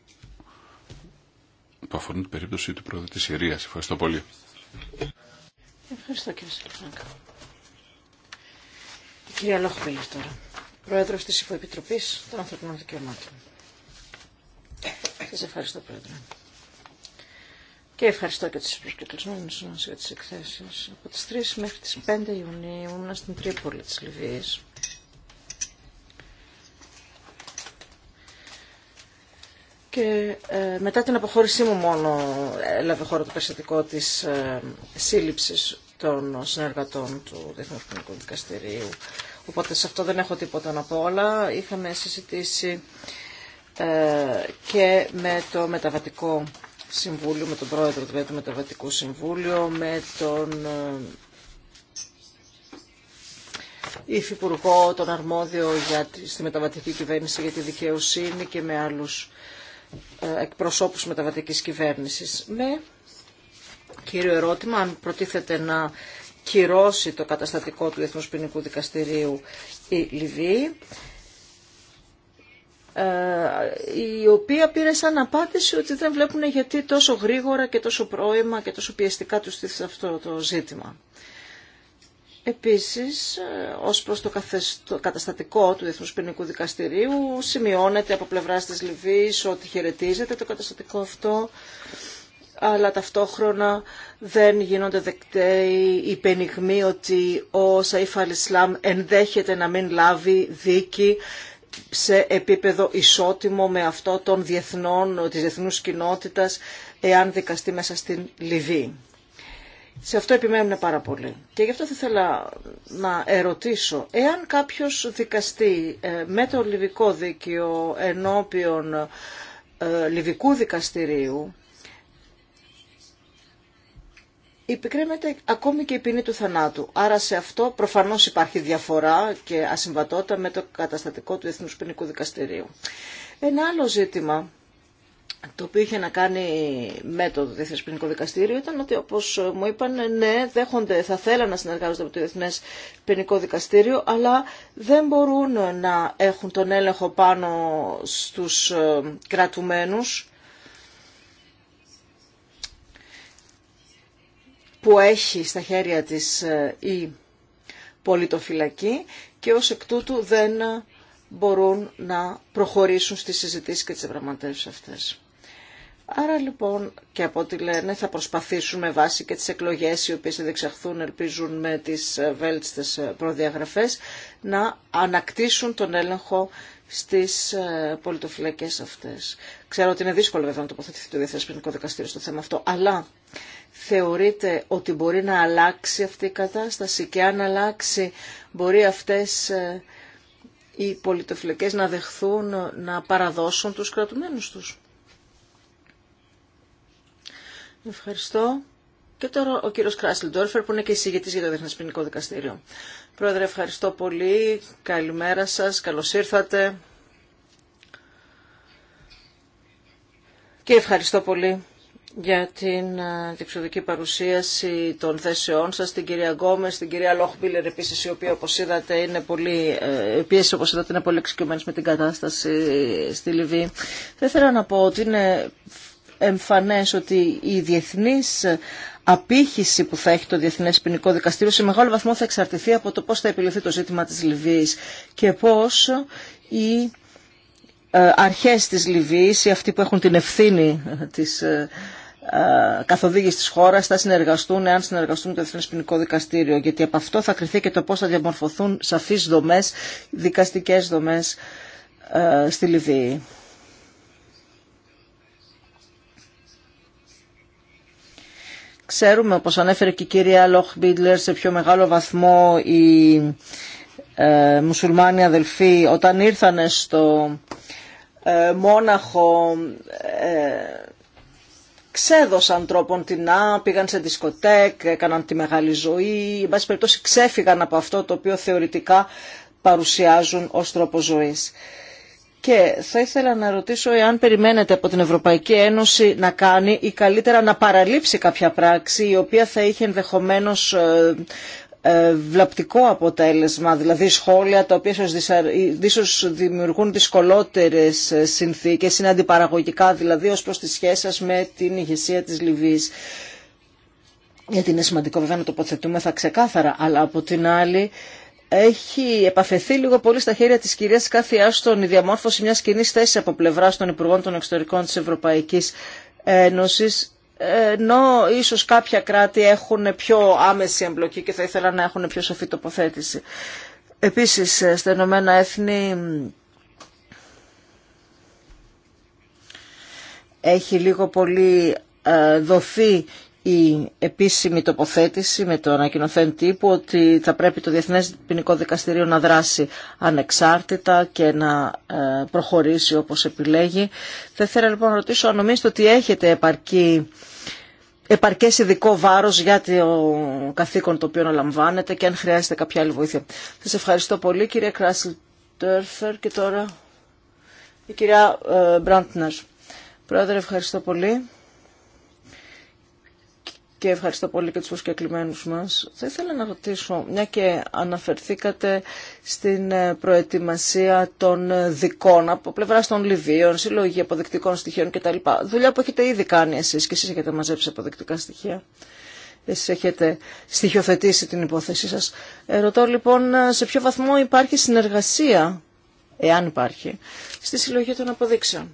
που αφορούν την περίπτωση του πρόεδρου της Συρίας. Ευχαριστώ πολύ. Ευχαριστώ κύριε Σαλφράγκα. Η κυρία Λόχπελης τώρα, πρόεδρος της Υποεπιτροπής των Ανθρωπινών Δικαιωμάτων. Σας ευχαριστώ πρόεδρε. Και ευχαριστώ και τους προσκεκλισμένους μας για τις εκθέσεις. Από τις 3 μέχρι τις 5 Ιουνίου ήμουν στην Τρίπολη της Λιβύης και ε, μετά την αποχώρησή μου μόνο έλαβε χώρο το περιστατικό της ε, σύλληψης των συνεργατών του Διεθνούς Ποινικού Δικαστηρίου. Οπότε σε αυτό δεν έχω τίποτα να πω, αλλά είχαμε συζητήσει ε, και με το μεταβατικό συμβούλιο, με τον πρόεδρο δηλαδή, του μεταβατικού συμβούλιο, με τον ε, υφυπουργό, τον αρμόδιο για, στη μεταβατική κυβέρνηση για τη δικαιοσύνη και με άλλους ε, εκπροσώπους μεταβατικής κυβέρνησης με κύριο ερώτημα αν προτίθεται να κυρώσει το καταστατικό του Εθνούς Ποινικού Δικαστηρίου η Λιβύη ε, η οποία πήρε σαν απάντηση ότι δεν βλέπουν γιατί τόσο γρήγορα και τόσο πρόημα και τόσο πιεστικά τους στήθησε αυτό το ζήτημα. Επίσης, ε, ως προς το καταστατικό του Διεθνούς Ποινικού Δικαστηρίου, σημειώνεται από πλευράς της Λιβύης ότι χαιρετίζεται το καταστατικό αυτό, αλλά ταυτόχρονα δεν γίνονται δεκτέοι οι πενιγμοί ότι ο Σαΐφ Αλισλάμ ενδέχεται να μην λάβει δίκη σε επίπεδο ισότιμο με αυτό των διεθνών, της διεθνούς κοινότητας, εάν δικαστεί μέσα στην Λιβύη. Σε αυτό επιμένουν πάρα πολύ. Και γι' αυτό θα ήθελα να ερωτήσω, εάν κάποιος δικαστή ε, με το λιβικό δίκαιο ενώπιον ε, λιβικού δικαστηρίου υπηκρέμεται ακόμη και η ποινή του θανάτου. Άρα σε αυτό προφανώς υπάρχει διαφορά και ασυμβατότητα με το καταστατικό του Εθνούς Ποινικού Δικαστηρίου. Ένα άλλο ζήτημα το οποίο είχε να κάνει με το Διεθνές Ποινικό Δικαστήριο ήταν ότι όπως μου είπαν ναι δέχονται, θα θέλαν να συνεργάζονται με το Διεθνές Ποινικό Δικαστήριο αλλά δεν μπορούν να έχουν τον έλεγχο πάνω στους ε, κρατουμένους που έχει στα χέρια της ε, η πολιτοφυλακή και ως εκ τούτου δεν μπορούν να προχωρήσουν στις συζητήσεις και τις διαπραγματεύσεις αυτές. Άρα λοιπόν και από ό,τι λένε θα προσπαθήσουμε με βάση και τις εκλογές οι οποίες θα διεξαχθούν ελπίζουν με τις ε, βέλτιστες ε, προδιαγραφές να ανακτήσουν τον έλεγχο στις ε, πολιτοφυλακές αυτές. Ξέρω ότι είναι δύσκολο βέβαια να τοποθετηθεί το Διεθνές Ποινικό Δικαστήριο στο θέμα αυτό, αλλά θεωρείτε ότι μπορεί να αλλάξει αυτή η κατάσταση και αν αλλάξει μπορεί αυτές οι πολιτοφυλακές να δεχθούν να παραδώσουν τους κρατουμένους τους. Ευχαριστώ. Και τώρα ο κύριος Ντόρφερ που είναι και εισηγητής για το Διεθνές Δικαστήριο. Πρόεδρε, ευχαριστώ πολύ. Καλημέρα σας. Καλώς ήρθατε. Και ευχαριστώ πολύ για την διεξοδική ε, παρουσίαση των θέσεών σας, την κυρία Γκόμες, την κυρία Λόχμπιλερ επίσης, η οποία όπως είδατε είναι πολύ, επίσης, όπως είναι πολύ με την κατάσταση στη Λιβύη. Θα ήθελα να πω ότι είναι εμφανές ότι η διεθνής απήχηση που θα έχει το Διεθνές Ποινικό Δικαστήριο σε μεγάλο βαθμό θα εξαρτηθεί από το πώς θα επιληθεί το ζήτημα της Λιβύης και πώς οι ε, αρχές της Λιβύης ή αυτοί που έχουν την ευθύνη της ε, ε, καθοδήγηση της χώρας θα συνεργαστούν, εάν συνεργαστούν με το Διεθνές Ποινικό Δικαστήριο. Γιατί από αυτό θα κριθεί και το πώ θα διαμορφωθούν σαφεί δομέ, δικαστικέ δομέ στη Λιβύη. Ξέρουμε, όπως ανέφερε και η κυρία Λόχ Μπίτλερ, σε πιο μεγάλο βαθμό οι ε, μουσουλμάνοι αδελφοί όταν ήρθαν στο ε, Μόναχο ε, ξέδωσαν τρόπον την Α, πήγαν σε δισκοτέκ, έκαναν τη μεγάλη ζωή, εν πάση περιπτώσει ξέφυγαν από αυτό το οποίο θεωρητικά παρουσιάζουν ως τρόπο ζωής. Και θα ήθελα να ρωτήσω εάν περιμένετε από την Ευρωπαϊκή Ένωση να κάνει ή καλύτερα να παραλείψει κάποια πράξη η οποία θα είχε ενδεχομένως ε, ε, βλαπτικό αποτέλεσμα, δηλαδή σχόλια τα οποία ίσως δημιουργούν δυσκολότερες ε, συνθήκες, είναι αντιπαραγωγικά δηλαδή ως προς τη σχέση σας με την ηγεσία της Λιβύης. Γιατί είναι σημαντικό βέβαια να τοποθετούμε θα ξεκάθαρα, αλλά από την άλλη έχει επαφεθεί λίγο πολύ στα χέρια της κυρίας Κάθη Άστον η διαμόρφωση μιας κοινή θέση από πλευράς των Υπουργών των Εξωτερικών της Ευρωπαϊκής Ένωσης ενώ ίσως κάποια κράτη έχουν πιο άμεση εμπλοκή και θα ήθελα να έχουν πιο σοφή τοποθέτηση. Επίσης, στα Ηνωμένα Έθνη έχει λίγο πολύ ε, δοθεί η επίσημη τοποθέτηση με το ανακοινωθέν τύπου ότι θα πρέπει το Διεθνές Ποινικό Δικαστηρίο να δράσει ανεξάρτητα και να ε, προχωρήσει όπως επιλέγει. Θα ήθελα λοιπόν να ρωτήσω αν νομίζετε ότι έχετε επαρκή, επαρκές ειδικό βάρος για το καθήκον το οποίο αναλαμβάνετε και αν χρειάζεται κάποια άλλη βοήθεια. Σας ευχαριστώ πολύ κυρία Κράσιλ Τέρφερ και τώρα η κυρία ε, Μπραντνερ. Πρόεδρε ευχαριστώ πολύ και ευχαριστώ πολύ και τους προσκεκλημένους μας. Θα ήθελα να ρωτήσω, μια και αναφερθήκατε στην ε, προετοιμασία των ε, δικών από πλευράς των Λιβύων, συλλογή αποδεκτικών στοιχείων κτλ. Δουλειά που έχετε ήδη κάνει εσείς και εσείς έχετε μαζέψει αποδεκτικά στοιχεία. Εσείς έχετε στοιχειοθετήσει την υπόθεσή σας. Ε, ρωτώ λοιπόν σε ποιο βαθμό υπάρχει συνεργασία, εάν υπάρχει, στη συλλογή των αποδείξεων.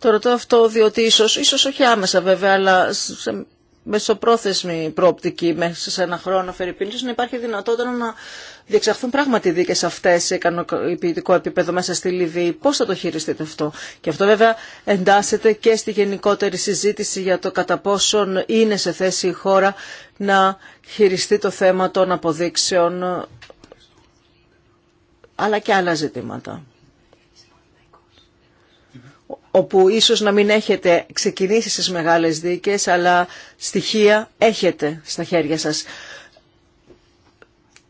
Το ρωτώ αυτό διότι ίσως, ίσως όχι άμεσα βέβαια, αλλά σε μεσοπρόθεσμη πρόπτικη μέσα σε ένα χρόνο φερειπίνησης να υπάρχει δυνατότητα να διεξαχθούν πράγματι δίκες αυτές σε ικανοποιητικό επίπεδο μέσα στη Λιβύη. Πώς θα το χειριστείτε αυτό. Και αυτό βέβαια εντάσσεται και στη γενικότερη συζήτηση για το κατά πόσον είναι σε θέση η χώρα να χειριστεί το θέμα των αποδείξεων αλλά και άλλα ζητήματα όπου ίσως να μην έχετε ξεκινήσει στις μεγάλες δίκες, αλλά στοιχεία έχετε στα χέρια σας.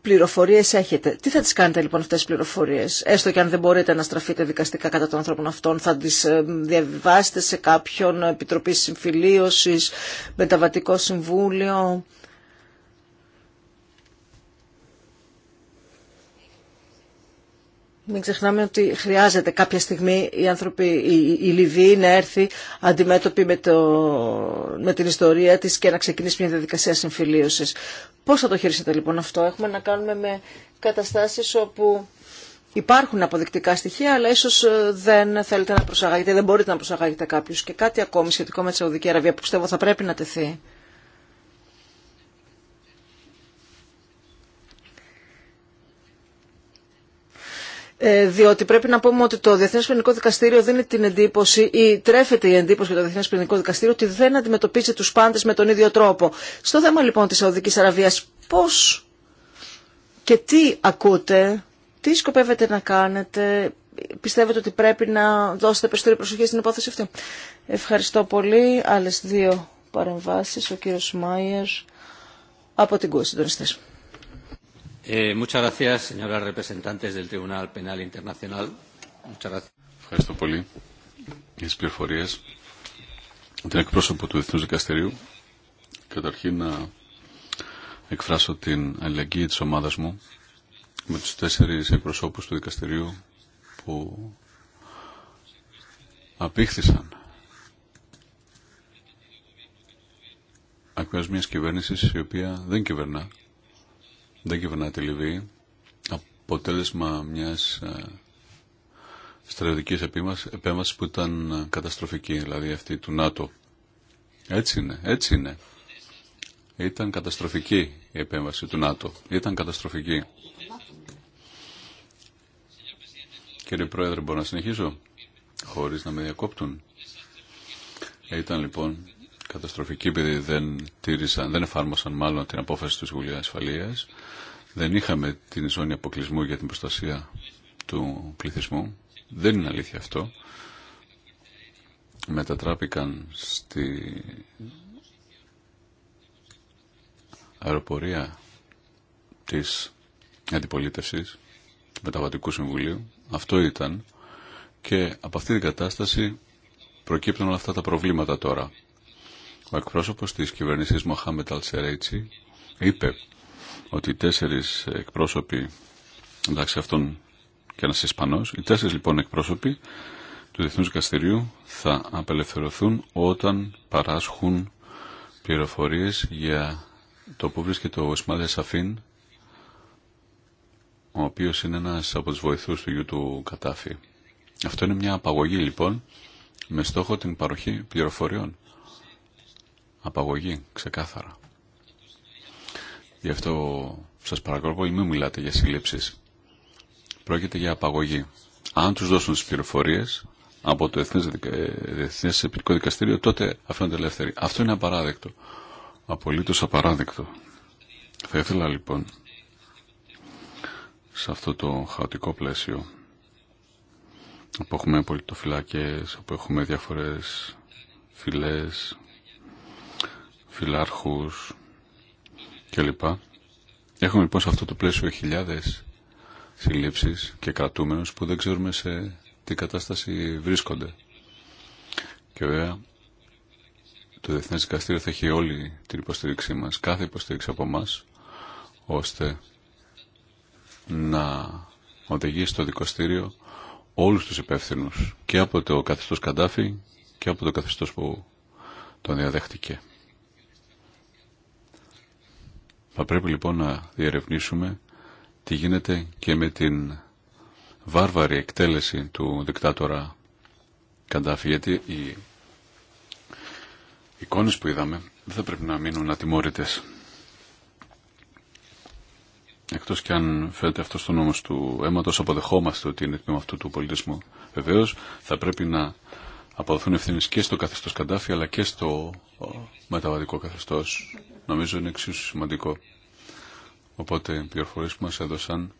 Πληροφορίες έχετε. Τι θα τις κάνετε λοιπόν αυτές τις πληροφορίες, έστω και αν δεν μπορείτε να στραφείτε δικαστικά κατά των ανθρώπων αυτών, θα τις ε, διαβιβάσετε σε κάποιον επιτροπή συμφιλίωσης, μεταβατικό συμβούλιο Μην ξεχνάμε ότι χρειάζεται κάποια στιγμή οι άνθρωποι, η, η Λιβύη να έρθει αντιμέτωπη με, το, με την ιστορία της και να ξεκινήσει μια διαδικασία συμφιλίωσης. Πώς θα το χειρίσετε λοιπόν αυτό. Έχουμε να κάνουμε με καταστάσεις όπου υπάρχουν αποδεικτικά στοιχεία, αλλά ίσως ε, δεν θέλετε να προσαγάγετε, δεν μπορείτε να προσαγάγετε κάποιους. Και κάτι ακόμη σχετικό με τη Σαουδική Αραβία που πιστεύω θα πρέπει να τεθεί. Ε, διότι πρέπει να πούμε ότι το Διεθνές Ποινικό Δικαστήριο δίνει την εντύπωση ή τρέφεται η εντύπωση για το Διεθνές Ποινικό Δικαστήριο ότι δεν αντιμετωπίζει τους πάντες με τον ίδιο τρόπο. Στο θέμα λοιπόν της Σαουδικής Αραβίας πώς και τι ακούτε, τι σκοπεύετε να κάνετε, πιστεύετε ότι πρέπει να δώσετε περισσότερη προσοχή στην υπόθεση αυτή. Ευχαριστώ πολύ. Άλλες δύο παρεμβάσεις, ο κύριος Μάιερ από την ΚΟΕ, Ευχαριστώ πολύ για τις πληροφορίες. Την εκπρόσωπο του Διεθνούς Δικαστηρίου, καταρχήν να εκφράσω την αλληλεγγύη της ομάδας μου με τους τέσσερις εκπροσώπους του Δικαστηρίου που απήχθησαν ακριβώς μιας κυβέρνησης η οποία δεν κυβερνά δεν κυβερνά τη Λιβύη αποτέλεσμα μιας ε, στρατιωτικής επέμβασης που ήταν ε, καταστροφική, δηλαδή αυτή του ΝΑΤΟ. Έτσι είναι, έτσι είναι. Ήταν καταστροφική η επέμβαση του ΝΑΤΟ. Ήταν καταστροφική. Κύριε Πρόεδρε, μπορώ να συνεχίσω χωρίς να με διακόπτουν. Ε, ήταν λοιπόν καταστροφική επειδή δεν τήρησαν, δεν εφάρμοσαν μάλλον την απόφαση του Συμβουλίου Ασφαλείας. Δεν είχαμε την ζώνη αποκλεισμού για την προστασία του πληθυσμού. Δεν είναι αλήθεια αυτό. Μετατράπηκαν στη αεροπορία της αντιπολίτευσης του Μεταβατικού Συμβουλίου. Αυτό ήταν και από αυτή την κατάσταση προκύπτουν όλα αυτά τα προβλήματα τώρα. Ο εκπρόσωπο της κυβέρνηση Μοχάμετ Αλσερέτσι είπε ότι οι τέσσερις εκπρόσωποι, εντάξει αυτόν και ένα Ισπανό, οι τέσσερις λοιπόν εκπρόσωποι του Διεθνού Δικαστηρίου θα απελευθερωθούν όταν παράσχουν πληροφορίες για το που βρίσκεται ο Ισμάδε Σαφίν, ο οποίος είναι ένας από τους βοηθούς του γιου του Κατάφη. Αυτό είναι μια απαγωγή λοιπόν με στόχο την παροχή πληροφοριών απαγωγή, ξεκάθαρα. Γι' αυτό σας παρακολουθώ ή μην μιλάτε για συλλήψεις. Πρόκειται για απαγωγή. Αν τους δώσουν τις πληροφορίες από το Εθνές ε, Επιτικό Δικαστήριο, τότε αφήνονται ελεύθεροι. Αυτό είναι απαράδεκτο. Απολύτως απαράδεκτο. Θα ήθελα λοιπόν σε αυτό το χαοτικό πλαίσιο όπου έχουμε πολιτοφυλάκες, όπου έχουμε διάφορες φυλές, φιλάρχους κλπ. Έχουμε λοιπόν σε αυτό το πλαίσιο χιλιάδες συλλήψεις και κρατούμενους που δεν ξέρουμε σε τι κατάσταση βρίσκονται. Και βέβαια το Διεθνές Δικαστήριο θα έχει όλη την υποστήριξή μας, κάθε υποστήριξη από εμά, ώστε να οδηγεί στο δικαστήριο όλους τους υπεύθυνους και από το καθεστώς Καντάφη και από το καθεστώς που τον διαδέχτηκε. Θα πρέπει λοιπόν να διερευνήσουμε τι γίνεται και με την βάρβαρη εκτέλεση του δικτάτορα Καντάφη, γιατί οι εικόνες που είδαμε δεν θα πρέπει να μείνουν ατιμόρυτες. Εκτός και αν φαίνεται αυτό στον νόμο του αίματος, αποδεχόμαστε ότι είναι τμήμα αυτού του πολιτισμού. Βεβαίως θα πρέπει να αποδοθούν ευθύνε και στο καθεστώ Καντάφη αλλά και στο μεταβατικό καθεστώ. Νομίζω είναι εξίσου σημαντικό. Οπότε οι πληροφορίε που μα έδωσαν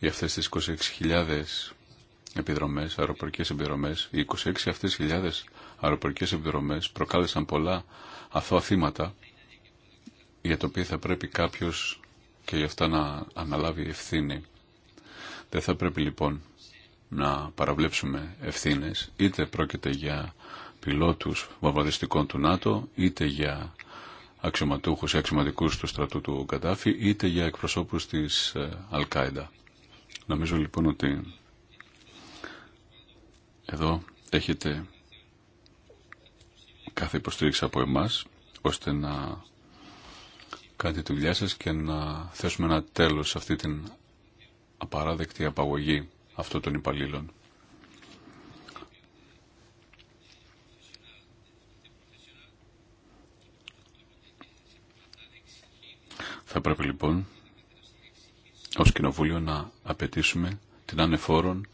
για αυτέ τι 26.000 επιδρομέ, αεροπορικέ επιδρομέ, οι 26 αυτέ χιλιάδες αεροπορικέ επιδρομέ προκάλεσαν πολλά αθώα θύματα για το οποίο θα πρέπει κάποιο και γι' αυτά να αναλάβει ευθύνη. Δεν θα πρέπει λοιπόν να παραβλέψουμε ευθύνες, είτε πρόκειται για πιλότους βαμβαδιστικών του ΝΑΤΟ, είτε για αξιωματούχους ή αξιωματικούς του στρατού του Καντάφη, είτε για εκπροσώπους της ε, ΑΛΚΑΙΔΑ. Νομίζω λοιπόν ότι εδώ έχετε κάθε υποστήριξη από εμάς, ώστε να κάνετε τη δουλειά σας και να θέσουμε ένα τέλος σε αυτή την απαράδεκτη απαγωγή αυτό των υπαλλήλων. Θα πρέπει λοιπόν ως Κοινοβούλιο να απαιτήσουμε την ανεφόρον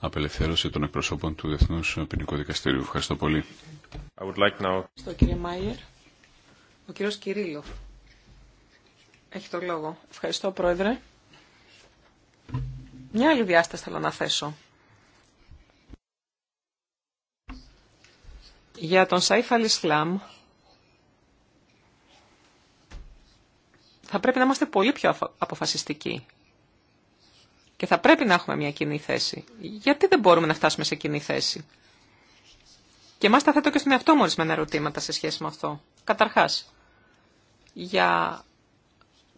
απελευθέρωση των εκπροσώπων του Διεθνούς Ποινικού Δικαστηρίου. Ευχαριστώ πολύ. I Στο κύριε Μάιερ, ο κύριος Κυρίλοφ έχει το λόγο. Ευχαριστώ Πρόεδρε. Μια άλλη διάσταση θέλω να θέσω. Για τον Σαΐφ Αλισλάμ θα πρέπει να είμαστε πολύ πιο αποφασιστικοί και θα πρέπει να έχουμε μια κοινή θέση. Γιατί δεν μπορούμε να φτάσουμε σε κοινή θέση. Και τα θέτω και στον εαυτό μου ερωτήματα σε σχέση με αυτό. Καταρχάς, για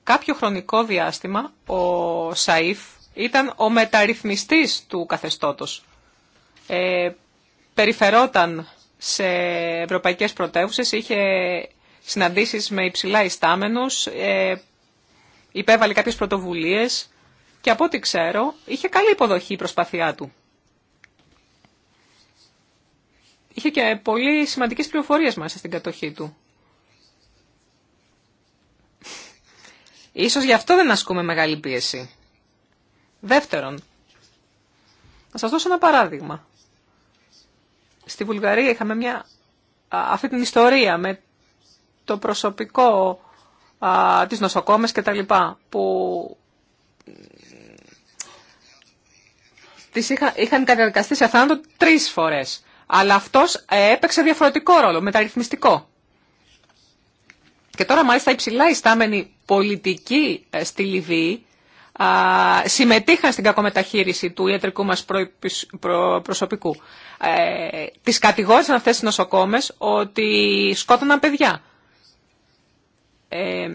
κάποιο χρονικό διάστημα ο Σαΐφ ήταν ο μεταρρυθμιστής του καθεστώτος. Ε, περιφερόταν σε ευρωπαϊκές πρωτεύουσες, είχε συναντήσεις με υψηλά ιστάμενους, ε, υπέβαλε κάποιες πρωτοβουλίες και από ό,τι ξέρω είχε καλή υποδοχή η προσπάθειά του. Είχε και πολύ σημαντικές πληροφορίες μέσα στην κατοχή του. Ίσως γι' αυτό δεν ασκούμε μεγάλη πίεση. Δεύτερον, να σας δώσω ένα παράδειγμα. Στη Βουλγαρία είχαμε μια, αυτή την ιστορία με το προσωπικό, α, της νοσοκόμες και τα λοιπά, που τις είχα, είχαν καταδικαστεί σε θάνατο τρεις φορές. Αλλά αυτός ε, έπαιξε διαφορετικό ρόλο, μεταρρυθμιστικό. Και τώρα μάλιστα υψηλά στάμενη πολιτική ε, στη Λιβύη συμμετείχαν στην κακομεταχείριση του ιατρικού μας προσωπικού. Ε, τις κατηγόρησαν αυτές τις νοσοκόμες ότι σκότωναν παιδιά. Ε,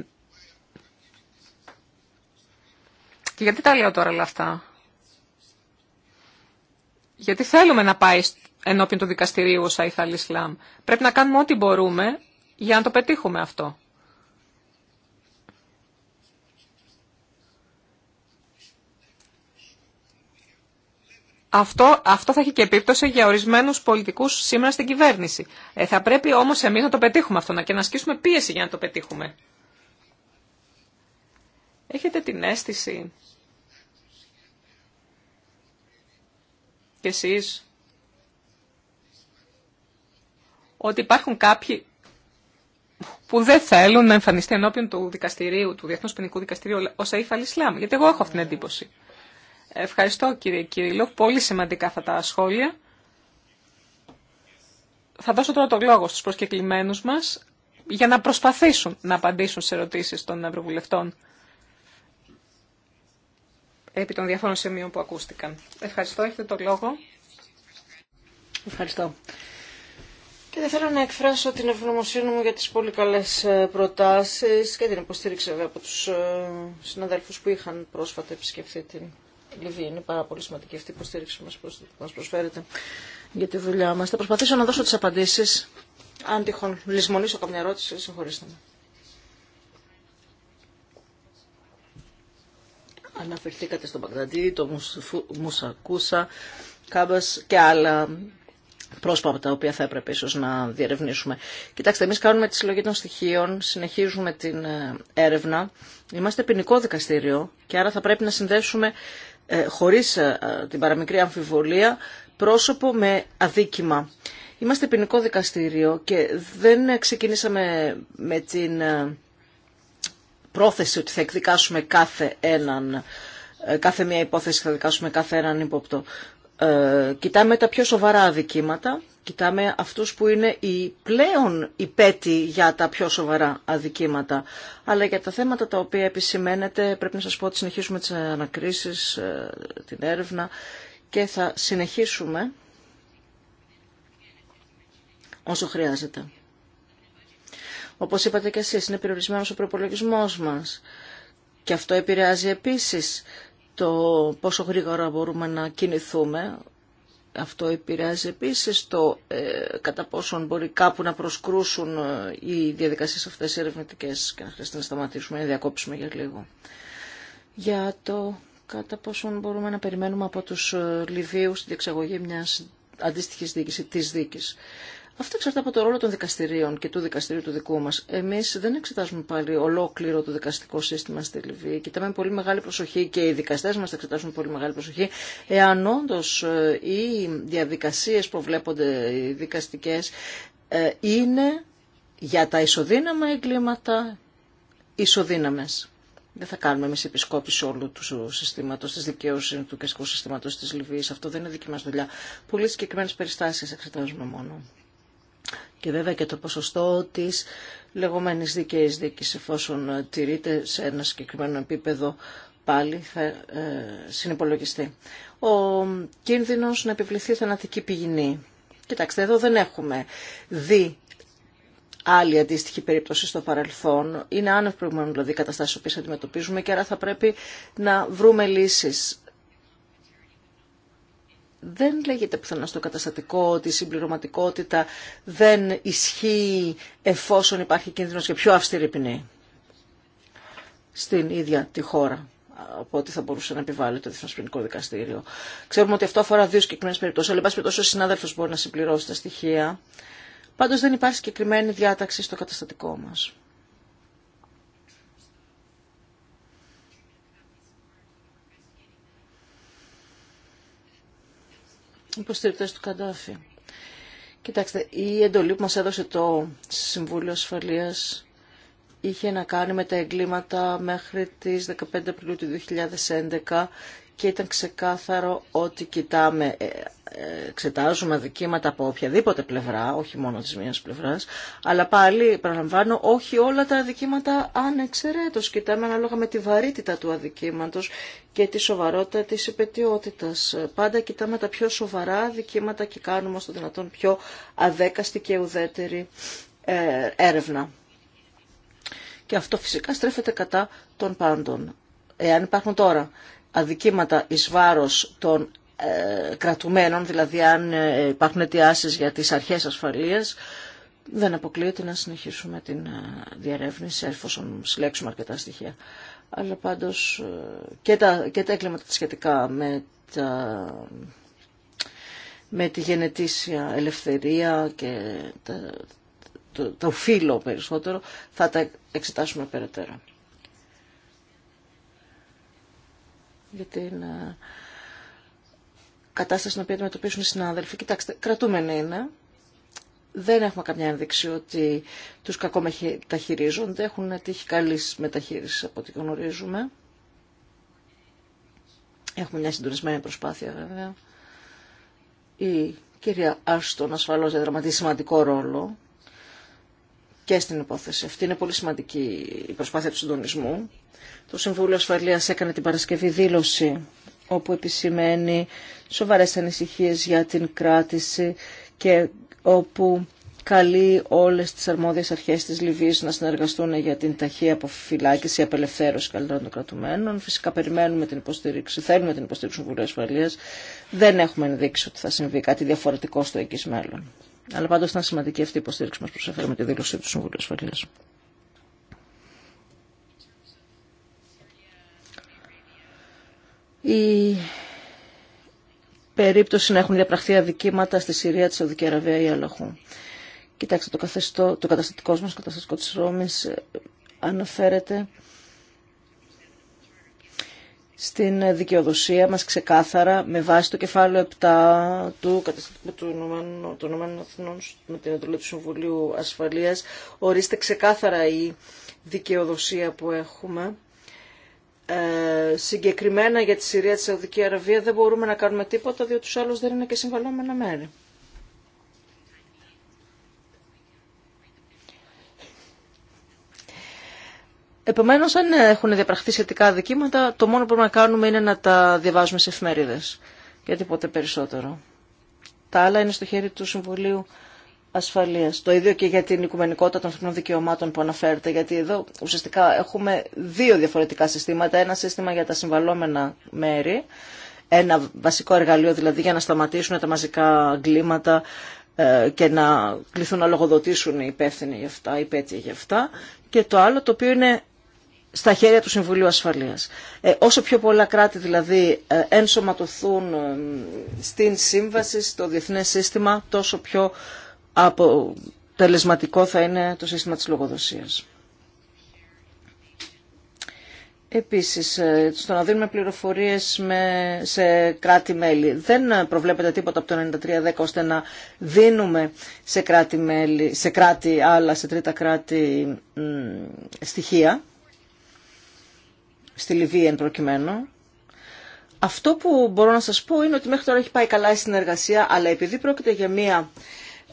και γιατί τα λέω τώρα όλα αυτά. Γιατί θέλουμε να πάει ενώπιον του δικαστηρίου ο Σαϊθ Ισλάμ. Πρέπει να κάνουμε ό,τι μπορούμε για να το πετύχουμε αυτό. Αυτό, αυτό θα έχει και επίπτωση για ορισμένους πολιτικούς σήμερα στην κυβέρνηση. Ε, θα πρέπει όμως εμείς να το πετύχουμε αυτό και να ασκήσουμε πίεση για να το πετύχουμε. Έχετε την αίσθηση και εσείς ότι υπάρχουν κάποιοι που δεν θέλουν να εμφανιστεί ενώπιον του δικαστηρίου, του Διεθνούς Ποινικού Δικαστηρίου ως Γιατί εγώ έχω αυτή την εντύπωση. Ευχαριστώ κύριε Κυρίλο. Πολύ σημαντικά αυτά τα σχόλια. Θα δώσω τώρα το λόγο στους προσκεκλημένους μας για να προσπαθήσουν να απαντήσουν σε ερωτήσεις των Ευρωβουλευτών επί των διαφόρων σημείων που ακούστηκαν. Ευχαριστώ. Έχετε το λόγο. Ευχαριστώ. Και δεν θέλω να εκφράσω την ευγνωμοσύνη μου για τις πολύ καλές ε, προτάσεις και την υποστήριξη από τους ε, συναδέλφους που είχαν πρόσφατα επισκεφθεί την Λιβύη. Είναι πάρα πολύ σημαντική αυτή η υποστήριξη που μας προσφέρετε για τη δουλειά μα. Θα προσπαθήσω να δώσω τι απαντήσει Αν τυχόν λησμονήσω καμιά ερώτηση, συγχωρήστε με. Αναφερθήκατε στον Παγκραντή, τον Μουσακούσα, Κάμπας και άλλα πρόσωπα τα οποία θα έπρεπε ίσως να διερευνήσουμε. Κοιτάξτε, εμείς κάνουμε τη συλλογή των στοιχείων, συνεχίζουμε την ε, έρευνα. Είμαστε ποινικό δικαστήριο και άρα θα πρέπει να συνδέσουμε ε, χωρίς ε, την παραμικρή αμφιβολία πρόσωπο με αδίκημα. Είμαστε ποινικό δικαστήριο και δεν ξεκινήσαμε με την ε, πρόθεση ότι θα εκδικάσουμε κάθε έναν, κάθε μία υπόθεση θα δικάσουμε κάθε έναν ύποπτο. Ε, κοιτάμε τα πιο σοβαρά αδικήματα Κοιτάμε αυτούς που είναι οι πλέον υπέτη για τα πιο σοβαρά αδικήματα. Αλλά για τα θέματα τα οποία επισημαίνεται πρέπει να σας πω ότι συνεχίσουμε τις ανακρίσεις, ε, την έρευνα και θα συνεχίσουμε όσο χρειάζεται. Όπως είπατε και εσείς, είναι περιορισμένος ο προπολογισμός μας. Και αυτό επηρεάζει επίσης το πόσο γρήγορα μπορούμε να κινηθούμε αυτό επηρεάζει επίσης το ε, κατά πόσον μπορεί κάπου να προσκρούσουν ε, οι διαδικασίες αυτές οι ερευνητικές και να χρειαστεί να σταματήσουμε, να διακόψουμε για λίγο. Για το κατά πόσον μπορούμε να περιμένουμε από τους ε, Λιβύους την διεξαγωγή μιας αντίστοιχης δίκης της δίκης. Αυτό εξαρτάται από το ρόλο των δικαστηρίων και του δικαστηρίου του δικού μα. Εμεί δεν εξετάζουμε πάλι ολόκληρο το δικαστικό σύστημα στη Λιβύη. Κοιτάμε πολύ μεγάλη προσοχή και οι δικαστέ μα θα εξετάσουν πολύ μεγάλη προσοχή. Εάν όντω ε, οι διαδικασίε που βλέπονται οι δικαστικέ ε, είναι για τα ισοδύναμα εγκλήματα ισοδύναμες. Δεν θα κάνουμε εμεί επισκόπηση όλου του συστήματο, τη δικαίωση του κεσικού συστήματο τη Λιβύη. Αυτό δεν είναι δική μα δουλειά. Πολύ συγκεκριμένε περιστάσει εξετάζουμε μόνο και βέβαια και το ποσοστό της λεγόμενης δίκαιης δίκης εφόσον τηρείται σε ένα συγκεκριμένο επίπεδο πάλι θα ε, συνυπολογιστεί. Ο κίνδυνος να επιβληθεί θανατική πηγινή. Κοιτάξτε, εδώ δεν έχουμε δει άλλη αντίστοιχη περίπτωση στο παρελθόν. Είναι άνευ προηγουμένου δηλαδή οι καταστάσεις που αντιμετωπίζουμε και άρα θα πρέπει να βρούμε λύσεις δεν λέγεται πουθενά στο καταστατικό ότι η συμπληρωματικότητα δεν ισχύει εφόσον υπάρχει κίνδυνος για πιο αυστηρή ποινή στην ίδια τη χώρα από ό,τι θα μπορούσε να επιβάλλει το Διεθνέ Ποινικό Δικαστήριο. Ξέρουμε ότι αυτό αφορά δύο συγκεκριμένε περιπτώσει, αλλά εν πάση ο συνάδελφο μπορεί να συμπληρώσει τα στοιχεία. Πάντω δεν υπάρχει συγκεκριμένη διάταξη στο καταστατικό μα. υποστηρικτές του Καντάφη. Κοιτάξτε, η εντολή που μας έδωσε το Συμβούλιο Ασφαλείας είχε να κάνει με τα εγκλήματα μέχρι τις 15 Απριλίου του 2011 και ήταν ξεκάθαρο ότι κοιτάμε, ε, ε, εξετάζουμε δικήματα από οποιαδήποτε πλευρά, όχι μόνο της μίας πλευράς, αλλά πάλι, παραλαμβάνω, όχι όλα τα αδικήματα ανεξαιρέτως. Κοιτάμε ανάλογα με τη βαρύτητα του αδικήματος και τη σοβαρότητα της επαιτειότητας. Πάντα κοιτάμε τα πιο σοβαρά αδικήματα και κάνουμε στο δυνατόν πιο αδέκαστη και ουδέτερη ε, έρευνα. Και αυτό φυσικά στρέφεται κατά των πάντων. Εάν υπάρχουν τώρα αδικήματα εις βάρος των ε, κρατουμένων, δηλαδή αν ε, υπάρχουν αιτιάσει για τις αρχές ασφαλείας, δεν αποκλείεται να συνεχίσουμε την ε, διαρεύνηση, εφόσον συλλέξουμε αρκετά στοιχεία. Αλλά πάντως και τα, και τα σχετικά με, με τη γενετήσια ελευθερία και το, το φύλλο περισσότερο θα τα εξετάσουμε περαιτέρω. για την ε, κατάσταση στην οποία αντιμετωπίσουν οι συνάδελφοι. Κοιτάξτε, κρατούμενοι είναι. Δεν έχουμε καμιά ένδειξη ότι τους κακομεταχειρίζονται. Έχουν τύχει καλή μεταχείριση από ό,τι γνωρίζουμε. Έχουμε μια συντονισμένη προσπάθεια βέβαια. Η κυρία Άστον ασφαλώς διαδραματίζει σημαντικό ρόλο και στην υπόθεση αυτή. Είναι πολύ σημαντική η προσπάθεια του συντονισμού. Το Συμβούλιο Ασφαλείας έκανε την Παρασκευή δήλωση όπου επισημαίνει σοβαρές ανησυχίες για την κράτηση και όπου καλεί όλες τις αρμόδιες αρχές της Λιβύης να συνεργαστούν για την ταχεία αποφυλάκηση, απελευθέρωση καλύτερα των κρατουμένων. Φυσικά περιμένουμε την υποστήριξη, θέλουμε την υποστήριξη του Συμβουλίου Ασφαλείας. Δεν έχουμε ενδείξει ότι θα συμβεί κάτι διαφορετικό στο εκείς μέλλον. Αλλά πάντως ήταν σημαντική αυτή η υποστήριξη μας προσέφερε με τη δήλωση του Συμβουλίου Ασφαλείας. Η περίπτωση να έχουν διαπραχθεί αδικήματα στη Συρία, τη Σαουδική Αραβία ή αλλαχού. Κοιτάξτε, το, καθεστώ, το καταστατικό μας, το καταστατικό της Ρώμης ε, αναφέρεται στην δικαιοδοσία μας ξεκάθαρα με βάση το κεφάλαιο 7 του καταστατικού των Αθηνών με την εντολή του Συμβουλίου Ασφαλείας ορίστε ξεκάθαρα η δικαιοδοσία που έχουμε. Ε, συγκεκριμένα για τη Συρία, τη Σαουδική Αραβία δεν μπορούμε να κάνουμε τίποτα διότι τους άλλους δεν είναι και συμβαλόμενα μέρη. Επομένως, αν έχουν διαπραχθεί σχετικά δικήματα, το μόνο που μπορούμε να κάνουμε είναι να τα διαβάζουμε σε εφημερίδες. Γιατί ποτέ περισσότερο. Τα άλλα είναι στο χέρι του Συμβουλίου Ασφαλείας. Το ίδιο και για την οικουμενικότητα των ανθρωπινών δικαιωμάτων που αναφέρεται. Γιατί εδώ ουσιαστικά έχουμε δύο διαφορετικά συστήματα. Ένα σύστημα για τα συμβαλόμενα μέρη. Ένα βασικό εργαλείο δηλαδή για να σταματήσουν τα μαζικά εγκλήματα ε, και να κληθούν να λογοδοτήσουν οι υπεύθυνοι για αυτά, οι υπέτειοι για αυτά. Και το άλλο το οποίο είναι στα χέρια του Συμβουλίου Ασφαλείας. Ε, όσο πιο πολλά κράτη δηλαδή ε, ενσωματωθούν ε, στην σύμβαση, στο διεθνέ σύστημα, τόσο πιο αποτελεσματικό θα είναι το σύστημα της λογοδοσίας. Επίσης, στο να δίνουμε πληροφορίες με, σε κράτη-μέλη. Δεν προβλέπεται τίποτα από το 9310 ώστε να δίνουμε σε κράτη, -μέλη, σε κράτη άλλα, σε τρίτα κράτη στοιχεία στη Λιβύη εν προκειμένου. Αυτό που μπορώ να σας πω είναι ότι μέχρι τώρα έχει πάει καλά η συνεργασία, αλλά επειδή πρόκειται για μια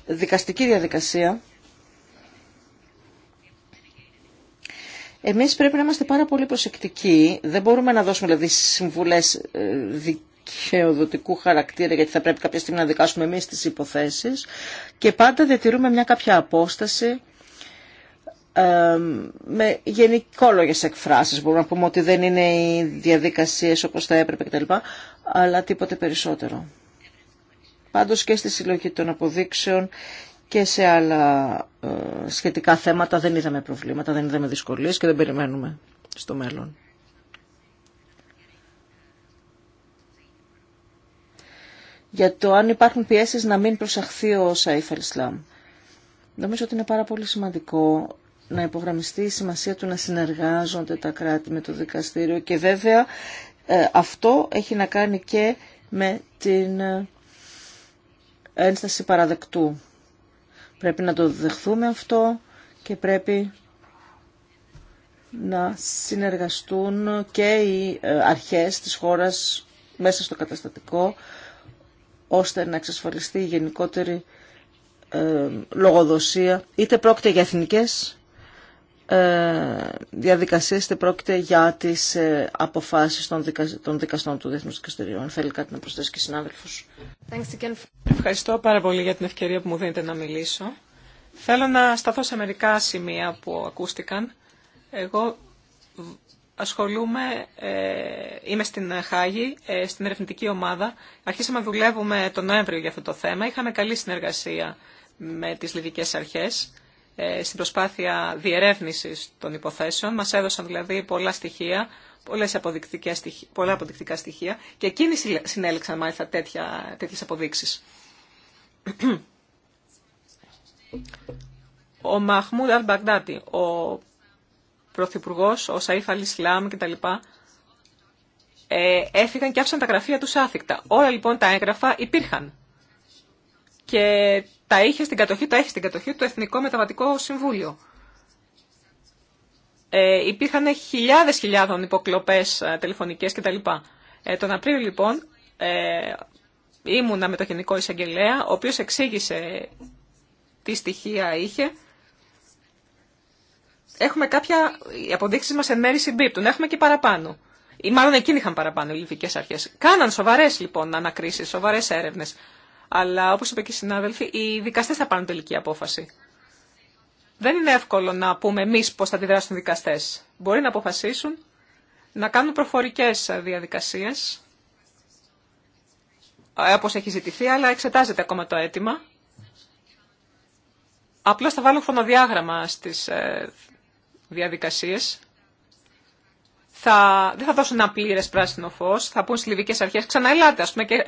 δικαστική διαδικασία, εμείς πρέπει να είμαστε πάρα πολύ προσεκτικοί. Δεν μπορούμε να δώσουμε δηλαδή συμβουλές ε, δικαιοδοτικού χαρακτήρα, γιατί θα πρέπει κάποια στιγμή να δικάσουμε εμείς τις υποθέσεις. Και πάντα διατηρούμε μια κάποια απόσταση με γενικόλογες εκφράσεις. Μπορούμε να πούμε ότι δεν είναι οι διαδικασίες όπως θα έπρεπε κτλ. Αλλά τίποτε περισσότερο. Πάντως και στη συλλογή των αποδείξεων και σε άλλα ε, σχετικά θέματα δεν είδαμε προβλήματα, δεν είδαμε δυσκολίες και δεν περιμένουμε στο μέλλον. Για το αν υπάρχουν πιέσεις να μην προσαχθεί ο Σαΐφ Νομίζω ότι είναι πάρα πολύ σημαντικό να υπογραμμιστεί η σημασία του να συνεργάζονται τα κράτη με το δικαστήριο και βέβαια ε, αυτό έχει να κάνει και με την ε, ένσταση παραδεκτού. Πρέπει να το δεχθούμε αυτό και πρέπει να συνεργαστούν και οι ε, αρχές της χώρας μέσα στο καταστατικό ώστε να εξασφαλιστεί η γενικότερη λογοδοσία είτε πρόκειται για εθνικές ε, διαδικασίες δεν πρόκειται για τις ε, αποφάσεις των, δικα, των δικαστών του Διεθνούς αν Θέλει κάτι να προσθέσει και συνάδελφος. Ευχαριστώ πάρα πολύ για την ευκαιρία που μου δίνετε να μιλήσω. Θέλω να σταθώ σε μερικά σημεία που ακούστηκαν. Εγώ ασχολούμαι, ε, είμαι στην Χάγη, ε, στην ερευνητική ομάδα. Αρχίσαμε να δουλεύουμε τον Νοέμβριο για αυτό το θέμα. Είχαμε καλή συνεργασία με τις Λιβικές Αρχές. Ε, στην προσπάθεια διερεύνησης των υποθέσεων. Μας έδωσαν δηλαδή πολλά στοιχεία, πολλές αποδεικτικές στοιχεία, πολλά αποδεικτικά στοιχεία και εκείνοι συνέλεξαν μάλιστα τέτοια, τέτοιες αποδείξεις. Ο Μαχμούδ Μπαγντάτι, ο πρωθυπουργός, ο Αλ Ισλάμ κτλ. Ε, έφυγαν και άφησαν τα γραφεία του άθικτα. Όλα λοιπόν τα έγγραφα υπήρχαν και τα είχε στην κατοχή, τα έχει στην κατοχή το Εθνικό Μεταβατικό Συμβούλιο. Ε, υπήρχαν χιλιάδες χιλιάδων υποκλοπές ε, τελεφωνικές κτλ. Ε, τον Απρίλιο λοιπόν ε, ήμουνα με το Γενικό Εισαγγελέα, ο οποίος εξήγησε τι στοιχεία είχε. Έχουμε κάποια, αποδείξεις μας εν μέρη συμπίπτουν, έχουμε και παραπάνω. Ή μάλλον εκείνοι είχαν παραπάνω οι λιβικές αρχές. Κάναν σοβαρές λοιπόν ανακρίσεις, σοβαρές έρευνες αλλά όπως είπε και οι συνάδελφοι, οι δικαστές θα πάρουν τελική απόφαση. Δεν είναι εύκολο να πούμε εμείς πώς θα αντιδράσουν οι δικαστές. Μπορεί να αποφασίσουν να κάνουν προφορικές διαδικασίες, ε, όπως έχει ζητηθεί, αλλά εξετάζεται ακόμα το αίτημα. Απλώ θα βάλουν χρονοδιάγραμμα στις ε, διαδικασίες. Θα, δεν θα δώσουν ένα πλήρε πράσινο φω, θα πούν στι λιβικέ αρχές, ξαναελάτε, α πούμε, και ε,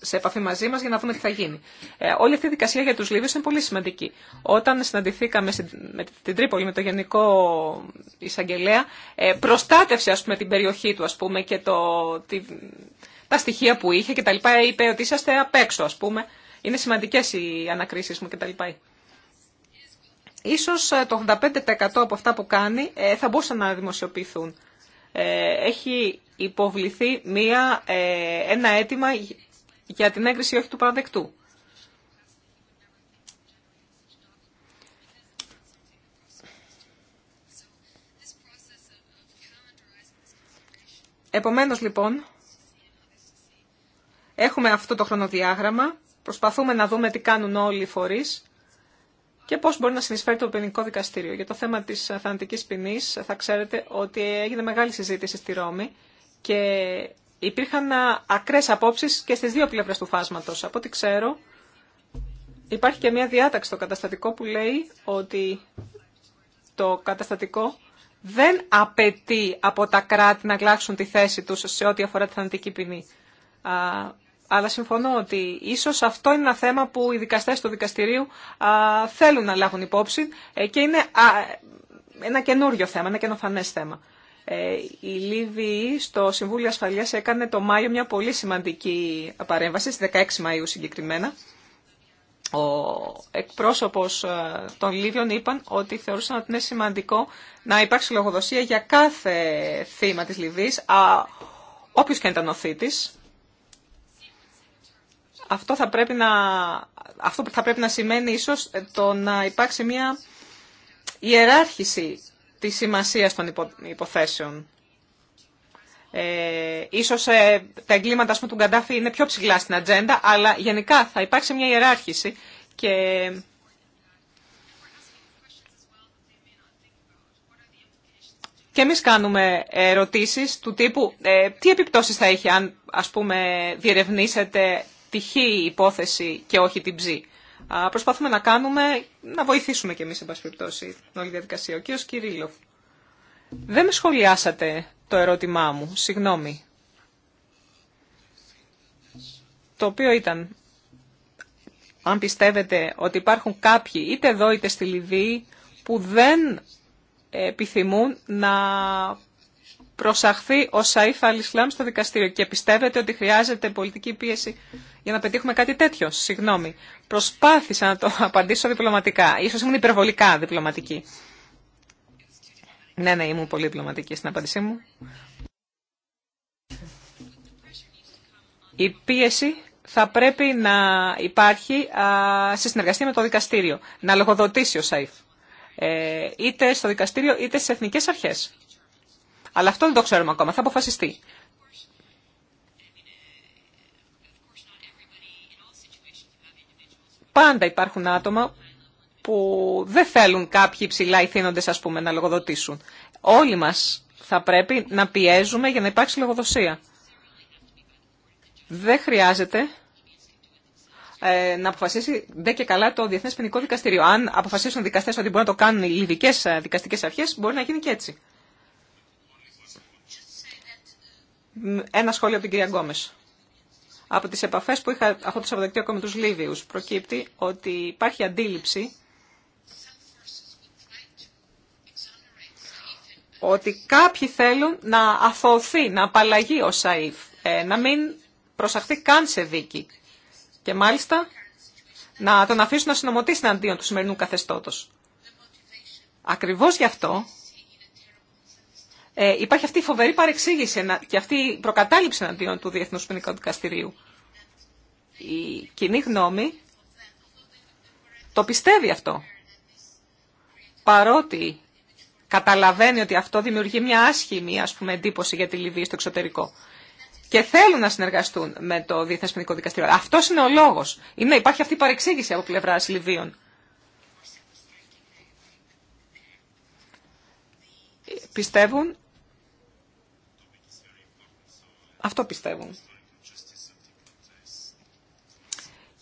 σε επαφή μαζί μα για να δούμε τι θα γίνει. Ε, όλη αυτή η δικασία για του Λίβιου είναι πολύ σημαντική. Όταν συναντηθήκαμε με την Τρίπολη, με το Γενικό Εισαγγελέα, ε, προστάτευσε ας πούμε, την περιοχή του ας πούμε, και το, τα στοιχεία που είχε κτλ. Είπε ότι είσαστε απ' έξω, α πούμε. Είναι σημαντικέ οι ανακρίσει μου κτλ. Ίσως ε, το 85% από αυτά που κάνει ε, θα μπορούσαν να δημοσιοποιηθούν. έχει υποβληθεί μία, ένα αίτημα για την έγκριση όχι του παραδεκτού. Επομένως λοιπόν, έχουμε αυτό το χρονοδιάγραμμα, προσπαθούμε να δούμε τι κάνουν όλοι οι φορείς και πώς μπορεί να συνεισφέρει το ποινικό δικαστήριο. Για το θέμα της θανατικής ποινής θα ξέρετε ότι έγινε μεγάλη συζήτηση στη Ρώμη και υπήρχαν ακρές απόψεις και στις δύο πλευρές του φάσματος. Από ό,τι ξέρω, υπάρχει και μια διάταξη στο καταστατικό που λέει ότι το καταστατικό δεν απαιτεί από τα κράτη να αλλάξουν τη θέση τους σε ό,τι αφορά τη θανατική ποινή. Α, αλλά συμφωνώ ότι ίσως αυτό είναι ένα θέμα που οι δικαστές του δικαστηρίου θέλουν να λάβουν υπόψη ε, και είναι ένα καινούριο θέμα, ένα καινοφανές θέμα. Ε, η Λίβη στο Συμβούλιο Ασφαλείας έκανε το Μάιο μια πολύ σημαντική παρέμβαση, στις 16 Μαΐου συγκεκριμένα. Ο εκπρόσωπος ε, των Λίβιων είπαν ότι θεωρούσαν ότι είναι σημαντικό να υπάρξει λογοδοσία για κάθε θύμα της Λιβύης, α, όποιος και ήταν ο Αυτό θα πρέπει να, αυτό θα πρέπει να σημαίνει ίσως το να υπάρξει μια ιεράρχηση Τη σημασία των υποθέσεων. Ε, ίσως ε, τα εγκλήματα πούμε, του Γκαντάφη είναι πιο ψηλά στην ατζέντα, αλλά γενικά θα υπάρξει μια ιεράρχηση και... Και εμείς κάνουμε ερωτήσεις του τύπου ε, τι επιπτώσεις θα έχει αν ας πούμε διερευνήσετε τυχη υπόθεση και όχι την ψή προσπαθούμε να κάνουμε, να βοηθήσουμε κι εμείς, εν πάση περιπτώσει, την όλη διαδικασία. Ο κύριος Κυρίλοφ, δεν με σχολιάσατε το ερώτημά μου, συγγνώμη. Το οποίο ήταν, αν πιστεύετε ότι υπάρχουν κάποιοι, είτε εδώ είτε στη Λιβύη, που δεν επιθυμούν να προσαχθεί ο Σαΐφ Αλισλάμ στο δικαστήριο και πιστεύετε ότι χρειάζεται πολιτική πίεση για να πετύχουμε κάτι τέτοιο. Συγγνώμη. Προσπάθησα να το απαντήσω διπλωματικά. Ίσως ήμουν υπερβολικά διπλωματική. Ναι, ναι, ήμουν πολύ διπλωματική στην απάντησή μου. Η πίεση θα πρέπει να υπάρχει σε συνεργασία με το δικαστήριο. Να λογοδοτήσει ο ΣΑΙΦ. Ε, είτε στο δικαστήριο είτε στις εθνικές αρχές. Αλλά αυτό δεν το ξέρουμε ακόμα, θα αποφασιστεί. Πάντα υπάρχουν άτομα που δεν θέλουν κάποιοι ψηλά ηθήνοντες, ας πούμε, να λογοδοτήσουν. Όλοι μας θα πρέπει να πιέζουμε για να υπάρξει λογοδοσία. Δεν χρειάζεται ε, να αποφασίσει δεν και καλά το Διεθνές Ποινικό Δικαστήριο. Αν αποφασίσουν δικαστές ότι μπορούν να το κάνουν οι λιβικές ε, δικαστικές αρχές, μπορεί να γίνει και έτσι. Ένα σχόλιο από την κυρία Γκόμε. Από τις επαφές που είχα αυτό το Σαββατοκύριακο με του Λίβιου, προκύπτει ότι υπάρχει αντίληψη ότι κάποιοι θέλουν να αθωωθεί, να απαλλαγεί ο Σαΐφ, ε, να μην προσαχθεί καν σε δίκη και μάλιστα να τον αφήσουν να συνομωτήσει εναντίον του σημερινού καθεστώτος. Ακριβώς γι' αυτό ε, υπάρχει αυτή η φοβερή παρεξήγηση και αυτή η προκατάληψη εναντίον του Διεθνούς Ποινικού Δικαστηρίου. Η κοινή γνώμη το πιστεύει αυτό. Παρότι καταλαβαίνει ότι αυτό δημιουργεί μια άσχημη ας πούμε, εντύπωση για τη Λιβύη στο εξωτερικό. Και θέλουν να συνεργαστούν με το Διεθνές Ποινικό Δικαστήριο. Αυτό είναι ο λόγο. Υπάρχει αυτή η παρεξήγηση από πλευρά Λιβύων. πιστεύουν, αυτό πιστεύουν.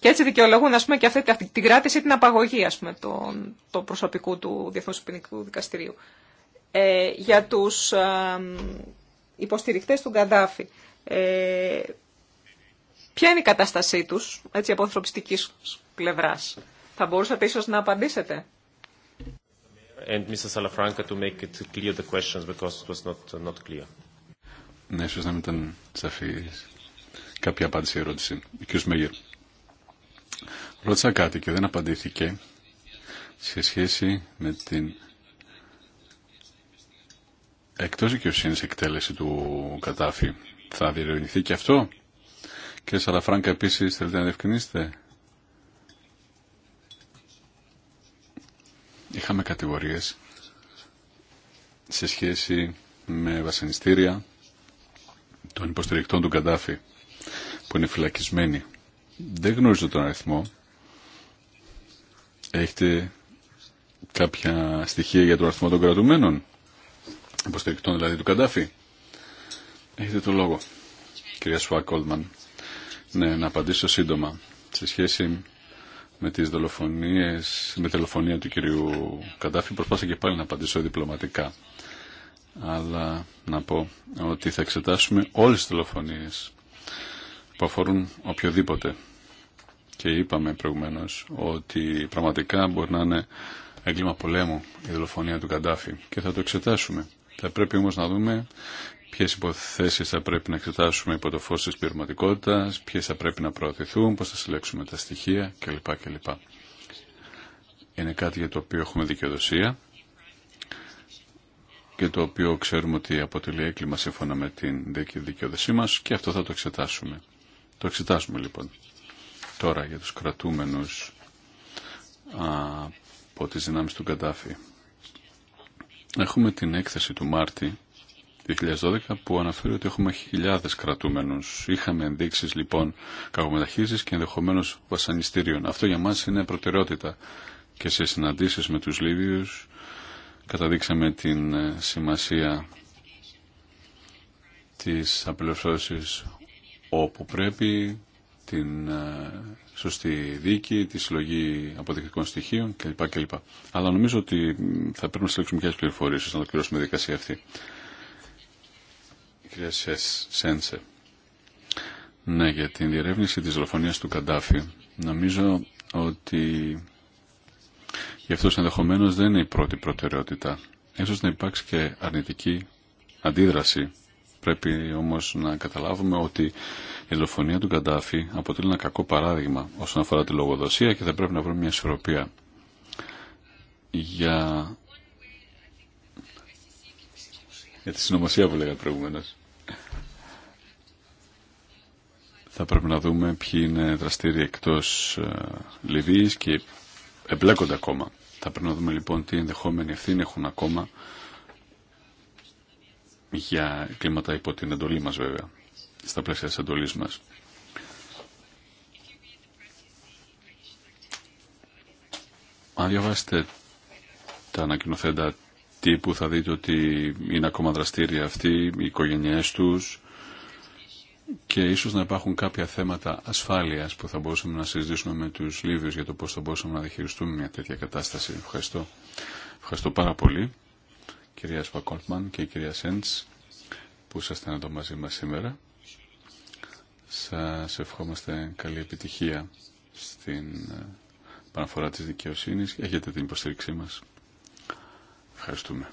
Και έτσι δικαιολογούν ας πούμε, και αυτή την κράτηση ή την απαγωγή ας πούμε, του το προσωπικού του Διεθνούς Ποινικού Δικαστηρίου. Ε, για τους υποστηρικτές του Γκαντάφη, ε, ποια είναι η κατάστασή τους έτσι, από ανθρωπιστικής πλευράς. Θα μπορούσατε ίσως να απαντήσετε and Mr. Salafranca to make it clear the questions because it was not, uh, not clear. Ναι, ίσως να μην ήταν σαφή κάποια απάντηση η ερώτηση. ρώτησα κάτι και δεν απαντήθηκε σε σχέση με την εκτός δικαιοσύνης εκτέλεση του Κατάφη. Θα διερευνηθεί και αυτό. Κύριε Σαλαφράγκα, επίσης θέλετε να διευκρινίσετε είχαμε κατηγορίες σε σχέση με βασανιστήρια των υποστηρικτών του Καντάφη που είναι φυλακισμένοι. Δεν γνωρίζω τον αριθμό. Έχετε κάποια στοιχεία για τον αριθμό των κρατουμένων υποστηρικτών δηλαδή του Καντάφη. Έχετε το λόγο, κυρία Σουά Κόλμαν. Ναι, να απαντήσω σύντομα σε σχέση με τις δολοφονίες, με τη δολοφονία του κυρίου Καντάφη προσπάθησα και πάλι να απαντήσω διπλωματικά. Αλλά να πω ότι θα εξετάσουμε όλες τις δολοφονίες που αφορούν οποιοδήποτε. Και είπαμε προηγουμένως ότι πραγματικά μπορεί να είναι έγκλημα πολέμου η δολοφονία του Καντάφη και θα το εξετάσουμε. Θα πρέπει όμως να δούμε Ποιε υποθέσει θα πρέπει να εξετάσουμε υπό το φω της πληρωματικότητα, ποιε θα πρέπει να προωθηθούν, πώς θα συλλέξουμε τα στοιχεία κλπ. κλπ. Είναι κάτι για το οποίο έχουμε δικαιοδοσία και το οποίο ξέρουμε ότι αποτελεί έγκλημα σύμφωνα με την δικαιοδοσία μας και αυτό θα το εξετάσουμε. Το εξετάσουμε λοιπόν. Τώρα για τους κρατούμενους από τις δυνάμεις του Καντάφη. Έχουμε την έκθεση του Μάρτη 2012 που αναφέρει ότι έχουμε χιλιάδες κρατούμενους. Είχαμε ενδείξεις λοιπόν κακομεταχείρισης και ενδεχομένως βασανιστήριων. Αυτό για μας είναι προτεραιότητα και σε συναντήσεις με τους Λίβιους καταδείξαμε την ε, σημασία της απελευθέρωσης όπου πρέπει, την ε, σωστή δίκη, τη συλλογή αποδεικτικών στοιχείων κλπ. Αλλά νομίζω ότι θα πρέπει να συλλέξουμε και άλλε πληροφορίε να κληρώσουμε η δικασία αυτή. Ναι, για την διερεύνηση της δολοφονίας του Καντάφη. Νομίζω ότι γι' αυτός ενδεχομένως δεν είναι η πρώτη προτεραιότητα. Ίσως να υπάρξει και αρνητική αντίδραση. Πρέπει όμως να καταλάβουμε ότι η δολοφονία του Καντάφη αποτελεί ένα κακό παράδειγμα όσον αφορά τη λογοδοσία και θα πρέπει να βρούμε μια ισορροπία. Για... για τη συνωμοσία που λέγαμε προηγουμένως. θα πρέπει να δούμε ποιοι είναι δραστήριοι εκτός ε, Λιβύης και εμπλέκονται ακόμα. Θα πρέπει να δούμε λοιπόν τι ενδεχόμενη ευθύνη έχουν ακόμα για κλίματα υπό την εντολή μας βέβαια, στα πλαίσια της εντολής μας. Αν διαβάσετε τα ανακοινοθέντα τύπου θα δείτε ότι είναι ακόμα δραστήρια αυτοί, οι οικογένειές τους, και ίσως να υπάρχουν κάποια θέματα ασφάλειας που θα μπορούσαμε να συζητήσουμε με τους Λίβιους για το πώς θα μπορούσαμε να διαχειριστούμε μια τέτοια κατάσταση. Ευχαριστώ. Ευχαριστώ πάρα πολύ κυρία Σπακόλτμαν και κυρία Σέντς που ήσασταν εδώ μαζί μας σήμερα. Σας ευχόμαστε καλή επιτυχία στην ε, παραφορά της δικαιοσύνης. Έχετε την υποστήριξή μας. Ευχαριστούμε.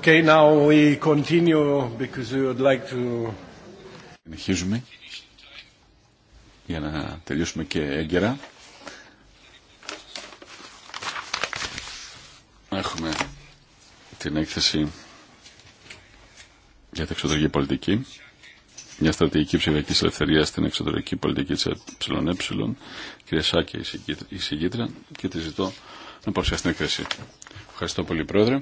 Okay, now we continue because we would like to... Συνεχίζουμε για να τελειώσουμε και έγκαιρα. Έχουμε την έκθεση για την εξωτερική πολιτική, για στρατηγική ψηφιακή ελευθερία στην εξωτερική πολιτική τη ΕΕ, κυρία Σάκη, η συγκίτρια, και τη ζητώ να παρουσιάσει την έκθεση. Ευχαριστώ πολύ, Πρόεδρε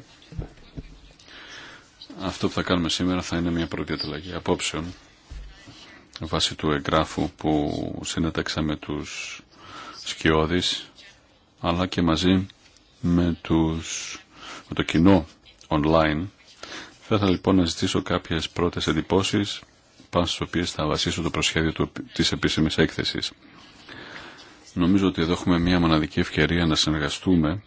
αυτό που θα κάνουμε σήμερα θα είναι μια πρώτη ανταλλαγή απόψεων βάσει του εγγράφου που με τους σκιώδεις αλλά και μαζί με, τους, με το κοινό online θα ήθελα λοιπόν να ζητήσω κάποιες πρώτες εντυπώσεις πάνω στις οποίες θα βασίσω το προσχέδιο του, της επίσημης έκθεσης. Νομίζω ότι εδώ έχουμε μια μοναδική ευκαιρία να συνεργαστούμε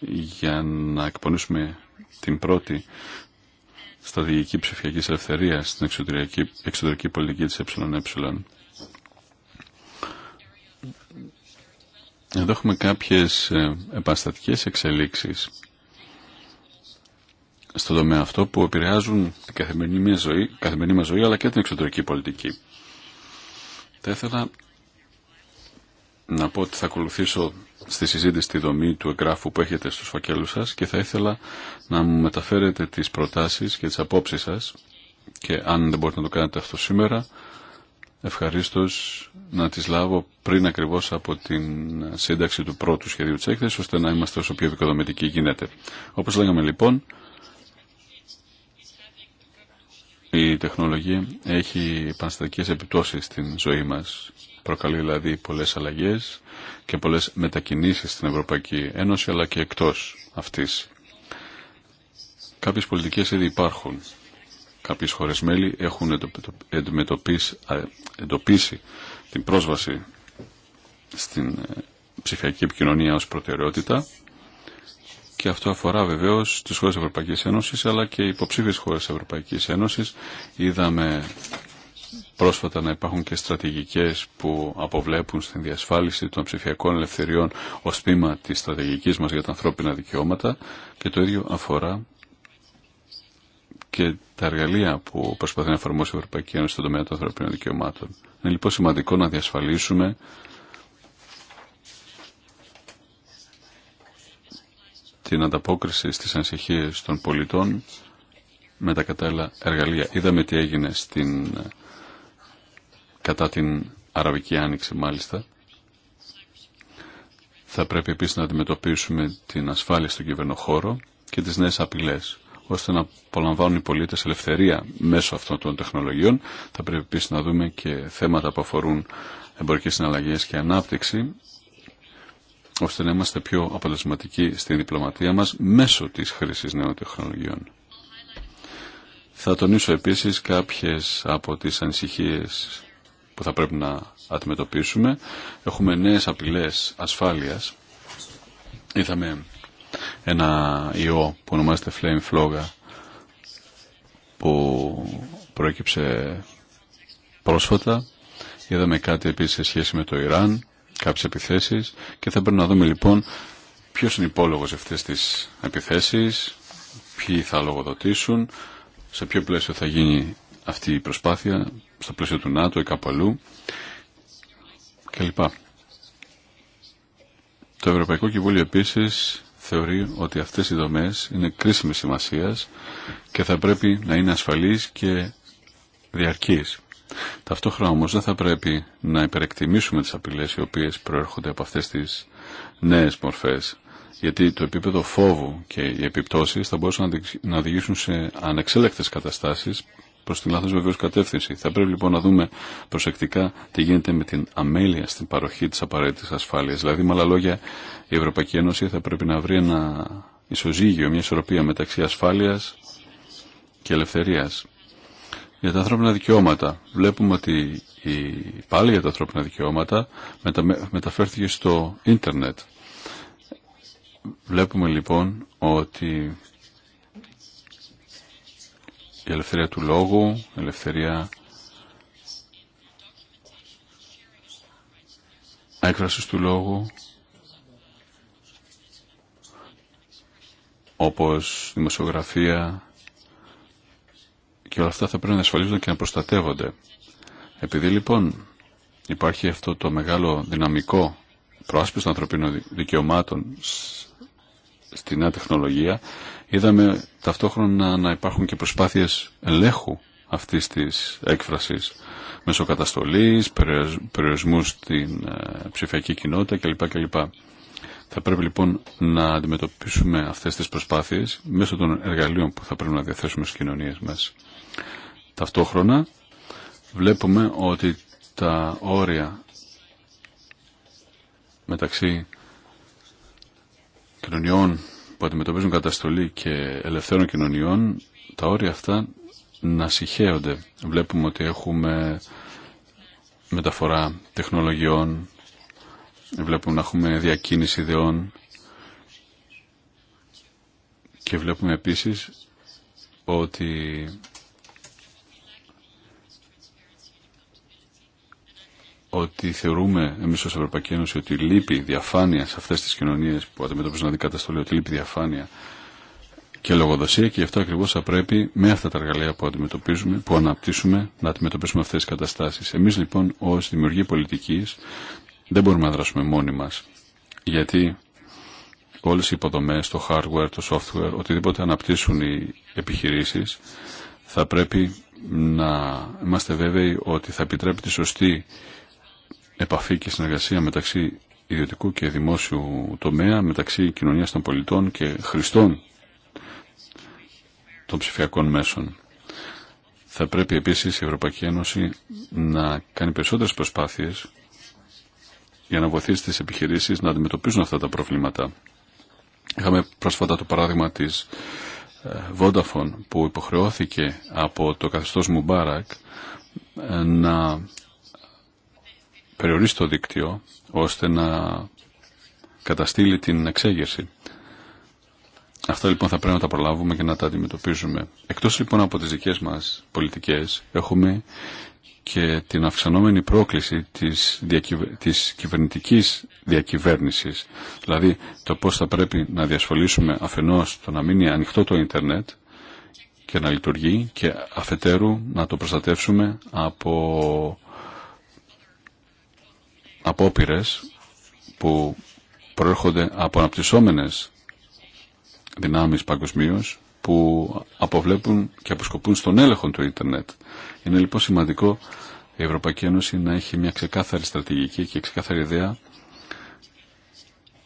για να εκπονήσουμε την πρώτη στρατηγική ψηφιακή ελευθερία στην εξωτερική, εξωτερική πολιτική τη ΕΕ. Εδώ έχουμε κάποιες ε, επαστατικές εξελίξεις στον τομέα αυτό που επηρεάζουν την καθημερινή μας ζωή, καθημερινή μας ζωή αλλά και την εξωτερική πολιτική. Θα ήθελα να πω ότι θα ακολουθήσω στη συζήτηση τη δομή του εγγράφου που έχετε στους φακέλους σας και θα ήθελα να μου μεταφέρετε τις προτάσεις και τις απόψεις σας και αν δεν μπορείτε να το κάνετε αυτό σήμερα ευχαρίστως να τις λάβω πριν ακριβώς από την σύνταξη του πρώτου σχεδίου της έκθεσης ώστε να είμαστε όσο πιο δικοδομητικοί γίνεται. Όπως λέγαμε λοιπόν η τεχνολογία έχει επαναστατικές επιπτώσεις στην ζωή μας Προκαλεί δηλαδή πολλές αλλαγές και πολλές μετακινήσεις στην Ευρωπαϊκή Ένωση αλλά και εκτός αυτής. Κάποιες πολιτικές ήδη υπάρχουν. Κάποιες χώρες μέλη έχουν εντοπίσει την πρόσβαση στην ε, ψηφιακή επικοινωνία ως προτεραιότητα και αυτό αφορά βεβαίως τις χώρες Ευρωπαϊκής Ένωσης αλλά και υποψήφιες χώρες Ευρωπαϊκής Ένωσης. Είδαμε πρόσφατα να υπάρχουν και στρατηγικές που αποβλέπουν στην διασφάλιση των ψηφιακών ελευθεριών ως τμήμα της στρατηγικής μας για τα ανθρώπινα δικαιώματα και το ίδιο αφορά και τα εργαλεία που προσπαθεί να εφαρμόσει η Ευρωπαϊκή Ένωση στον τομέα των ανθρωπίνων δικαιωμάτων. Είναι λοιπόν σημαντικό να διασφαλίσουμε την ανταπόκριση στις ανησυχίες των πολιτών με τα κατάλληλα εργαλεία. Είδαμε τι έγινε στην κατά την Αραβική Άνοιξη μάλιστα. Θα πρέπει επίσης να αντιμετωπίσουμε την ασφάλεια στον κυβερνοχώρο και τις νέες απειλές ώστε να απολαμβάνουν οι πολίτες ελευθερία μέσω αυτών των τεχνολογιών. Θα πρέπει επίσης να δούμε και θέματα που αφορούν εμπορικές συναλλαγές και ανάπτυξη ώστε να είμαστε πιο αποτελεσματικοί στην διπλωματία μας μέσω της χρήσης νέων τεχνολογιών. Θα τονίσω επίσης κάποιες από τις ανησυχίες που θα πρέπει να αντιμετωπίσουμε. Έχουμε νέες απειλές ασφάλειας. Είδαμε ένα ιό που ονομάζεται flame floga που προέκυψε πρόσφατα. Είδαμε κάτι επίσης σε σχέση με το Ιράν, κάποιες επιθέσεις και θα πρέπει να δούμε λοιπόν ποιος είναι υπόλογος αυτές τις επιθέσεις, ποιοι θα λογοδοτήσουν, σε ποιο πλαίσιο θα γίνει αυτή η προσπάθεια στο πλαίσιο του ΝΑΤΟ ή κάπου αλλού κλπ. Το Ευρωπαϊκό Κοινοβούλιο επίσης θεωρεί ότι αυτές οι δομές είναι κρίσιμης σημασίας και θα πρέπει να είναι ασφαλείς και διαρκείς. Ταυτόχρονα όμως δεν θα πρέπει να υπερεκτιμήσουμε τις απειλές οι οποίες προέρχονται από αυτές τις νέες μορφές γιατί το επίπεδο φόβου και οι επιπτώσεις θα μπορούσαν να οδηγήσουν σε ανεξέλεκτες καταστάσεις προ την λάθο βεβαίω κατεύθυνση. Θα πρέπει λοιπόν να δούμε προσεκτικά τι γίνεται με την αμέλεια στην παροχή τη απαραίτητη ασφάλεια. Δηλαδή, με άλλα λόγια, η Ευρωπαϊκή Ένωση θα πρέπει να βρει ένα ισοζύγιο, μια ισορροπία μεταξύ ασφάλεια και ελευθερία. Για τα ανθρώπινα δικαιώματα. Βλέπουμε ότι η πάλι για τα ανθρώπινα δικαιώματα μεταφέρθηκε στο ίντερνετ. Βλέπουμε λοιπόν ότι η ελευθερία του λόγου, η ελευθερία έκφρασης του λόγου, όπως δημοσιογραφία και όλα αυτά θα πρέπει να ασφαλίζονται και να προστατεύονται. Επειδή λοιπόν υπάρχει αυτό το μεγάλο δυναμικό προάσπιση των ανθρωπίνων δικαιωμάτων στη νέα τεχνολογία, είδαμε ταυτόχρονα να υπάρχουν και προσπάθειες ελέγχου αυτής της έκφρασης μέσω καταστολής, περιορισμού στην ε, ψηφιακή κοινότητα κλπ. κλπ. Θα πρέπει λοιπόν να αντιμετωπίσουμε αυτές τις προσπάθειες μέσω των εργαλείων που θα πρέπει να διαθέσουμε στις κοινωνίες μας. Ταυτόχρονα βλέπουμε ότι τα όρια μεταξύ κοινωνιών που αντιμετωπίζουν καταστολή και ελευθέρων κοινωνιών, τα όρια αυτά να συχαίονται. Βλέπουμε ότι έχουμε μεταφορά τεχνολογιών, βλέπουμε να έχουμε διακίνηση ιδεών και βλέπουμε επίσης ότι ότι θεωρούμε εμείς ως Ευρωπαϊκή Ένωση ότι λείπει διαφάνεια σε αυτές τις κοινωνίες που αντιμετωπίζουν αντικαταστολή, ότι λείπει διαφάνεια και λογοδοσία και γι' αυτό ακριβώς θα πρέπει με αυτά τα εργαλεία που αντιμετωπίζουμε, που αναπτύσσουμε, να αντιμετωπίσουμε αυτές τις καταστάσεις. Εμείς λοιπόν ως δημιουργοί πολιτικής δεν μπορούμε να δράσουμε μόνοι μας, γιατί όλες οι υποδομές, το hardware, το software, οτιδήποτε αναπτύσσουν οι επιχειρήσεις, θα πρέπει να είμαστε βέβαιοι ότι θα επιτρέπει τη σωστή επαφή και συνεργασία μεταξύ ιδιωτικού και δημόσιου τομέα, μεταξύ κοινωνίας των πολιτών και χρηστών των ψηφιακών μέσων. Θα πρέπει επίσης η Ευρωπαϊκή Ένωση να κάνει περισσότερες προσπάθειες για να βοηθήσει τις επιχειρήσεις να αντιμετωπίζουν αυτά τα προβλήματα. Είχαμε πρόσφατα το παράδειγμα της ε, Vodafone που υποχρεώθηκε από το καθεστώς Μουμπάρακ ε, να περιορίσει το δίκτυο ώστε να καταστήλει την εξέγερση. Αυτά λοιπόν θα πρέπει να τα προλάβουμε και να τα αντιμετωπίζουμε. Εκτός λοιπόν από τις δικές μας πολιτικές έχουμε και την αυξανόμενη πρόκληση της, διακυβε... της κυβερνητικής διακυβέρνησης. Δηλαδή το πώς θα πρέπει να διασφαλίσουμε αφενός το να μείνει ανοιχτό το ίντερνετ και να λειτουργεί και αφετέρου να το προστατεύσουμε από απόπειρε που προέρχονται από αναπτυσσόμενες δυνάμεις παγκοσμίω που αποβλέπουν και αποσκοπούν στον έλεγχο του ίντερνετ. Είναι λοιπόν σημαντικό η Ευρωπαϊκή Ένωση να έχει μια ξεκάθαρη στρατηγική και ξεκάθαρη ιδέα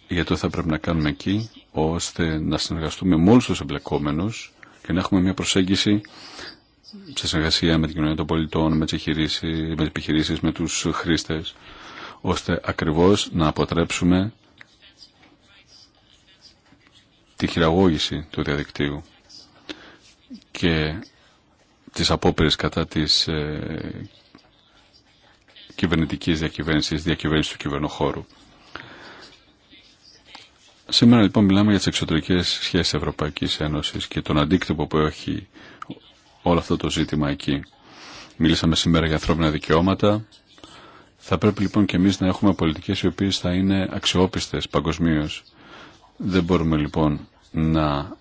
για το θα πρέπει να κάνουμε εκεί ώστε να συνεργαστούμε με όλους τους εμπλεκόμενους και να έχουμε μια προσέγγιση σε συνεργασία με την κοινωνία των πολιτών, με τις επιχειρήσεις, με τους χρήστες ώστε ακριβώς να αποτρέψουμε τη χειραγώγηση του διαδικτύου και τις απόπειρες κατά της ε, κυβερνητικής διακυβέρνησης, διακυβέρνησης του κυβερνοχώρου. Σήμερα λοιπόν μιλάμε για τις εξωτερικές σχέσεις Ευρωπαϊκής Ένωσης και τον αντίκτυπο που έχει όλο αυτό το ζήτημα εκεί. Μίλησαμε σήμερα για ανθρώπινα δικαιώματα, θα πρέπει λοιπόν και εμείς να έχουμε πολιτικές οι οποίες θα είναι αξιόπιστες παγκοσμίω. Δεν μπορούμε λοιπόν να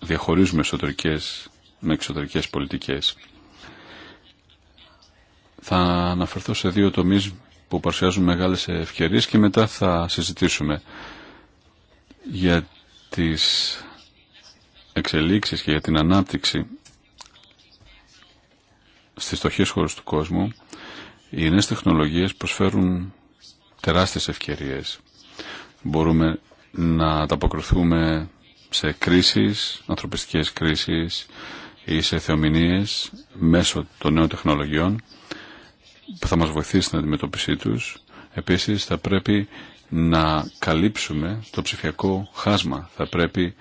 διαχωρίζουμε εσωτερικές με εξωτερικές πολιτικές. Θα αναφερθώ σε δύο τομείς που παρουσιάζουν μεγάλες ευκαιρίες και μετά θα συζητήσουμε για τις εξελίξεις και για την ανάπτυξη στις στοχές χώρες του κόσμου οι νέες τεχνολογίες προσφέρουν τεράστιες ευκαιρίες. Μπορούμε να ανταποκριθούμε σε κρίσεις, ανθρωπιστικές κρίσεις ή σε θεομηνίες μέσω των νέων τεχνολογιών που θα μας βοηθήσει στην αντιμετώπιση τους. Επίσης θα πρέπει να καλύψουμε το ψηφιακό χάσμα. Θα πρέπει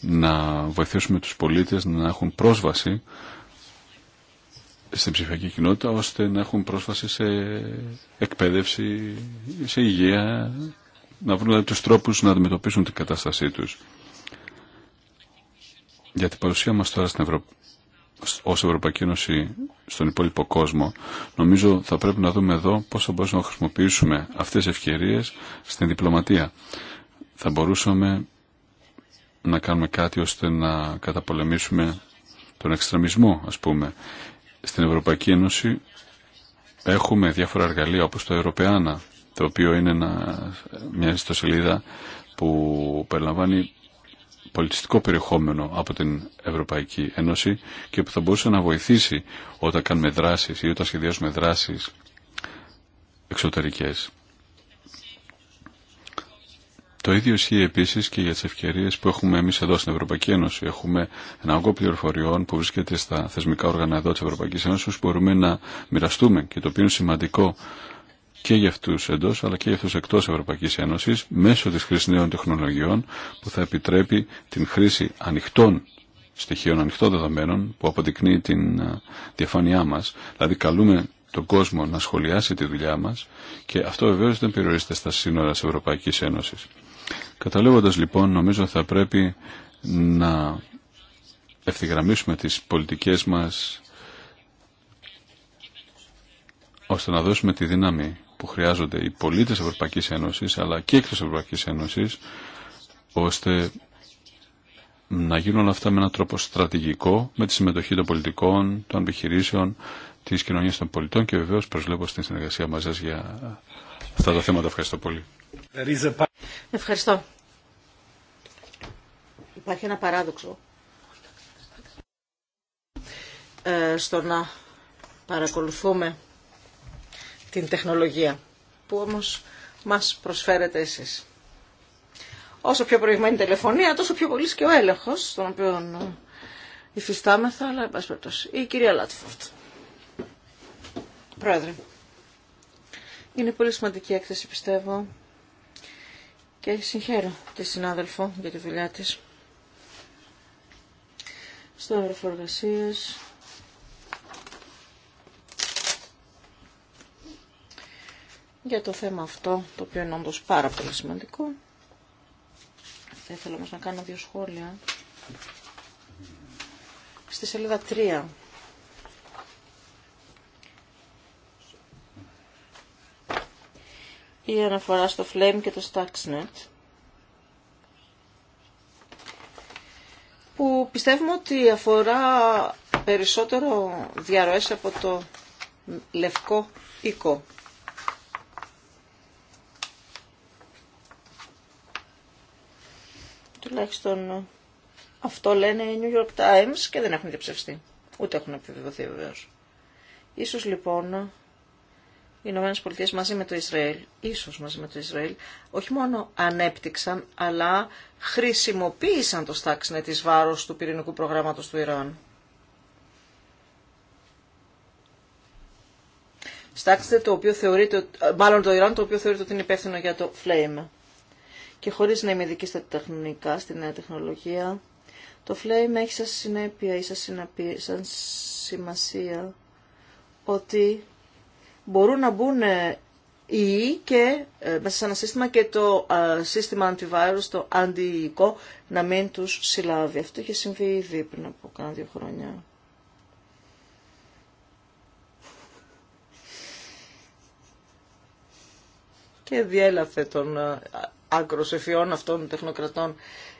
να βοηθήσουμε τους πολίτες να έχουν πρόσβαση στην ψηφιακή κοινότητα ώστε να έχουν πρόσβαση σε εκπαίδευση, σε υγεία, να βρουν δηλαδή, τους τρόπους να αντιμετωπίσουν την κατάστασή τους. Για την παρουσία μας τώρα στην ως Ευρωπαϊκή Ένωση στον υπόλοιπο κόσμο, νομίζω θα πρέπει να δούμε εδώ πώς θα μπορούσαμε να χρησιμοποιήσουμε αυτές τις ευκαιρίες στην διπλωματία. Θα μπορούσαμε να κάνουμε κάτι ώστε να καταπολεμήσουμε τον εξτρεμισμό, ας πούμε, στην Ευρωπαϊκή Ένωση έχουμε διάφορα εργαλεία όπως το Ευρωπαίανα, το οποίο είναι μια ιστοσελίδα που περιλαμβάνει πολιτιστικό περιεχόμενο από την Ευρωπαϊκή Ένωση και που θα μπορούσε να βοηθήσει όταν κάνουμε δράσεις ή όταν σχεδιάζουμε δράσεις εξωτερικές. Το ίδιο ισχύει επίση και για τι ευκαιρίε που έχουμε εμεί εδώ στην Ευρωπαϊκή Ένωση. Έχουμε ένα όγκο πληροφοριών που βρίσκεται στα θεσμικά όργανα εδώ τη Ευρωπαϊκή Ένωση που μπορούμε να μοιραστούμε και το οποίο είναι σημαντικό και για αυτού εντό αλλά και για αυτού εκτό Ευρωπαϊκή Ένωση μέσω τη χρήση νέων τεχνολογιών που θα επιτρέπει την χρήση ανοιχτών στοιχείων, ανοιχτών δεδομένων που αποδεικνύει την διαφάνειά μα. Δηλαδή καλούμε τον κόσμο να σχολιάσει τη δουλειά μα και αυτό βεβαίω δεν περιορίζεται στα σύνορα τη Ευρωπαϊκή Ένωση. Καταλήγοντας λοιπόν νομίζω θα πρέπει να ευθυγραμμίσουμε τις πολιτικές μας ώστε να δώσουμε τη δύναμη που χρειάζονται οι πολίτες Ευρωπαϊκής Ένωσης αλλά και εκτός Ευρωπαϊκής Ένωσης ώστε να γίνουν όλα αυτά με έναν τρόπο στρατηγικό με τη συμμετοχή των πολιτικών, των επιχειρήσεων, της κοινωνίας των πολιτών και βεβαίως προσβλέπω στην συνεργασία μαζί για αυτά τα θέματα. Ευχαριστώ πολύ. Ευχαριστώ. Υπάρχει ένα παράδοξο ε, στο να παρακολουθούμε την τεχνολογία που όμως μας προσφέρετε εσείς. Όσο πιο προηγμένη τηλεφωνία, τόσο πιο πολύ και ο έλεγχος, τον οποίο ε, υφιστάμεθα, αλλά εν Η κυρία Λάτφορτ. Πρόεδρε. Είναι πολύ σημαντική έκθεση πιστεύω και συγχαίρω τη συνάδελφο για τη δουλειά της. Στο έργο Για το θέμα αυτό, το οποίο είναι όντως πάρα πολύ σημαντικό. Θα ήθελα όμω να κάνω δύο σχόλια. Στη σελίδα 3 η αναφορά στο Flame και το Stuxnet. που πιστεύουμε ότι αφορά περισσότερο διαρροές από το λευκό οίκο. Τουλάχιστον αυτό λένε οι New York Times και δεν έχουν διαψευστεί. Ούτε έχουν επιβεβαιωθεί βεβαίω. Ίσως λοιπόν οι Ηνωμένε Πολιτείε μαζί με το Ισραήλ, ίσως μαζί με το Ισραήλ, όχι μόνο ανέπτυξαν, αλλά χρησιμοποίησαν το στάξινε τη βάρο του πυρηνικού προγράμματο του Ιράν. Στάξτε το οποίο θεωρείται, ε, μάλλον το Ιράν το οποίο θεωρείται ότι είναι υπεύθυνο για το Φλέιμ. Και χωρίς να είμαι ειδική στα τεχνικά, στη νέα τεχνολογία, το Φλέιμ έχει σαν συνέπεια ή σαν σημασία ότι μπορούν να μπουν ή ε, και ε, μέσα σε ένα σύστημα και το ε, σύστημα αντιβάρους, το αντιϊκό, να μην τους συλλάβει. Αυτό είχε συμβεί ήδη πριν από κάνα δύο χρόνια. Και διέλαθε των ε, εφιών αυτών τεχνοκρατών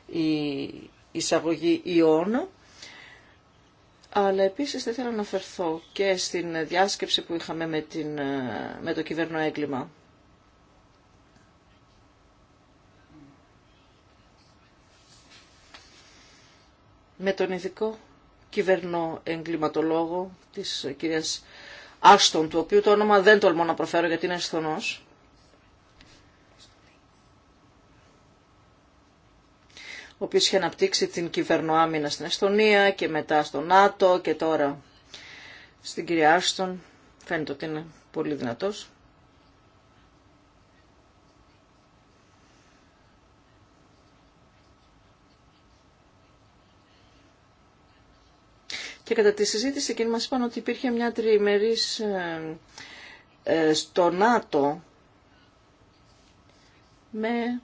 η εισαγωγή ιών αλλά επίσης θα ήθελα να αναφερθώ και στην διάσκεψη που είχαμε με, την, με το κυβέρνο έγκλημα. Με τον ειδικό κυβερνό εγκληματολόγο της κυρίας Άστον, του οποίου το όνομα δεν τολμώ να προφέρω γιατί είναι αισθονός. ο οποίος είχε αναπτύξει την κυβερνοάμυνα στην Εστονία και μετά στο ΝΑΤΟ και τώρα στην κυρία Άρστον. Φαίνεται ότι είναι πολύ δυνατός. Και κατά τη συζήτηση εκείνη μας είπαν ότι υπήρχε μια τριημερής ε, ε, στο ΝΑΤΟ με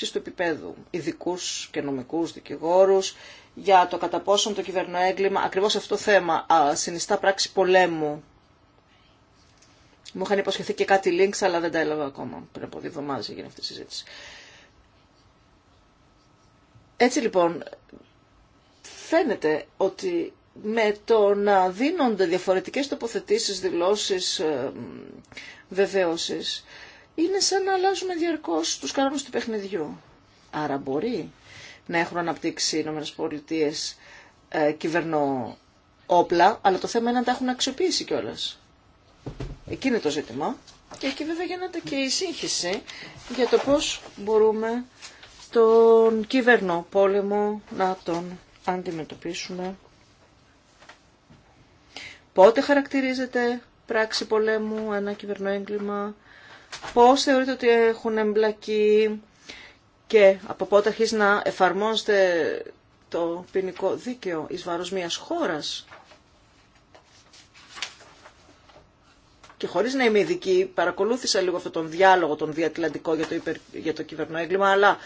ύψιστου επίπεδου ειδικού και νομικού δικηγόρου για το κατά πόσον το κυβερνοέγκλημα, ακριβώ αυτό το θέμα, α, συνιστά πράξη πολέμου. Μου είχαν υποσχεθεί και κάτι links, αλλά δεν τα έλαβα ακόμα. Πριν από δύο εβδομάδε έγινε αυτή η συζήτηση. Έτσι λοιπόν, φαίνεται ότι με το να δίνονται διαφορετικές τοποθετήσεις, δηλώσεις, βεβαίωσεις, είναι σαν να αλλάζουμε διαρκώ τους κανόνε του παιχνιδιού. Άρα μπορεί να έχουν αναπτύξει οι ΗΠΑ ε, κυβερνό όπλα, αλλά το θέμα είναι να τα έχουν αξιοποιήσει κιόλα. Εκεί είναι το ζήτημα. Και εκεί βέβαια γίνεται και η σύγχυση για το πώ μπορούμε τον κυβερνό πόλεμο να τον αντιμετωπίσουμε. Πότε χαρακτηρίζεται πράξη πολέμου, ένα κυβερνό έγκλημα, πώς θεωρείτε ότι έχουν εμπλακεί και από πότε αρχίζει να εφαρμόζεται το ποινικό δίκαιο εις βάρος μιας χώρας. Και χωρίς να είμαι ειδική, παρακολούθησα λίγο αυτόν τον διάλογο, τον διατλαντικό για το, υπερ... για το αλλά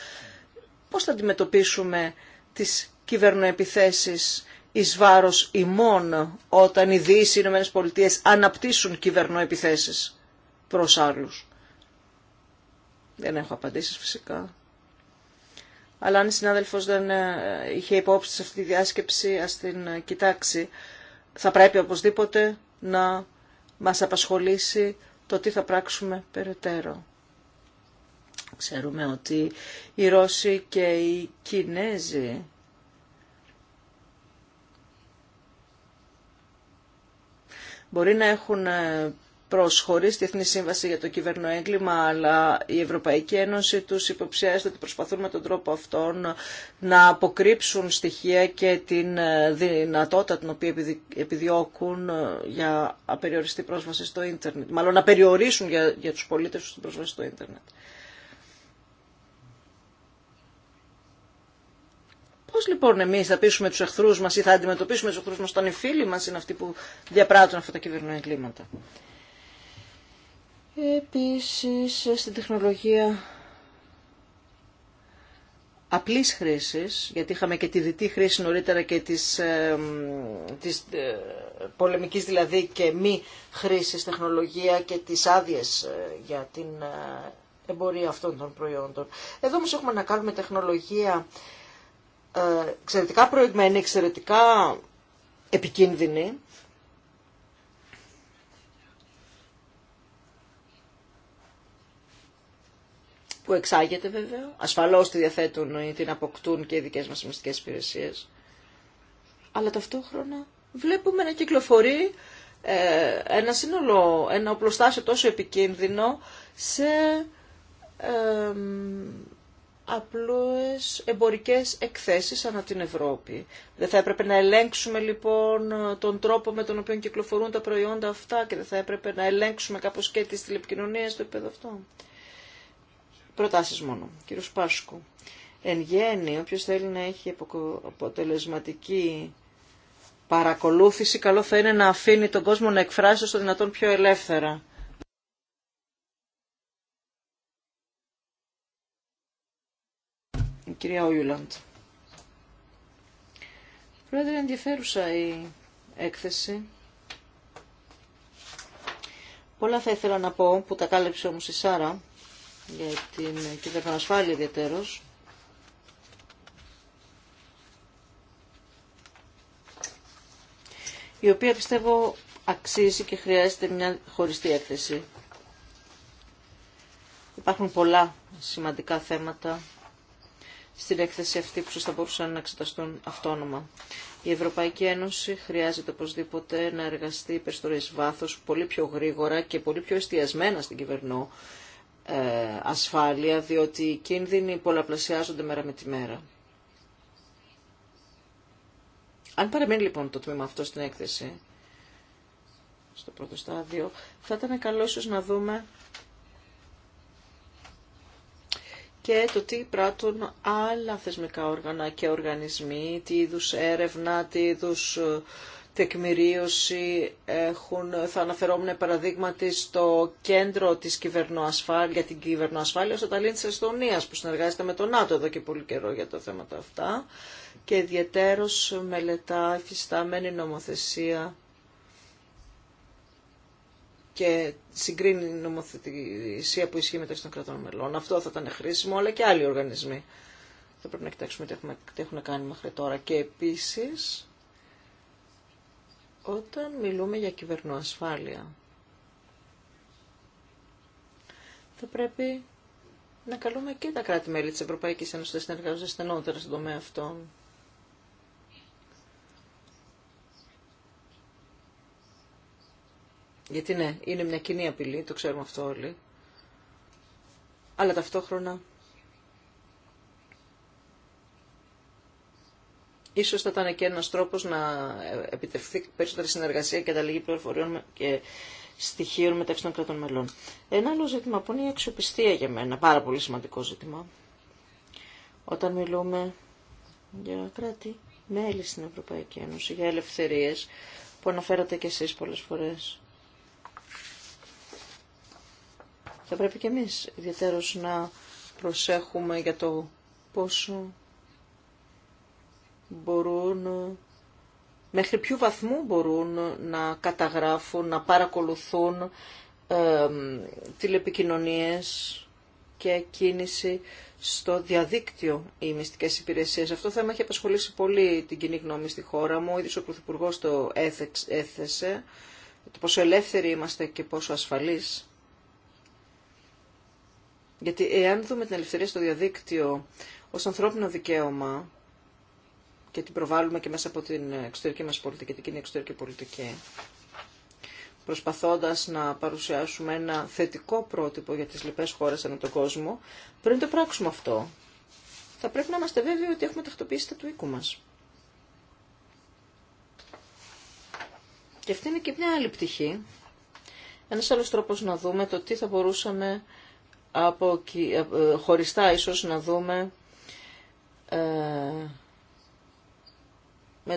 πώς θα αντιμετωπίσουμε τις κυβερνοεπιθέσεις εις βάρος ημών όταν οι Δύση, οι αναπτύσσουν κυβερνοεπιθέσεις προς άλλους. Δεν έχω απαντήσεις φυσικά. Αλλά αν η συνάδελφος δεν ε, είχε υπόψη σε αυτή τη διάσκεψη, ας την ε, κοιτάξει. Θα πρέπει οπωσδήποτε να μας απασχολήσει το τι θα πράξουμε περαιτέρω. Ξέρουμε ότι οι Ρώσοι και οι Κινέζοι μπορεί να έχουν ε, προσχωρεί στη Εθνή Σύμβαση για το Κυβερνοέγκλημα, αλλά η Ευρωπαϊκή Ένωση τους υποψιάζεται ότι προσπαθούν με τον τρόπο αυτόν να αποκρύψουν στοιχεία και την ε, δυνατότητα την οποία επιδιώκουν ε, για απεριοριστή πρόσβαση στο ίντερνετ. Μάλλον να περιορίσουν για, για τους πολίτες τους την πρόσβαση στο ίντερνετ. Πώ λοιπόν εμεί θα πείσουμε του εχθρού μα ή θα αντιμετωπίσουμε του εχθρού μα όταν οι φίλοι μα είναι αυτοί που διαπράττουν αυτά τα κυβερνοεγκλήματα. εγκλήματα. Επίσης στην τεχνολογία απλής χρήσης, γιατί είχαμε και τη δυτή χρήση νωρίτερα και της, ε, της πολεμικής δηλαδή και μη χρήσης τεχνολογία και τις άδειες ε, για την ε, εμπορία αυτών των προϊόντων. Εδώ όμως έχουμε να κάνουμε τεχνολογία ε, εξαιρετικά προηγμένη, εξαιρετικά επικίνδυνη, που εξάγεται βέβαια. Ασφαλώς τη διαθέτουν ή την αποκτούν και οι δικές μας μυστικέ υπηρεσίε, Αλλά ταυτόχρονα βλέπουμε να κυκλοφορεί ε, ένα σύνολο, ένα οπλοστάσιο τόσο επικίνδυνο σε ε, απλούες εμπορικές εκθέσεις ανά την Ευρώπη. Δεν θα έπρεπε να ελέγξουμε λοιπόν τον τρόπο με τον οποίο κυκλοφορούν τα προϊόντα αυτά και δεν θα έπρεπε να ελέγξουμε κάπως και τις τηλεπικοινωνίες στο επίπεδο αυτό. Προτάσεις μόνο. Κύριος Πάσκου. Εν γέννη, όποιος θέλει να έχει αποτελεσματική παρακολούθηση, καλό θα είναι να αφήνει τον κόσμο να εκφράσει όσο δυνατόν πιο ελεύθερα. Η κυρία Οιούλαντ. Πρόεδρε, ενδιαφέρουσα η έκθεση. Πολλά θα ήθελα να πω, που τα κάλεψε όμως η Σάρα για την κυβερνοασφάλεια ιδιαίτερως. η οποία πιστεύω αξίζει και χρειάζεται μια χωριστή έκθεση. Υπάρχουν πολλά σημαντικά θέματα στην έκθεση αυτή που θα μπορούσαν να εξεταστούν αυτόνομα. Η Ευρωπαϊκή Ένωση χρειάζεται οπωσδήποτε να εργαστεί υπερστορές βάθος, πολύ πιο γρήγορα και πολύ πιο εστιασμένα στην κυβερνό ε, ασφάλεια, διότι οι κίνδυνοι πολλαπλασιάζονται μέρα με τη μέρα. Αν παραμείνει λοιπόν το τμήμα αυτό στην έκθεση, στο πρώτο στάδιο, θα ήταν καλό ίσως να δούμε και το τι πράττουν άλλα θεσμικά όργανα και οργανισμοί, τι είδους έρευνα, τι είδους τεκμηρίωση έχουν, θα αναφερόμουν παραδείγματι στο κέντρο της για την κυβερνοασφάλεια στο Ταλήν της Εστονίας που συνεργάζεται με τον ΝΑΤΟ εδώ και πολύ καιρό για τα θέματα αυτά και ιδιαιτέρως μελετά εφιστάμενη νομοθεσία και συγκρίνει η νομοθεσία που ισχύει μεταξύ των κρατών μελών. Αυτό θα ήταν χρήσιμο, αλλά και άλλοι οργανισμοί. Θα πρέπει να κοιτάξουμε τι έχουν κάνει μέχρι τώρα. Και επίσης, όταν μιλούμε για κυβερνοασφάλεια, θα πρέπει να καλούμε και τα κράτη-μέλη της Ευρωπαϊκής Ένωσης να συνεργάζονται στενότερα στον τομέα αυτών. Γιατί ναι, είναι μια κοινή απειλή, το ξέρουμε αυτό όλοι. Αλλά ταυτόχρονα Ίσως θα ήταν και ένας τρόπος να επιτευχθεί περισσότερη συνεργασία και ανταλλαγή πληροφοριών και στοιχείων μεταξύ των κρατών μελών. Ένα άλλο ζήτημα που είναι η αξιοπιστία για μένα, πάρα πολύ σημαντικό ζήτημα, όταν μιλούμε για κράτη μέλη στην Ευρωπαϊκή Ένωση, για ελευθερίες που αναφέρατε κι εσείς πολλές φορές. Θα πρέπει κι εμείς ιδιαίτερως να προσέχουμε για το πόσο μπορούν, μέχρι ποιου βαθμού μπορούν να καταγράφουν, να παρακολουθούν ε, τηλεπικοινωνίες και κίνηση στο διαδίκτυο οι μυστικέ υπηρεσίες. Αυτό θα θέμα έχει απασχολήσει πολύ την κοινή γνώμη στη χώρα μου. Ήδη ο Πρωθυπουργό το έθεσε. Το πόσο ελεύθεροι είμαστε και πόσο ασφαλείς. Γιατί εάν δούμε την ελευθερία στο διαδίκτυο ως ανθρώπινο δικαίωμα, και την προβάλλουμε και μέσα από την εξωτερική μας πολιτική, την κοινή εξωτερική πολιτική, προσπαθώντας να παρουσιάσουμε ένα θετικό πρότυπο για τις λοιπές χώρες ανά τον κόσμο, πριν το πράξουμε αυτό, θα πρέπει να είμαστε βέβαιοι ότι έχουμε τακτοποιήσει τα του οίκου μας. Και αυτή είναι και μια άλλη πτυχή. Ένας άλλος τρόπος να δούμε το τι θα μπορούσαμε από, ε, χωριστά ίσως να δούμε ε, Ω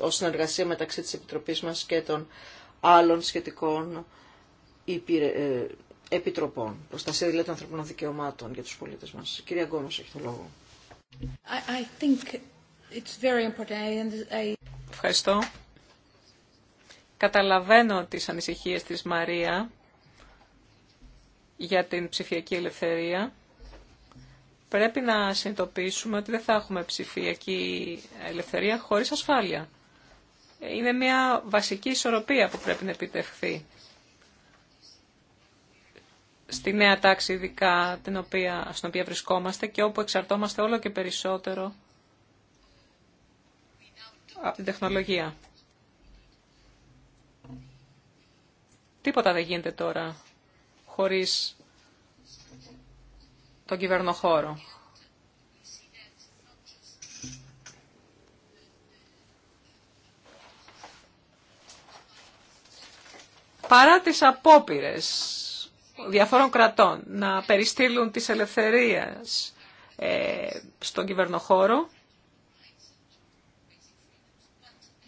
ως συνεργασία μεταξύ της Επιτροπής μας και των άλλων σχετικών ε, επιτροπών. Προστασία δηλαδή των ανθρωπινών δικαιωμάτων για τους πολίτες μας. κυρία Γκόμες έχει το λόγο. I, I think it's very Ευχαριστώ. Καταλαβαίνω τις ανησυχίες της Μαρία για την ψηφιακή ελευθερία πρέπει να συνειδητοποιήσουμε ότι δεν θα έχουμε ψηφιακή ελευθερία χωρίς ασφάλεια. Είναι μια βασική ισορροπία που πρέπει να επιτευχθεί. Στη νέα τάξη ειδικά την οποία, στην οποία βρισκόμαστε και όπου εξαρτώμαστε όλο και περισσότερο από την τεχνολογία. Τίποτα δεν γίνεται τώρα χωρίς τον κυβερνοχώρο. Παρά τις απόπειρες διαφόρων κρατών να περιστήλουν τις ελευθερίες ε, στον κυβερνοχώρο,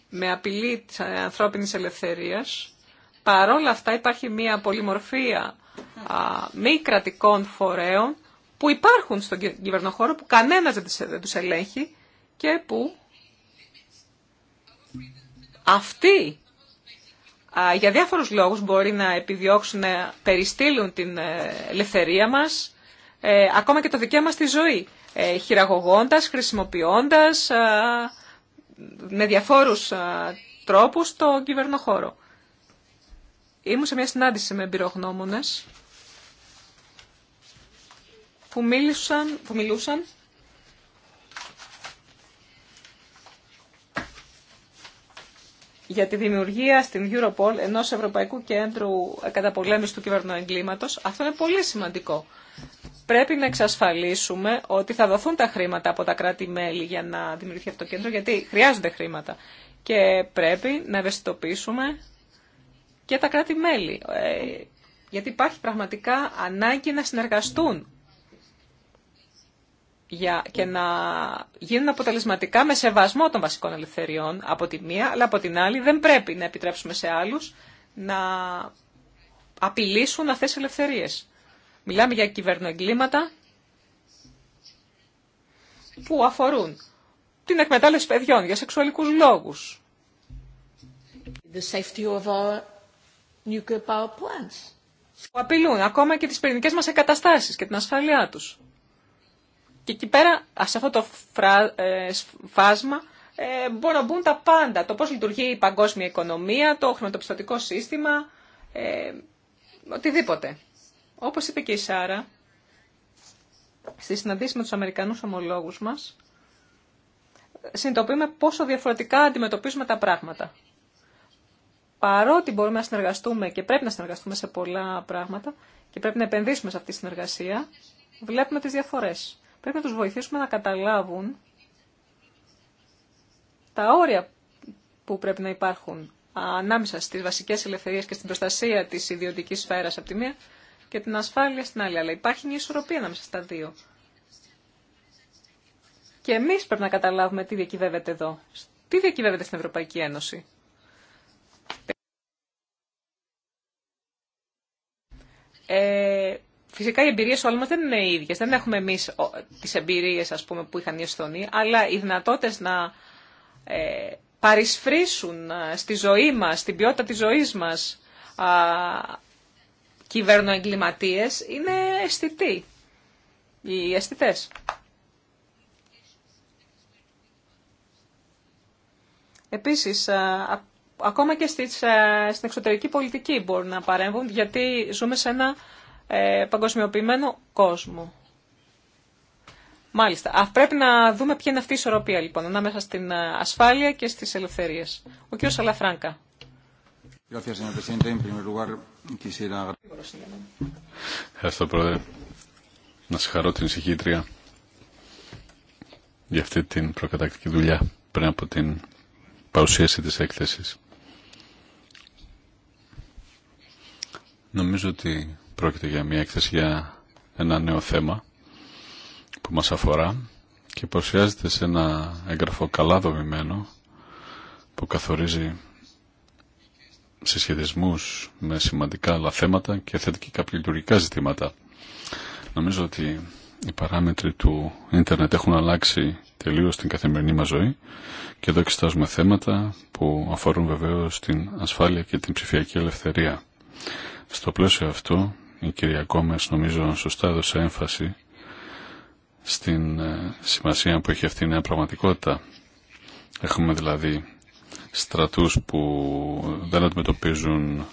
με απειλή της ανθρώπινης ελευθερίας, παρόλα αυτά υπάρχει μια πολυμορφία μη κρατικών φορέων που υπάρχουν στον κυβερνοχώρο, που κανένας δεν τους ελέγχει και που αυτοί για διάφορους λόγους μπορεί να επιδιώξουν να περιστύλουν την ε, ελευθερία μας, ε, ακόμα και το δικαίωμα στη ζωή, ε, χειραγωγώντας, χρησιμοποιώντας με διαφόρους τρόπους το κυβερνοχώρο. Ήμουν σε μια συνάντηση με εμπειρογνώμονες που, μίλησαν, μιλούσαν για τη δημιουργία στην Europol ενός Ευρωπαϊκού Κέντρου Καταπολέμησης του Κυβερνοεγκλήματος. Αυτό είναι πολύ σημαντικό. Πρέπει να εξασφαλίσουμε ότι θα δοθούν τα χρήματα από τα κράτη-μέλη για να δημιουργηθεί αυτό το κέντρο, γιατί χρειάζονται χρήματα. Και πρέπει να ευαισθητοποιήσουμε και τα κράτη-μέλη, ε, γιατί υπάρχει πραγματικά ανάγκη να συνεργαστούν για, και να γίνουν αποτελεσματικά με σεβασμό των βασικών ελευθεριών από τη μία, αλλά από την άλλη δεν πρέπει να επιτρέψουμε σε άλλους να απειλήσουν αυτές τις ελευθερίες. Μιλάμε για κυβερνοεγκλήματα που αφορούν την εκμετάλλευση παιδιών για σεξουαλικούς λόγους. The safety of our nuclear Που απειλούν ακόμα και τις πυρηνικές μας εγκαταστάσεις και την ασφαλειά τους. Και εκεί πέρα, σε αυτό το ε, φάσμα, ε, μπορούν να μπουν τα πάντα. Το πώς λειτουργεί η παγκόσμια οικονομία, το χρηματοπιστωτικό σύστημα, ε, οτιδήποτε. Όπως είπε και η Σάρα, στη συναντήση με τους Αμερικανούς ομολόγους μας, συνειδητοποιούμε πόσο διαφορετικά αντιμετωπίζουμε τα πράγματα. Παρότι μπορούμε να συνεργαστούμε και πρέπει να συνεργαστούμε σε πολλά πράγματα και πρέπει να επενδύσουμε σε αυτή τη συνεργασία, βλέπουμε τις διαφορές. Πρέπει να τους βοηθήσουμε να καταλάβουν τα όρια που πρέπει να υπάρχουν ανάμεσα στις βασικές ελευθερίες και στην προστασία της ιδιωτικής σφαίρας από τη μία και την ασφάλεια στην άλλη. Αλλά υπάρχει μια ισορροπία ανάμεσα στα δύο. Και εμείς πρέπει να καταλάβουμε τι διακυβεύεται εδώ. Τι διακυβεύεται στην Ευρωπαϊκή Ένωση. Ε, Φυσικά οι εμπειρίε όλων μα δεν είναι οι ίδιε. Δεν έχουμε εμεί τι εμπειρίε που είχαν οι Εσθονοί, αλλά οι δυνατότητε να ε, παρισφρήσουν ε, στη ζωή μα, στην ποιότητα τη ζωή μα κυβερνοεγκληματίε είναι αισθητοί. Οι αισθητέ. Επίσης, ακόμα και ε, στην εξωτερική πολιτική μπορούν να παρέμβουν, γιατί ζούμε σε ένα ε, παγκοσμιοποιημένο κόσμο. Μάλιστα. Α, πρέπει να δούμε ποια είναι αυτή η ισορροπία λοιπόν ανάμεσα στην ε, ασφάλεια και στις ελευθερίες. Ο κ. Σαλαφράγκα. Ευχαριστώ Πρόεδρε. Να συγχαρώ την ησυχήτρια για αυτή την προκατακτική δουλειά πριν από την παρουσίαση της έκθεσης. Νομίζω ότι Πρόκειται για μια έκθεση για ένα νέο θέμα που μας αφορά και παρουσιάζεται σε ένα έγγραφο καλά δομημένο που καθορίζει συσχετισμούς με σημαντικά άλλα θέματα και θέτει και κάποια λειτουργικά ζητήματα. Νομίζω ότι οι παράμετροι του ίντερνετ έχουν αλλάξει τελείως την καθημερινή μας ζωή και εδώ εξετάζουμε θέματα που αφορούν βεβαίως την ασφάλεια και την ψηφιακή ελευθερία. Στο πλαίσιο αυτό η κυρία νομίζω σωστά έδωσε έμφαση στην ε, σημασία που έχει αυτή η νέα πραγματικότητα. Έχουμε δηλαδή στρατούς που δεν αντιμετωπίζουν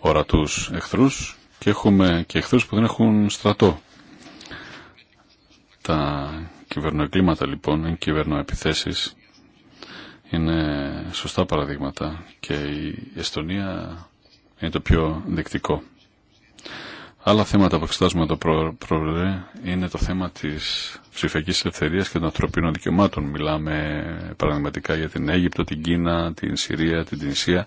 ορατούς εχθρούς και έχουμε και εχθρούς που δεν έχουν στρατό. Τα κυβερνοεγκλήματα λοιπόν, οι κυβερνοεπιθέσεις είναι σωστά παραδείγματα και η Εστονία είναι το πιο δεκτικό. Άλλα θέματα που εξετάζουμε το πρόβλημα είναι το θέμα τη ψηφιακή ελευθερία και των ανθρωπίνων δικαιωμάτων. Μιλάμε πραγματικά για την Αίγυπτο, την Κίνα, την Συρία, την Τινησία.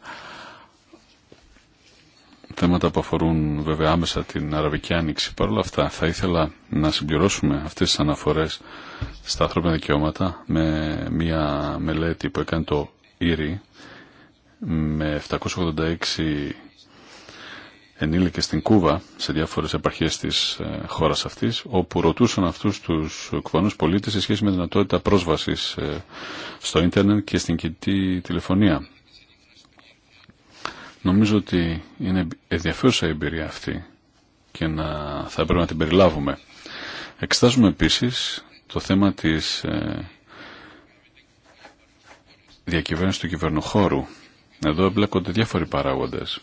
Θέματα που αφορούν βέβαια άμεσα την Αραβική Άνοιξη. Παρ' όλα αυτά θα ήθελα να συμπληρώσουμε αυτέ τι αναφορέ στα ανθρώπινα δικαιώματα με μια μελέτη που έκανε το ΙΡΙ με 786 ενήλικε στην Κούβα, σε διάφορες επαρχίες της ε, χώρα αυτής, όπου ρωτούσαν αυτούς του κουβανού πολίτες σε σχέση με δυνατότητα πρόσβασης ε, στο ίντερνετ και στην κινητή τηλεφωνία. Νομίζω ότι είναι ενδιαφέρουσα η εμπειρία αυτή και να, θα πρέπει να την περιλάβουμε. Εξετάζουμε επίσης το θέμα της ε, διακυβέρνηση του κυβερνοχώρου. Εδώ εμπλέκονται διάφοροι παράγοντες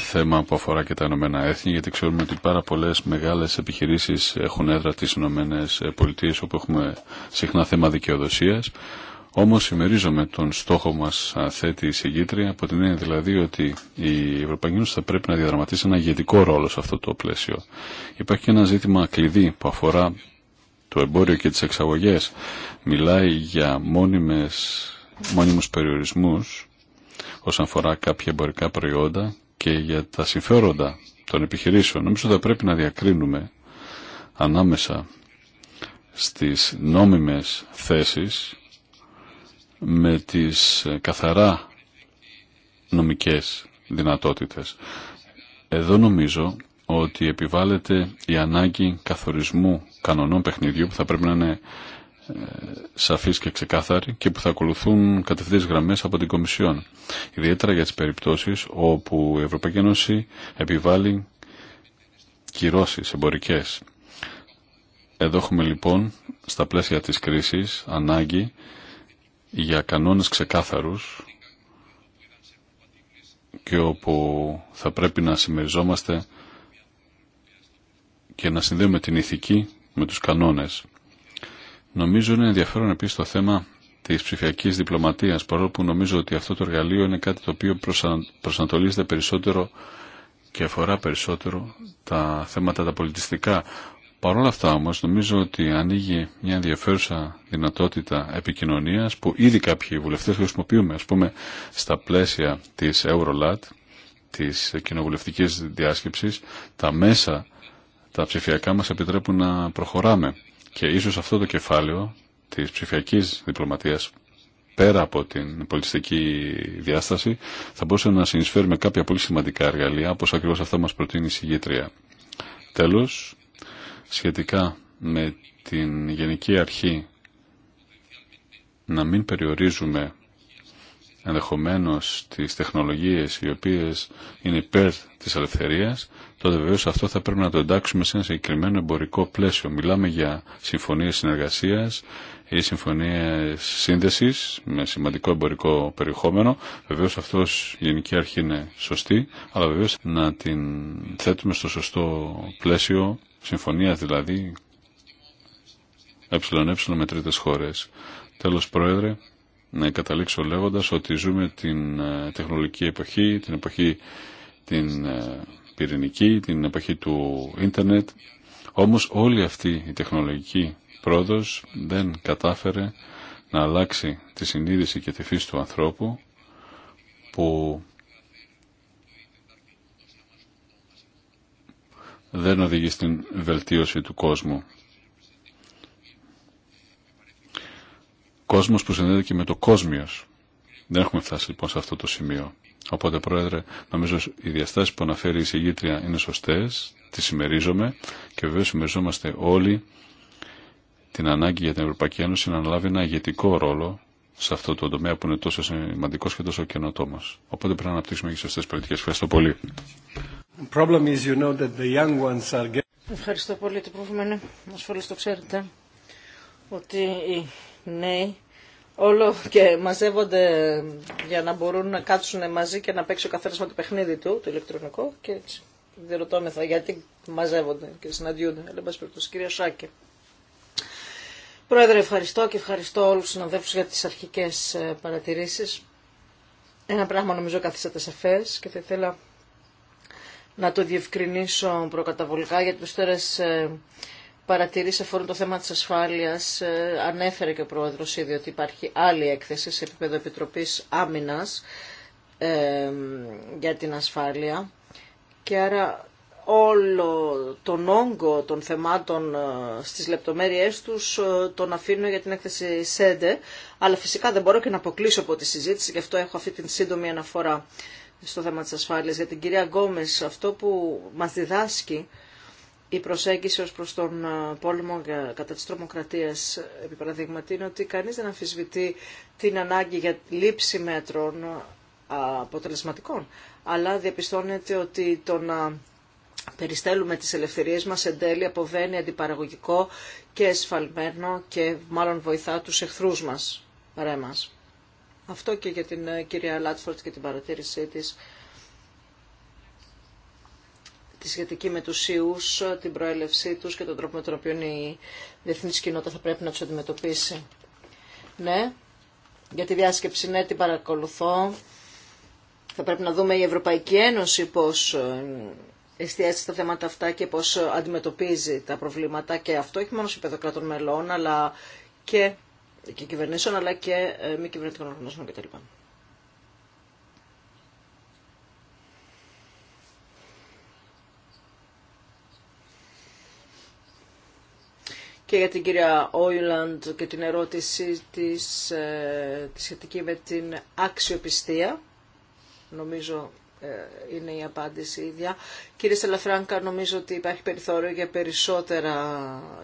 θέμα που αφορά και τα Ηνωμένα Έθνη, γιατί ξέρουμε ότι πάρα πολλέ μεγάλε επιχειρήσει έχουν έδρα τι Ηνωμένε Πολιτείε, όπου έχουμε συχνά θέμα δικαιοδοσία. Όμω, ημερίζομαι τον στόχο μα θέτει η συγκήτρια, από την έννοια δηλαδή ότι η Ευρωπαϊκή Ένωση θα πρέπει να διαδραματίσει ένα ηγετικό ρόλο σε αυτό το πλαίσιο. Υπάρχει και ένα ζήτημα κλειδί που αφορά το εμπόριο και τι εξαγωγέ. Μιλάει για μόνιμες, μόνιμους περιορισμούς όσον αφορά κάποια εμπορικά προϊόντα και για τα συμφέροντα των επιχειρήσεων. Νομίζω θα πρέπει να διακρίνουμε ανάμεσα στις νόμιμες θέσεις με τις καθαρά νομικές δυνατότητες. Εδώ νομίζω ότι επιβάλλεται η ανάγκη καθορισμού κανονών παιχνιδιού που θα πρέπει να είναι σαφείς και ξεκάθαρη και που θα ακολουθούν κατευθείαν γραμμές από την Κομισιόν. Ιδιαίτερα για τις περιπτώσεις όπου η Ευρωπαϊκή Ένωση επιβάλλει κυρώσεις εμπορικές. Εδώ έχουμε λοιπόν στα πλαίσια της κρίσης ανάγκη για κανόνες ξεκάθαρους και όπου θα πρέπει να συμμεριζόμαστε και να συνδέουμε την ηθική με τους κανόνες. Νομίζω είναι ενδιαφέρον επίση το θέμα τη ψηφιακή διπλωματία, παρόλο που νομίζω ότι αυτό το εργαλείο είναι κάτι το οποίο προσανατολίζεται περισσότερο και αφορά περισσότερο τα θέματα τα πολιτιστικά. Παρ' όλα αυτά όμως νομίζω ότι ανοίγει μια ενδιαφέρουσα δυνατότητα επικοινωνίας που ήδη κάποιοι βουλευτές χρησιμοποιούμε ας πούμε στα πλαίσια της Eurolat, της κοινοβουλευτικής διάσκεψης, τα μέσα, τα ψηφιακά μας επιτρέπουν να προχωράμε. Και ίσως αυτό το κεφάλαιο της ψηφιακής διπλωματίας πέρα από την πολιτιστική διάσταση θα μπορούσε να συνεισφέρει με κάποια πολύ σημαντικά εργαλεία όπως ακριβώς αυτό μας προτείνει η συγγήτρια. Τέλος, σχετικά με την γενική αρχή να μην περιορίζουμε ενδεχομένως τις τεχνολογίες οι οποίες είναι υπέρ της ελευθερίας τότε βεβαίω αυτό θα πρέπει να το εντάξουμε σε ένα συγκεκριμένο εμπορικό πλαίσιο. Μιλάμε για συμφωνίες συνεργασίας ή συμφωνίες σύνδεσης με σημαντικό εμπορικό περιεχόμενο. Βεβαίω αυτό η γενική αρχή είναι σωστή, αλλά βεβαίω να την θέτουμε στο σωστό πλαίσιο συμφωνία δηλαδή ΕΕ με τρίτε χώρες. Τέλος Πρόεδρε, να καταλήξω λέγοντας ότι ζούμε την ε, τεχνολογική εποχή, την εποχή την ε, πυρηνική, την εποχή του ίντερνετ. Όμως όλη αυτή η τεχνολογική πρόοδος δεν κατάφερε να αλλάξει τη συνείδηση και τη φύση του ανθρώπου που δεν οδηγεί στην βελτίωση του κόσμου. Κόσμος που συνδέεται και με το κόσμιος. Δεν έχουμε φτάσει λοιπόν σε αυτό το σημείο. Οπότε, Πρόεδρε, νομίζω οι διαστάσει που αναφέρει η συγγήτρια είναι σωστέ, τι συμμερίζομαι και βεβαίω συμμεριζόμαστε όλοι την ανάγκη για την Ευρωπαϊκή Ένωση να αναλάβει ένα ηγετικό ρόλο σε αυτό το τομέα που είναι τόσο σημαντικό και τόσο καινοτόμο. Οπότε πρέπει να αναπτύξουμε και σωστέ πολιτικέ. Ευχαριστώ πολύ. Ευχαριστώ πολύ. Το πρόβλημα είναι, ασφαλώ το ξέρετε, ότι οι νέοι όλο και μαζεύονται για να μπορούν να κάτσουν μαζί και να παίξει ο καθένα με το παιχνίδι του, το ηλεκτρονικό, και έτσι διερωτώμεθα γιατί μαζεύονται και συναντιούνται. Αλλά μπας περιπτώσει, κυρία Σάκε. Πρόεδρε, ευχαριστώ και ευχαριστώ όλους τους συναδέλφους για τις αρχικές ε, παρατηρήσεις. Ένα πράγμα νομίζω καθίσατε σαφές και θα ήθελα να το διευκρινίσω προκαταβολικά γιατί του παρατηρήσει αφορούν το θέμα της ασφάλειας. Ε, ανέφερε και ο Πρόεδρος ήδη ότι υπάρχει άλλη έκθεση σε επίπεδο Επιτροπής Άμυνας ε, για την ασφάλεια. Και άρα όλο τον όγκο των θεμάτων ε, στις λεπτομέρειές τους τον αφήνω για την έκθεση ΣΕΔΕ αλλά φυσικά δεν μπορώ και να αποκλείσω από τη συζήτηση, γι' αυτό έχω αυτή την σύντομη αναφορά στο θέμα της ασφάλειας. Για την κυρία Γκόμες αυτό που μας διδάσκει η προσέγγιση ως προς τον ε, πόλεμο κατά της τρομοκρατίας, επί παραδείγματι, είναι ότι κανείς δεν αμφισβητεί την ανάγκη για λήψη μέτρων ε, αποτελεσματικών, αλλά διαπιστώνεται ότι το να περιστέλουμε τις ελευθερίες μας εν τέλει αποβαίνει αντιπαραγωγικό και εσφαλμένο και μάλλον βοηθά τους εχθρούς μας παρέμας. Αυτό και για την ε, κυρία Λάτφορτ και την παρατήρησή της τη σχετική με τους Ιού, την προέλευσή τους και τον τρόπο με τον οποίο η διεθνή κοινότητα θα πρέπει να του αντιμετωπίσει. Ναι, για τη διάσκεψη ναι την παρακολουθώ. Θα πρέπει να δούμε η Ευρωπαϊκή Ένωση πώς ε, εστιάζει στα θέματα αυτά και πώς ε, αντιμετωπίζει τα προβλήματα και αυτό όχι μόνο σε επίπεδο μελών αλλά και, και κυβερνήσεων αλλά και ε, μη κυβερνητικών οργανώσεων κτλ. και για την κυρία Όιλαντ και την ερώτηση της, ε, σχετική με την αξιοπιστία. Νομίζω ε, είναι η απάντηση ίδια. Κύριε Σελαφράνκα, νομίζω ότι υπάρχει περιθώριο για, περισσότερα,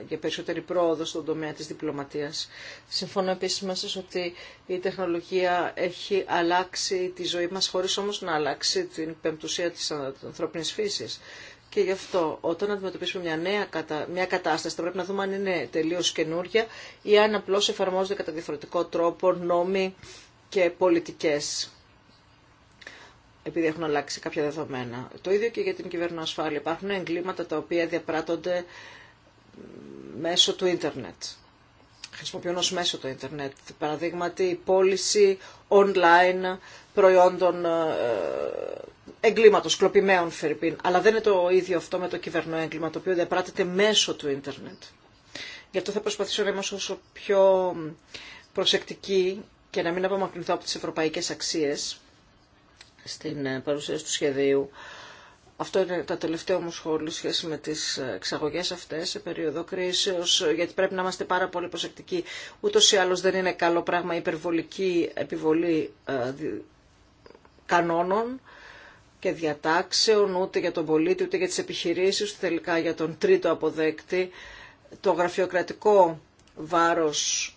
για περισσότερη πρόοδο στον τομέα της διπλωματίας. Συμφωνώ επίσης μαζί ότι η τεχνολογία έχει αλλάξει τη ζωή μας, χωρίς όμως να αλλάξει την πεμπτουσία της ανθρώπινης φύσης. Και γι' αυτό όταν αντιμετωπίσουμε μια νέα μια κατάσταση θα πρέπει να δούμε αν είναι τελείως καινούρια ή αν απλώς εφαρμόζονται κατά διαφορετικό τρόπο νόμοι και πολιτικές επειδή έχουν αλλάξει κάποια δεδομένα. Το ίδιο και για την κυβερνοασφάλεια. Υπάρχουν εγκλήματα τα οποία διαπράττονται μέσω του ίντερνετ. Χρησιμοποιούν ω μέσο το ίντερνετ. Παραδείγματι, η πώληση online προϊόντων ε, Εγκλήματο, κλοπημαίων φερπίν. Αλλά δεν είναι το ίδιο αυτό με το έγκλημα, το οποίο διαπράτεται μέσω του ίντερνετ. Γι' αυτό θα προσπαθήσω να είμαι όσο πιο προσεκτική και να μην απομακρυνθώ από τι ευρωπαϊκέ αξίε στην ε, παρουσίαση του σχεδίου. Αυτό είναι τα τελευταία μου σχόλια σχέση με τι ε, εξαγωγέ αυτέ σε περίοδο κρίσεω, ε, γιατί πρέπει να είμαστε πάρα πολύ προσεκτικοί. Ούτω ή άλλω δεν είναι καλό πράγμα η υπερβολική επιβολή κανόνων και διατάξεων, ούτε για τον πολίτη, ούτε για τις επιχειρήσεις, ούτε τελικά για τον τρίτο αποδέκτη. Το γραφειοκρατικό βάρος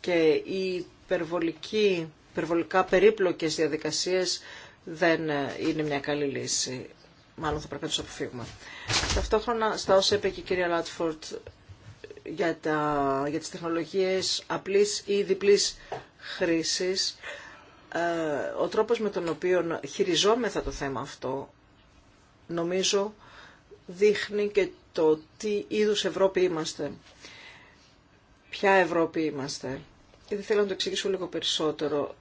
και η υπερβολική, υπερβολικά περίπλοκες διαδικασίες δεν ε, είναι μια καλή λύση. Μάλλον θα πρέπει να τους αποφύγουμε. Ταυτόχρονα, στα όσα είπε και η κυρία Λάτφορτ για, τα, για τις τεχνολογίες απλής ή διπλής χρήσης, ε, ο τρόπος με τον οποίο χειριζόμεθα το θέμα αυτό νομίζω δείχνει και το τι είδους Ευρώπη είμαστε. Ποια Ευρώπη είμαστε. Και δεν θέλω να το εξηγήσω λίγο περισσότερο.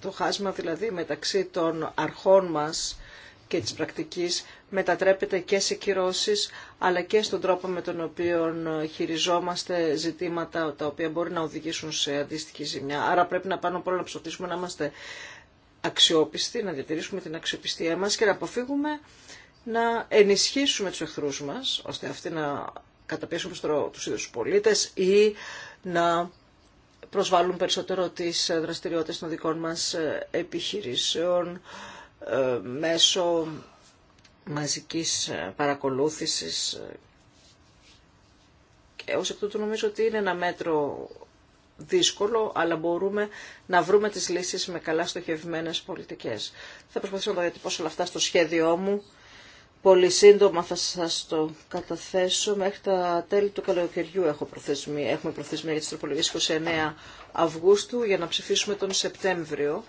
Το χάσμα δηλαδή μεταξύ των αρχών μας και της πρακτικής μετατρέπεται και σε κυρώσεις αλλά και στον τρόπο με τον οποίο χειριζόμαστε ζητήματα τα οποία μπορεί να οδηγήσουν σε αντίστοιχη ζημιά. Άρα πρέπει να πάνω πρώτα να ψωθήσουμε να είμαστε αξιόπιστοι, να διατηρήσουμε την αξιοπιστία μας και να αποφύγουμε να ενισχύσουμε τους εχθρούς μας, ώστε αυτοί να καταπιέσουν τους ίδιους πολίτες ή να προσβάλλουν περισσότερο τις δραστηριότητες των δικών μας επιχειρήσεων ε, μέσω μαζικής ε, παρακολούθησης και ε, ως εκ τούτου νομίζω ότι είναι ένα μέτρο δύσκολο, αλλά μπορούμε να βρούμε τις λύσεις με καλά στοχευμένες πολιτικές. Θα προσπαθήσω να το διατυπώσω όλα αυτά στο σχέδιό μου. Πολύ σύντομα θα σας το καταθέσω. Μέχρι τα τέλη του καλοκαιριού έχω προθεσμία. έχουμε προθεσμία για τις τροπολογίες 29 Αυγούστου για να ψηφίσουμε τον Σεπτέμβριο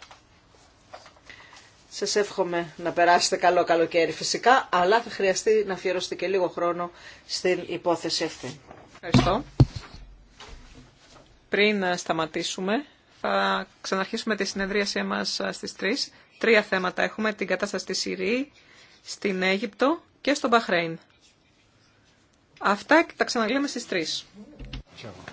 σε εύχομαι να περάσετε καλό καλοκαίρι φυσικά, αλλά θα χρειαστεί να αφιερώσετε και λίγο χρόνο στην υπόθεση αυτή. Ευχαριστώ. Πριν ε, σταματήσουμε, θα ξαναρχίσουμε τη συνεδρίασή μας ε, στι 3. Τρία θέματα έχουμε, την κατάσταση στη Συρία, στην Αίγυπτο και στο Μπαχρέιν. Αυτά τα ξαναλέμε στις 3.